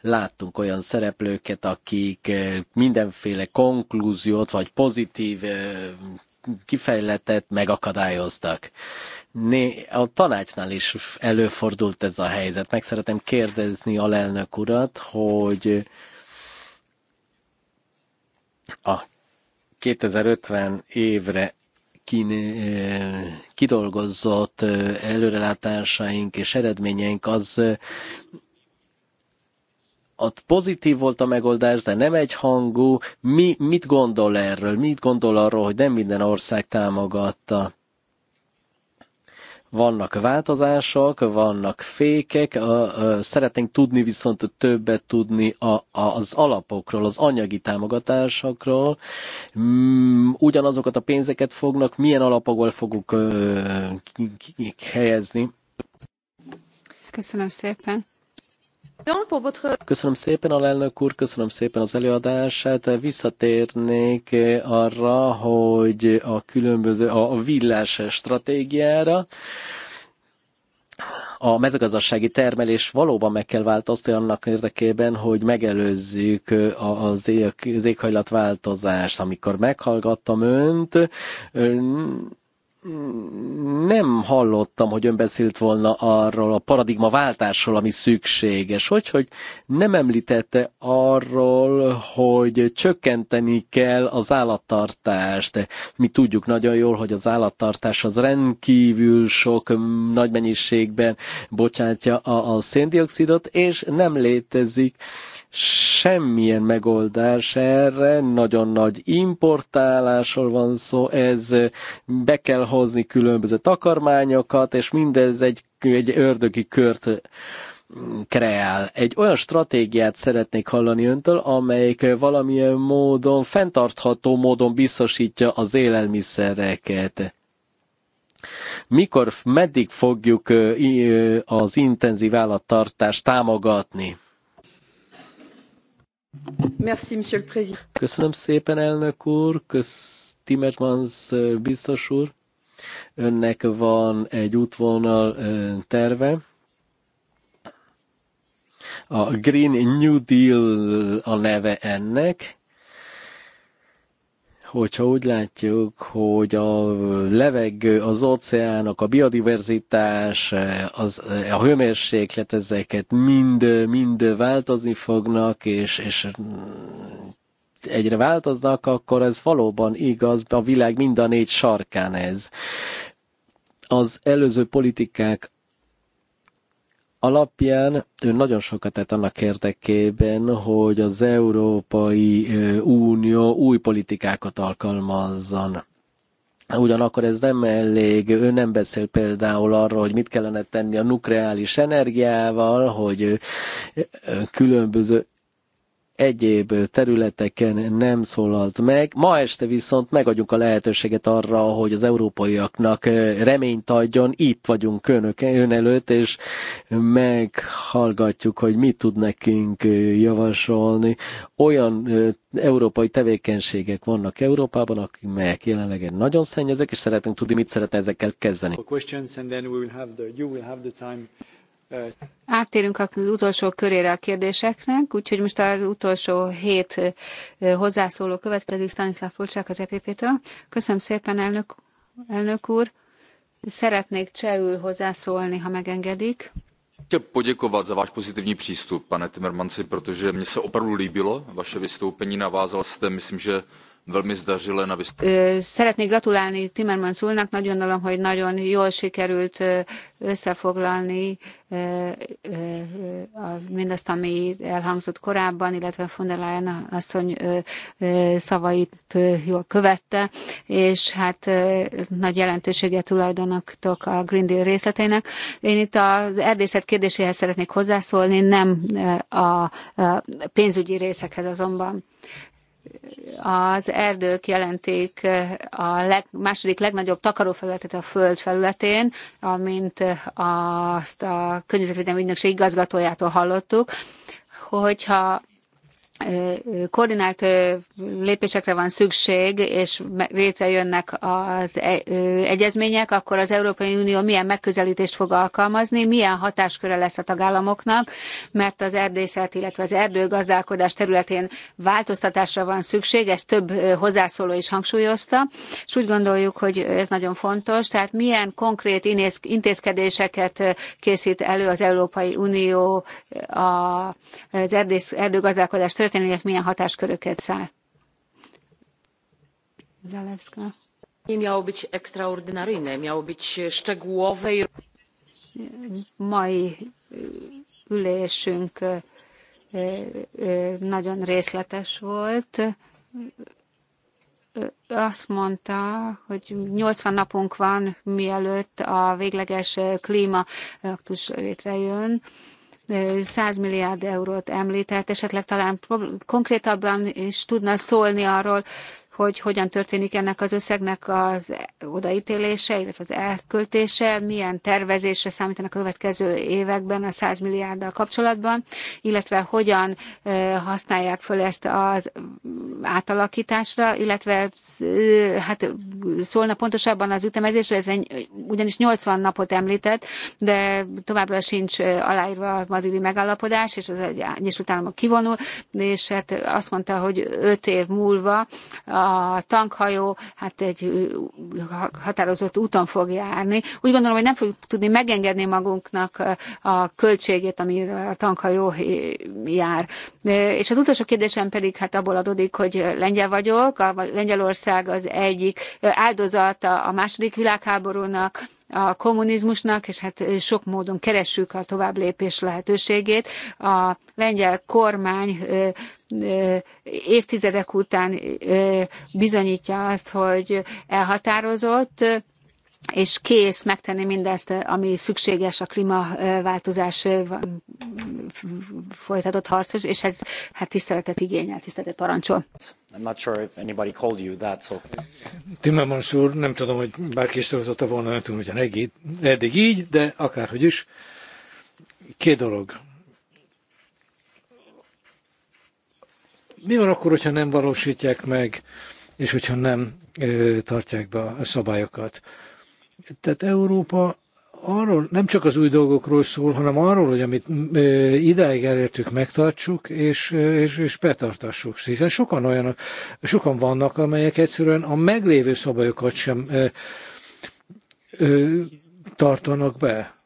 Láttunk olyan szereplőket, akik mindenféle konklúziót vagy pozitív kifejletet megakadályoztak. Né, a tanácsnál is előfordult ez a helyzet. Meg szeretem kérdezni lelnök urat, hogy a 2050 évre Eh, kidolgozott eh, előrelátásaink és eredményeink az eh, ott pozitív volt a megoldás, de nem egy hangú. Mi mit gondol erről? Mit gondol arról, hogy nem minden ország támogatta? vannak változások, vannak fékek, a, a, szeretnénk tudni viszont többet tudni a, a, az alapokról, az anyagi támogatásokról, mm, ugyanazokat a pénzeket fognak, milyen alapokból fogunk helyezni. Köszönöm szépen. Köszönöm szépen, alelnök úr, köszönöm szépen az előadását. Visszatérnék arra, hogy a különböző, a villás stratégiára, a mezőgazdasági termelés valóban meg kell változtatni annak érdekében, hogy megelőzzük az, éghajlatváltozást. Amikor meghallgattam önt, ön nem hallottam, hogy ön beszélt volna arról a paradigmaváltásról, ami szükséges. Hogy, hogy nem említette arról, hogy csökkenteni kell az állattartást. Mi tudjuk nagyon jól, hogy az állattartás az rendkívül sok nagy mennyiségben bocsátja a, a széndiokszidot, és nem létezik semmilyen megoldás erre, nagyon nagy importálásról van szó, ez be kell hozni különböző takarmányokat, és mindez egy, egy ördögi kört kreál. Egy olyan stratégiát szeretnék hallani öntől, amelyik valamilyen módon, fenntartható módon biztosítja az élelmiszereket. Mikor, meddig fogjuk az intenzív állattartást támogatni? Köszönöm szépen, elnök úr, kösz Timmermans biztos úr. Önnek van egy útvonal terve, a Green New Deal a neve ennek, hogyha úgy látjuk, hogy a levegő, az óceánok, a biodiverzitás, az, a hőmérséklet, ezeket mind, mind változni fognak, és, és egyre változnak, akkor ez valóban igaz, a világ mind a négy sarkán ez. Az előző politikák alapján ő nagyon sokat tett annak érdekében, hogy az Európai Unió új politikákat alkalmazzon. Ugyanakkor ez nem elég, ő nem beszél például arról, hogy mit kellene tenni a nukleális energiával, hogy különböző egyéb területeken nem szólalt meg. Ma este viszont megadjuk a lehetőséget arra, hogy az európaiaknak reményt adjon. Itt vagyunk önök, ön előtt, és meghallgatjuk, hogy mit tud nekünk javasolni. Olyan európai tevékenységek vannak Európában, amelyek jelenleg nagyon szennyezek, és szeretnénk tudni, mit szeretne ezekkel kezdeni. Áttérünk az utolsó körére a kérdéseknek, úgyhogy most az utolsó hét hozzászóló következik Stanislav Polcsák az EPP-től. Köszönöm szépen, elnök, elnök úr. Szeretnék csehül hozzászólni, ha megengedik. Chtěl poděkovat za váš pozitivní přístup, pane Timmermansi, protože mně se opravdu líbilo vaše vystoupení. Navázal jste, myslím, že Szeretnék gratulálni Timmermans úrnak, nagyon gondolom, hogy nagyon jól sikerült összefoglalni mindazt, ami elhangzott korábban, illetve von der Leyen asszony szavait jól követte, és hát nagy jelentőséget tulajdonoktok a Green Deal részleteinek. Én itt az erdészet kérdéséhez szeretnék hozzászólni, nem a pénzügyi részekhez azonban az erdők jelentik a leg, második legnagyobb takarófelületet a föld felületén, amint azt a környezetvédelmi ügynökség igazgatójától hallottuk, hogyha koordinált lépésekre van szükség, és létrejönnek az e-, egyezmények, akkor az Európai Unió milyen megközelítést fog alkalmazni, milyen hatásköre lesz a tagállamoknak, mert az erdészet, illetve az erdőgazdálkodás területén változtatásra van szükség, ezt több hozzászóló is hangsúlyozta, és úgy gondoljuk, hogy ez nagyon fontos, tehát milyen konkrét intézkedéseket készít elő az Európai Unió az erdőgazdálkodás területén, történni, ez milyen hatásköröket száll. Zalewska. Nie miało być ekstraordynaryjne, miało być szczegółowe i... Mai e, ülésünk e, e, nagyon részletes volt. Azt mondta, hogy 80 napunk van, mielőtt a végleges klímaaktus létrejön 100 milliárd eurót említett, esetleg talán konkrétabban is tudna szólni arról, hogy hogyan történik ennek az összegnek az odaítélése, illetve az elköltése, milyen tervezésre számítanak a következő években a 100 milliárddal kapcsolatban, illetve hogyan használják föl ezt az átalakításra, illetve hát szólna pontosabban az ütemezésre, illetve ugyanis 80 napot említett, de továbbra sincs aláírva a madridi megállapodás, és az Egyesült Államok kivonul, és hát azt mondta, hogy 5 év múlva a a tankhajó hát egy határozott úton fog járni. Úgy gondolom, hogy nem fogjuk tudni megengedni magunknak a költségét, ami a tankhajó jár. És az utolsó kérdésem pedig hát abból adódik, hogy lengyel vagyok, a Lengyelország az egyik áldozata a második világháborúnak, a kommunizmusnak, és hát sok módon keressük a továbblépés lehetőségét. A lengyel kormány évtizedek után bizonyítja azt, hogy elhatározott, és kész megtenni mindezt, ami szükséges a klímaváltozás folytatott harcos, és ez hát tiszteletet igényel, tiszteletet parancsol. I'm not sure if anybody called you that, so... Timmermans úr, nem tudom, hogy bárki is volna tudom, hogy eddig így, de akárhogy is. Két dolog. mi van akkor, hogyha nem valósítják meg, és hogyha nem tartják be a szabályokat? Tehát Európa arról nem csak az új dolgokról szól, hanem arról, hogy amit idáig elértük, megtartsuk és, és, és betartassuk. Hiszen sokan olyanok, sokan vannak, amelyek egyszerűen a meglévő szabályokat sem ö, ö, tartanak be.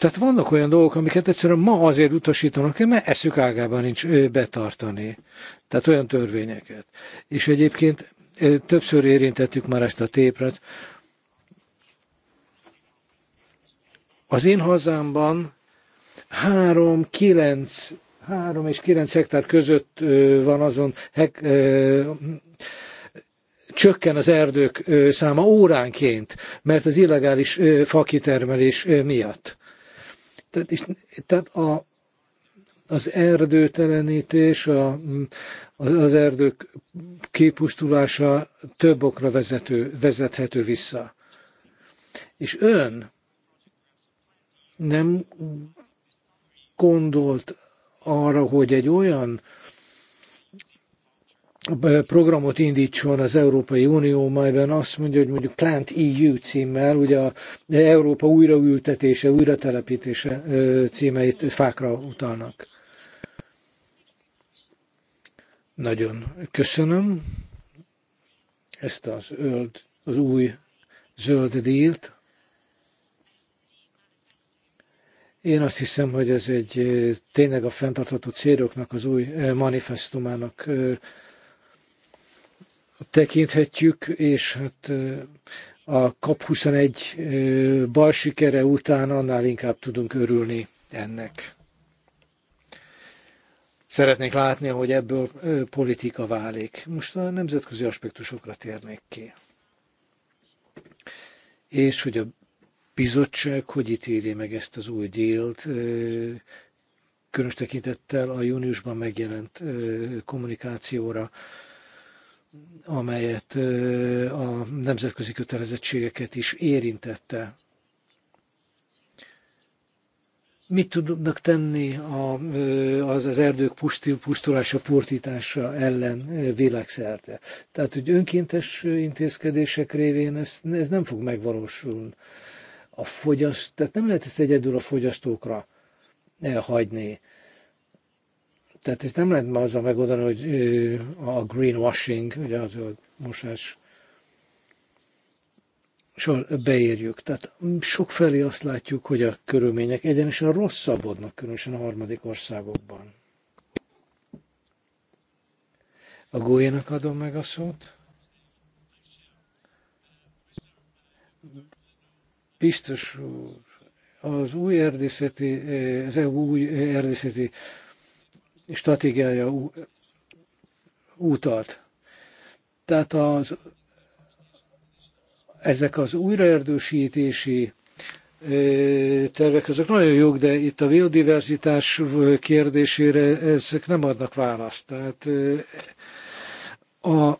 Tehát vannak olyan dolgok, amiket egyszerűen ma azért utasítanak mert eszük ágában nincs betartani. Tehát olyan törvényeket. És egyébként többször érintettük már ezt a tépret. Az én hazámban 3-9 3 és 9 hektár között van azon hek, csökken az erdők száma óránként, mert az illegális fakitermelés miatt. Tehát, és, tehát a, az erdőtelenítés, a, az erdők képusztulása több okra vezető, vezethető vissza. És ön nem gondolt arra, hogy egy olyan programot indítson az Európai Unió, melyben azt mondja, hogy mondjuk Plant EU címmel, ugye a Európa újraültetése, újratelepítése címeit fákra utalnak. Nagyon köszönöm ezt az, öld, az új zöld dílt. Én azt hiszem, hogy ez egy tényleg a fenntartható céloknak az új manifestumának tekinthetjük, és hát a COP21 bal sikere után annál inkább tudunk örülni ennek. Szeretnék látni, hogy ebből politika válik. Most a nemzetközi aspektusokra térnék ki. És hogy a bizottság hogy ítéli meg ezt az új dílt, különös tekintettel a júniusban megjelent kommunikációra, amelyet a nemzetközi kötelezettségeket is érintette. Mit tudnak tenni az, az erdők pusztulása, portítása ellen világszerte? Tehát, hogy önkéntes intézkedések révén ez, ez nem fog megvalósulni. A fogyaszt, tehát nem lehet ezt egyedül a fogyasztókra hagyni tehát ezt nem lehet már azzal megoldani, hogy a greenwashing, ugye az a mosás szóval beérjük. Tehát sok felé azt látjuk, hogy a körülmények egyenesen rosszabbodnak, különösen a harmadik országokban. A Gólyának adom meg a szót. Biztos úr, az új erdészeti, az e új erdészeti stratégiája utalt. Tehát az, ezek az újraerdősítési tervek, azok nagyon jók, de itt a biodiverzitás kérdésére ezek nem adnak választ. Tehát a,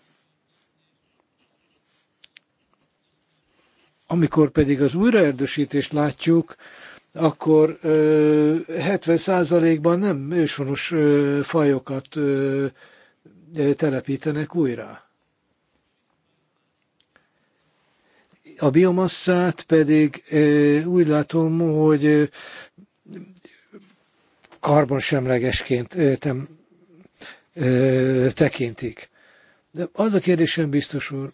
amikor pedig az újraerdősítést látjuk, akkor 70%-ban nem ősonos fajokat telepítenek újra. A biomasszát pedig úgy látom, hogy karbonsemlegesként tekintik. De az a kérdésem biztos úr,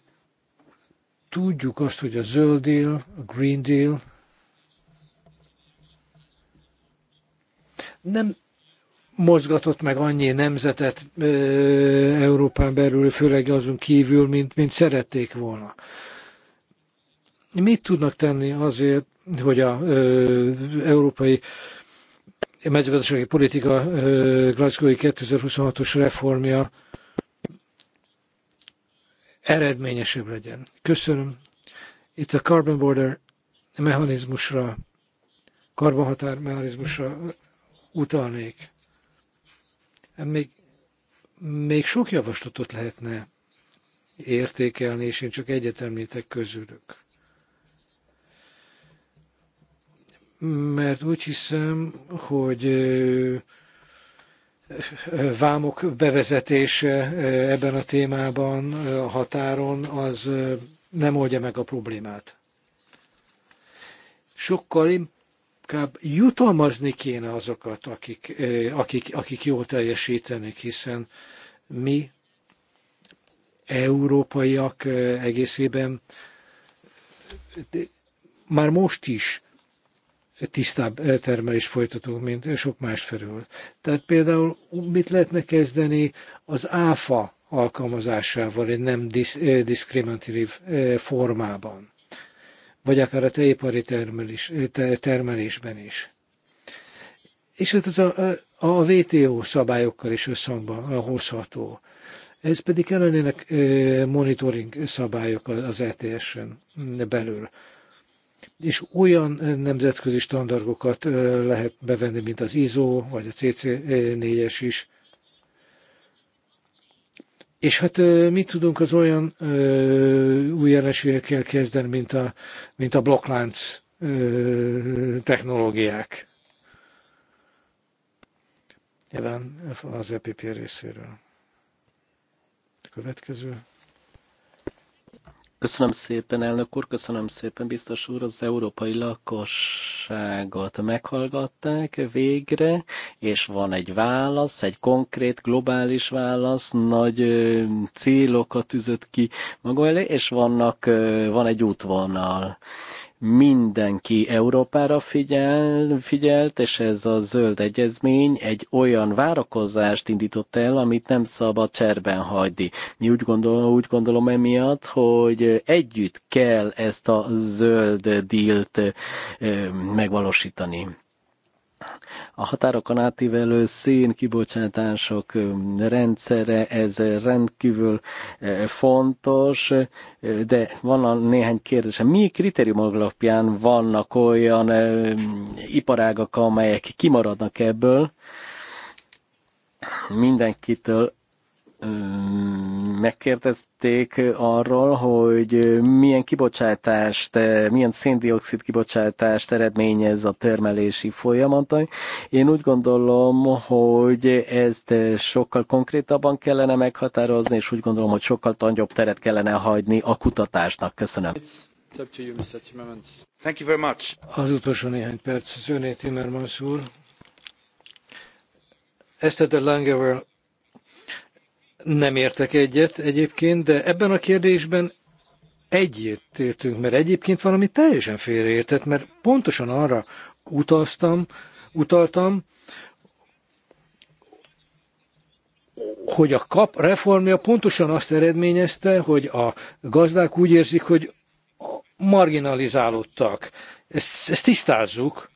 tudjuk azt, hogy a zöld deal, a green deal, nem mozgatott meg annyi nemzetet Európán belül, főleg azon kívül, mint, mint szerették volna. Mit tudnak tenni azért, hogy a ö, európai mezőgazdasági politika Glasgow-i 2026-os reformja eredményesebb legyen. Köszönöm. Itt a Carbon Border mechanizmusra, karbonhatár mechanizmusra utalnék. Még, még sok javaslatot lehetne értékelni, és én csak egyet említek közülük. Mert úgy hiszem, hogy vámok bevezetése ebben a témában a határon az nem oldja meg a problémát. Sokkal inkább jutalmazni kéne azokat, akik, akik, akik jól teljesítenek, hiszen mi európaiak egészében már most is tisztább termelést folytatunk, mint sok más felül. Tehát például mit lehetne kezdeni az áfa alkalmazásával egy nem diszkriminatív formában? vagy akár a tejipari termelés, termelésben is. És hát ez a, a WTO szabályokkal is összhangban hozható. Ez pedig ellenének monitoring szabályok az ETS-en belül. És olyan nemzetközi standardokat lehet bevenni, mint az ISO, vagy a CC4-es is, és hát mit tudunk az olyan ö, új jelenségekkel kezdeni, mint a, mint a blokklánc ö, technológiák? Ebben az EPP részéről. A következő. Köszönöm szépen, elnök úr, köszönöm szépen, biztos úr, az európai lakosságot meghallgatták végre, és van egy válasz, egy konkrét, globális válasz, nagy ö, célokat üzött ki maga elé, és vannak, ö, van egy útvonal mindenki Európára figyel, figyelt, és ez a zöld egyezmény egy olyan várakozást indított el, amit nem szabad cserben hagyni. Mi úgy, gondol, úgy gondolom emiatt, hogy együtt kell ezt a zöld dílt megvalósítani a határokon átívelő kibocsátások rendszere, ez rendkívül fontos, de van néhány kérdés: Mi kritérium alapján vannak olyan iparágak, amelyek kimaradnak ebből? Mindenkitől Mm, megkérdezték arról, hogy milyen kibocsátást, eh, milyen széndiokszid kibocsátást eredményez a termelési folyamat. Én úgy gondolom, hogy ezt sokkal konkrétabban kellene meghatározni, és úgy gondolom, hogy sokkal nagyobb teret kellene hagyni a kutatásnak. Köszönöm. Thank you very much. Az utolsó néhány perc, az öné Timmermans úr. Eszter de Langevel nem értek egyet egyébként, de ebben a kérdésben értünk, mert egyébként valami teljesen félreértett, mert pontosan arra utaztam, utaltam, hogy a kap reformja pontosan azt eredményezte, hogy a gazdák úgy érzik, hogy marginalizálódtak. Ezt, ezt tisztázzuk.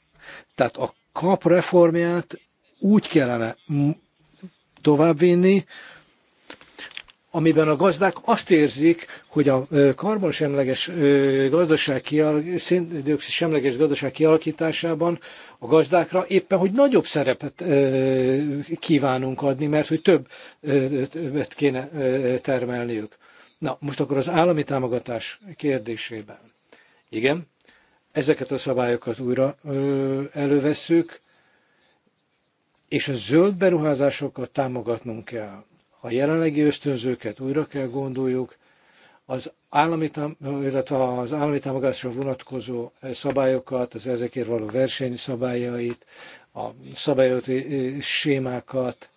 Tehát a kap reformját úgy kellene továbbvinni, amiben a gazdák azt érzik, hogy a karbonsemleges gazdaság, széndiokszid semleges gazdaság kialakításában a gazdákra éppen, hogy nagyobb szerepet kívánunk adni, mert hogy többet kéne termelniük. Na, most akkor az állami támogatás kérdésében. Igen, ezeket a szabályokat újra elővesszük, és a zöld beruházásokat támogatnunk kell a jelenlegi ösztönzőket újra kell gondoljuk, az állami, illetve az állami támogatásra vonatkozó szabályokat, az ezekért való versenyszabályait, a szabályozási sémákat.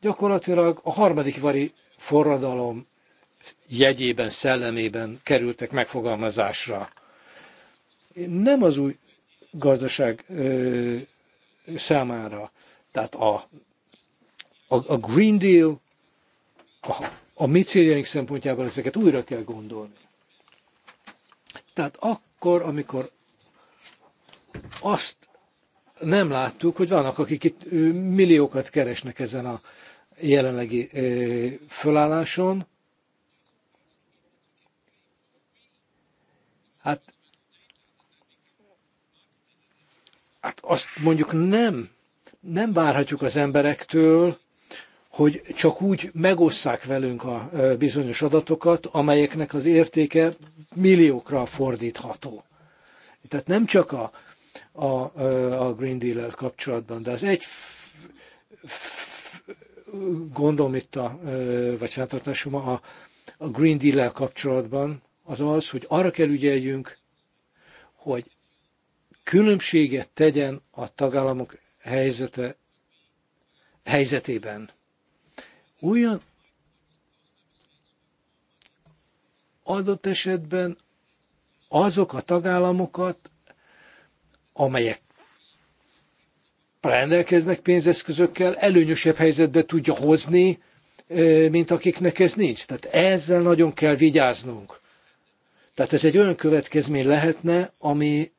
Gyakorlatilag a harmadik vari forradalom jegyében, szellemében kerültek megfogalmazásra. Nem az új gazdaság számára, tehát a a, a Green Deal, a, a mi céljaink szempontjából ezeket újra kell gondolni. Tehát akkor, amikor azt nem láttuk, hogy vannak, akik itt milliókat keresnek ezen a jelenlegi fölálláson. Hát, hát azt mondjuk nem, nem várhatjuk az emberektől, hogy csak úgy megosszák velünk a bizonyos adatokat, amelyeknek az értéke milliókra fordítható. Tehát nem csak a, a, a Green Deal-el kapcsolatban, de az egy gondolom itt a, vagy fenntartásom a, a Green Deal-el kapcsolatban, az az, hogy arra kell ügyeljünk, hogy különbséget tegyen a tagállamok helyzete, helyzetében. Olyan adott esetben azok a tagállamokat, amelyek rendelkeznek pénzeszközökkel, előnyösebb helyzetbe tudja hozni, mint akiknek ez nincs. Tehát ezzel nagyon kell vigyáznunk. Tehát ez egy olyan következmény lehetne, ami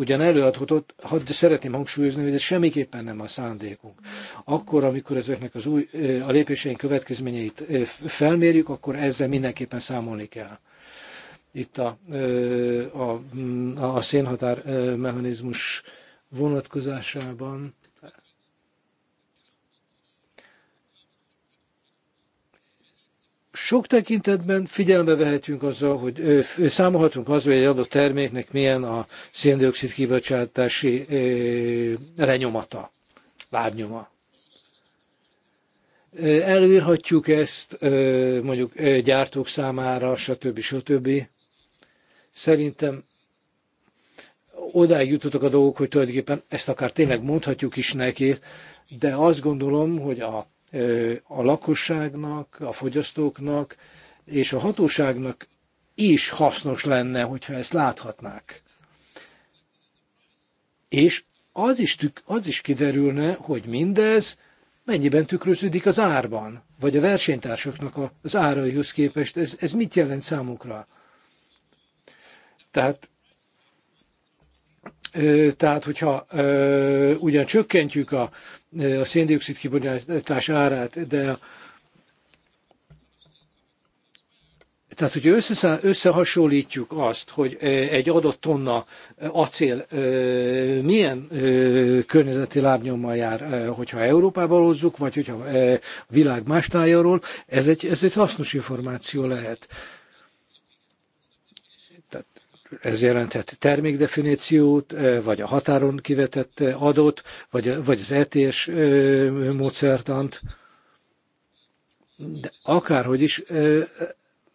ugyan előadhatott, hadd szeretném hangsúlyozni, hogy ez semmiképpen nem a szándékunk. Akkor, amikor ezeknek az új, a lépéseink következményeit felmérjük, akkor ezzel mindenképpen számolni kell. Itt a, a, a szénhatár mechanizmus vonatkozásában Sok tekintetben figyelme vehetünk azzal, hogy számolhatunk azzal, hogy egy adott terméknek milyen a széndiokszid kibocsátási lenyomata, lábnyoma. Előírhatjuk ezt mondjuk gyártók számára, stb. stb. Szerintem odáig jutottak a dolgok, hogy tulajdonképpen ezt akár tényleg mondhatjuk is neki, de azt gondolom, hogy a a lakosságnak, a fogyasztóknak és a hatóságnak is hasznos lenne, hogyha ezt láthatnák. És az is, tük, az is kiderülne, hogy mindez mennyiben tükröződik az árban, vagy a versenytársaknak az áraihoz képest, ez, ez mit jelent számukra. Tehát, tehát hogyha ugyan csökkentjük a, a széndiokszid kibocsátás árát, de Tehát, hogyha összehasonlítjuk azt, hogy egy adott tonna acél milyen környezeti lábnyommal jár, hogyha Európába hozzuk, vagy hogyha a világ más tájáról, ez egy, ez egy hasznos információ lehet ez jelenthet termékdefiníciót, vagy a határon kivetett adót, vagy, vagy az etés módszertant. De akárhogy is,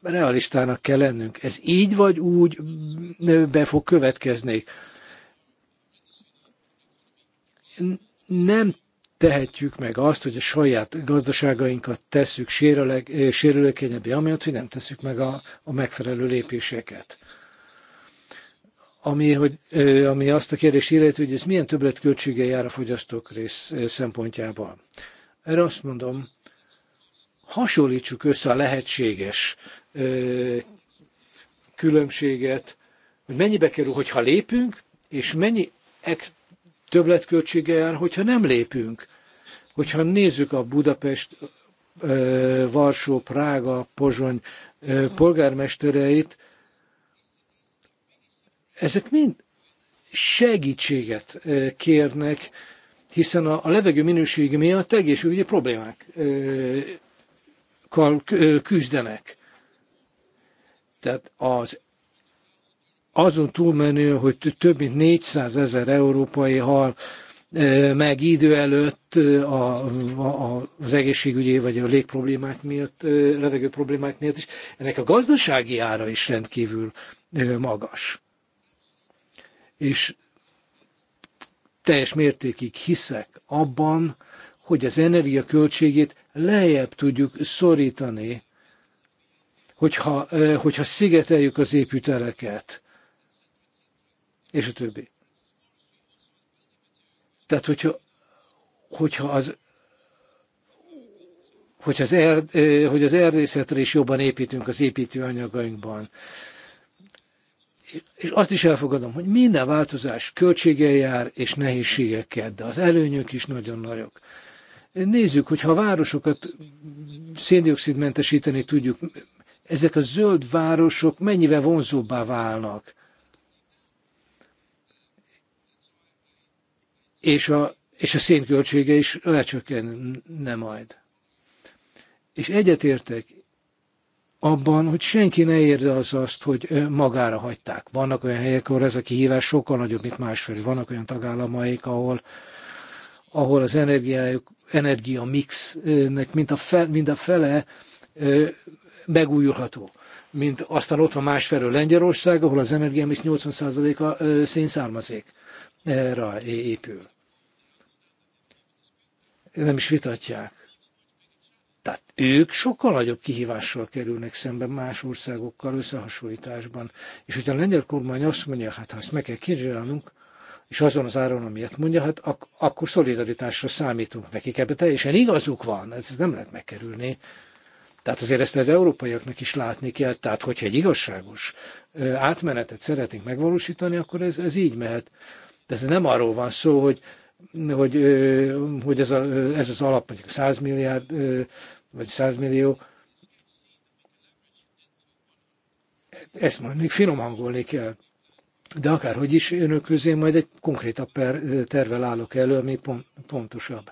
realistának kell lennünk. Ez így vagy úgy be fog következni. Nem tehetjük meg azt, hogy a saját gazdaságainkat tesszük sérülékenyebbé, amiatt, hogy nem tesszük meg a, a megfelelő lépéseket ami, hogy, ami azt a kérdést illeti, hogy ez milyen többletköltsége jár a fogyasztók rész szempontjából. Erre azt mondom, hasonlítsuk össze a lehetséges különbséget, hogy mennyibe kerül, hogyha lépünk, és mennyi többletköltsége jár, hogyha nem lépünk. Hogyha nézzük a Budapest, Varsó, Prága, Pozsony polgármestereit, ezek mind segítséget kérnek, hiszen a, levegő minősége miatt egészségügyi problémákkal küzdenek. Tehát az azon túlmenő, hogy több mint 400 ezer európai hal meg idő előtt a, a, az egészségügyi vagy a légproblémák miatt, levegő problémák miatt is, ennek a gazdasági ára is rendkívül magas és teljes mértékig hiszek abban, hogy az energia költségét lejjebb tudjuk szorítani, hogyha, hogyha szigeteljük az épüteleket, és a többi. Tehát, hogyha, hogyha az hogy az, erd, hogy az erdészetre is jobban építünk az építőanyagainkban és azt is elfogadom, hogy minden változás költséggel jár és nehézségekkel, de az előnyök is nagyon nagyok. Nézzük, hogy ha városokat széndiokszidmentesíteni tudjuk, ezek a zöld városok mennyivel vonzóbbá válnak. És a, és a szénköltsége is lecsökkenne majd. És egyetértek, abban, hogy senki ne érde az azt, hogy magára hagyták. Vannak olyan helyek, ahol ez a kihívás sokkal nagyobb, mint másfelé. Vannak olyan tagállamaik, ahol, ahol az energiájuk, energia mixnek mind a, fel, mind a fele megújulható. Mint aztán ott van másfelől Lengyelország, ahol az energia mix 80%-a szénszármazékra épül. Nem is vitatják ők sokkal nagyobb kihívással kerülnek szemben más országokkal összehasonlításban. És hogyha a lengyel kormány azt mondja, hát ha ezt meg kell kizsálnunk, és azon az áron, amilyet mondja, hát ak- akkor szolidaritásra számítunk nekik. Ebben teljesen igazuk van, ezt nem lehet megkerülni. Tehát azért ezt az európaiaknak is látni kell, tehát hogyha egy igazságos átmenetet szeretnénk megvalósítani, akkor ez, ez így mehet. De ez nem arról van szó, hogy hogy, hogy ez, a, ez az alap mondjuk 100 milliárd vagy 100 millió, ezt majd még finom hangolni kell. De akárhogy is önök közé majd egy konkrétabb tervel állok elő, ami pontosabb.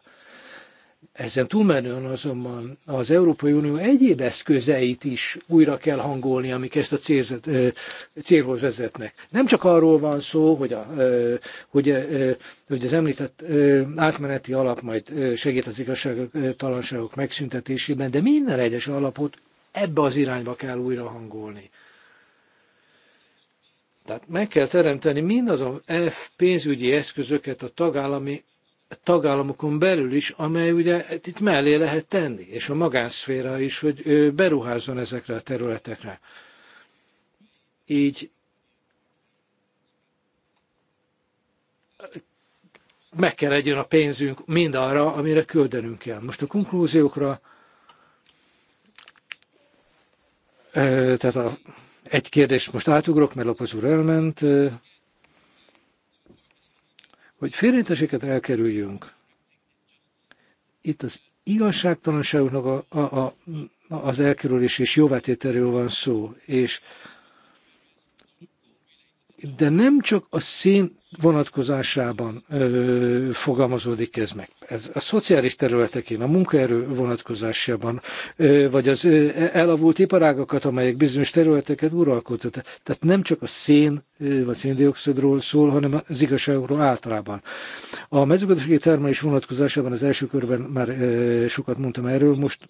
Ezen túlmenően azonban az Európai Unió egyéb eszközeit is újra kell hangolni, amik ezt a célzet, célhoz vezetnek. Nem csak arról van szó, hogy, a, hogy, hogy az említett átmeneti alap majd segít az igazságtalanságok megszüntetésében, de minden egyes alapot ebbe az irányba kell újra hangolni. Tehát meg kell teremteni mindazon F pénzügyi eszközöket a tagállami tagállamokon belül is, amely ugye itt mellé lehet tenni, és a magánszféra is, hogy beruházzon ezekre a területekre. Így meg kell legyen a pénzünk mind arra, amire küldenünk kell. Most a konklúziókra, tehát a, egy kérdést most átugrok, mert Lopez úr elment, hogy félrejteseket elkerüljünk, itt az igazságtalanságoknak a, a, a, az elkerülés és jóvátételről van szó, és de nem csak a szén vonatkozásában ö, fogalmazódik ez meg. Ez a szociális területekén, a munkaerő vonatkozásában, ö, vagy az ö, elavult iparágakat, amelyek bizonyos területeket uralkodtak. Tehát nem csak a szén ö, vagy széndiokszidról szól, hanem az igazságokról általában. A mezőgazdasági termelés vonatkozásában az első körben már ö, sokat mondtam erről, most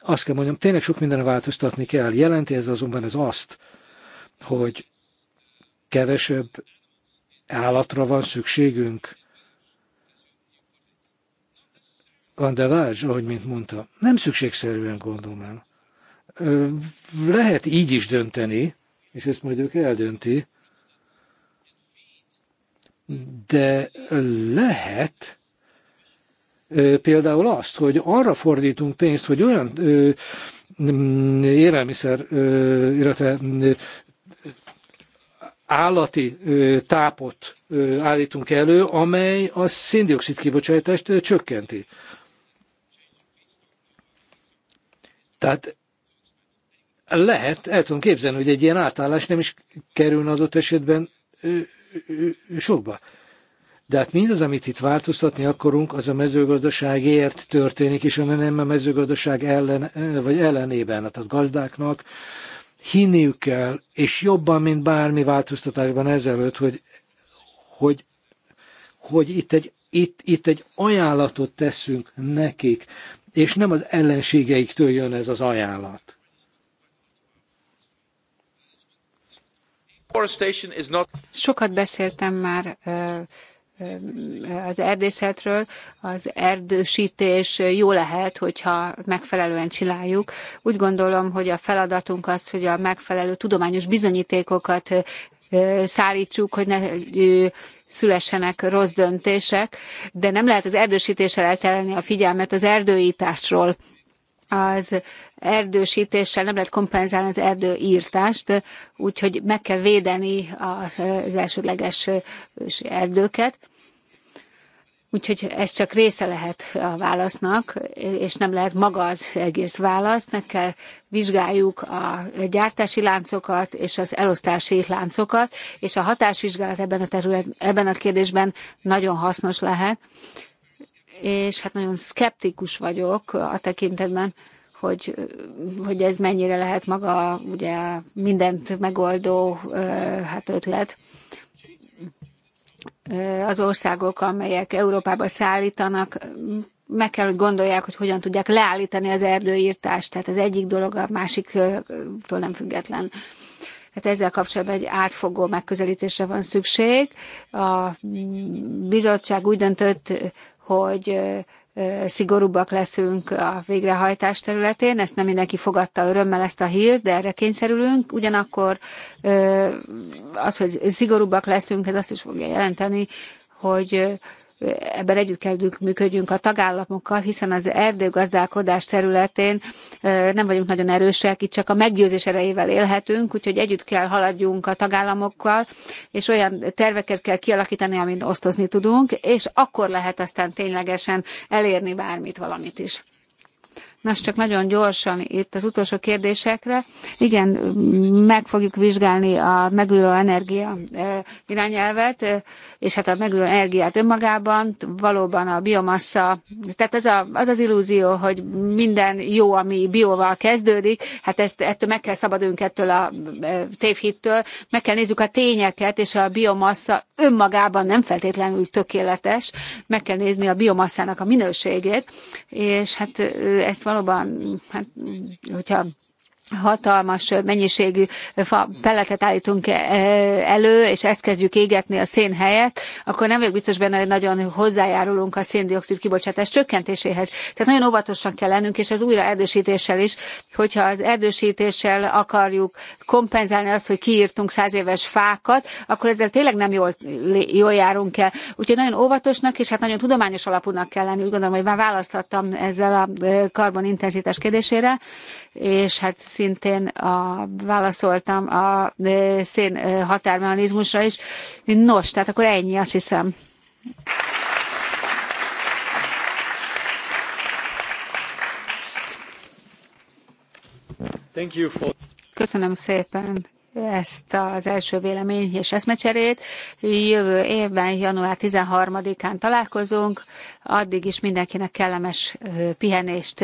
azt kell mondjam, tényleg sok minden változtatni kell. Jelenti ez azonban ez azt, hogy kevesebb állatra van szükségünk. van de Gandelázs, ahogy mint mondta, nem szükségszerűen gondolom el. Lehet így is dönteni, és ezt majd ők eldönti, de lehet például azt, hogy arra fordítunk pénzt, hogy olyan élelmiszer, illetve állati tápot állítunk elő, amely a széndiokszid kibocsátást csökkenti. Tehát lehet, el tudom képzelni, hogy egy ilyen átállás nem is kerülne adott esetben sokba. De hát mindaz, amit itt változtatni akarunk, az a mezőgazdaságért történik, és a nem a mezőgazdaság ellen, vagy ellenében, tehát gazdáknak, hinniük kell, és jobban, mint bármi változtatásban ezelőtt, hogy, hogy, hogy itt, egy, itt, itt egy ajánlatot teszünk nekik, és nem az ellenségeiktől jön ez az ajánlat. Sokat beszéltem már uh, az erdészetről, az erdősítés jó lehet, hogyha megfelelően csináljuk. Úgy gondolom, hogy a feladatunk az, hogy a megfelelő tudományos bizonyítékokat szállítsuk, hogy ne szülessenek rossz döntések, de nem lehet az erdősítéssel elterelni a figyelmet az erdőításról az erdősítéssel nem lehet kompenzálni az erdőírtást, úgyhogy meg kell védeni az elsődleges erdőket. Úgyhogy ez csak része lehet a válasznak, és nem lehet maga az egész válasz. Meg kell vizsgáljuk a gyártási láncokat és az elosztási láncokat, és a hatásvizsgálat ebben a, terület, ebben a kérdésben nagyon hasznos lehet és hát nagyon szkeptikus vagyok a tekintetben, hogy, hogy ez mennyire lehet maga ugye mindent megoldó hát ötlet. Az országok, amelyek Európába szállítanak, meg kell, hogy gondolják, hogy hogyan tudják leállítani az erdőírtást. Tehát az egyik dolog a másiktól nem független. Tehát ezzel kapcsolatban egy átfogó megközelítésre van szükség. A bizottság úgy döntött, hogy szigorúbbak leszünk a végrehajtás területén. Ezt nem mindenki fogadta örömmel ezt a hírt, de erre kényszerülünk. Ugyanakkor az, hogy szigorúbbak leszünk, ez azt is fogja jelenteni, hogy ebben együtt kell működjünk a tagállamokkal, hiszen az erdőgazdálkodás területén nem vagyunk nagyon erősek, itt csak a meggyőzés erejével élhetünk, úgyhogy együtt kell haladjunk a tagállamokkal, és olyan terveket kell kialakítani, amit osztozni tudunk, és akkor lehet aztán ténylegesen elérni bármit, valamit is. Nos, csak nagyon gyorsan itt az utolsó kérdésekre. Igen, meg fogjuk vizsgálni a megülő energia irányelvet, és hát a megülő energiát önmagában valóban a biomassa, tehát az, a, az az illúzió, hogy minden jó, ami bióval kezdődik, hát ezt, ettől meg kell szabadulnunk ettől a tévhittől, meg kell nézzük a tényeket, és a biomassa önmagában nem feltétlenül tökéletes, meg kell nézni a biomasszának a minőségét, és hát ezt valóban valóban, hát, hogyha hatalmas mennyiségű fa pelletet állítunk eh, elő, és ezt kezdjük égetni a szén helyett, akkor nem vagyok biztos benne, hogy nagyon hozzájárulunk a széndiokszid kibocsátás csökkentéséhez. Tehát nagyon óvatosan kell lennünk, és ez újra erdősítéssel is, hogyha az erdősítéssel akarjuk kompenzálni azt, hogy kiírtunk száz éves fákat, akkor ezzel tényleg nem jól, jól járunk el. Úgyhogy nagyon óvatosnak, és hát nagyon tudományos alapúnak kell lenni. Úgy gondolom, hogy már választottam ezzel a eh, karbonintenzitás kérdésére és hát szintén a, válaszoltam a szén határmechanizmusra is. Nos, tehát akkor ennyi, azt hiszem. Köszönöm szépen ezt az első vélemény és eszmecserét. Jövő évben, január 13-án találkozunk, addig is mindenkinek kellemes pihenést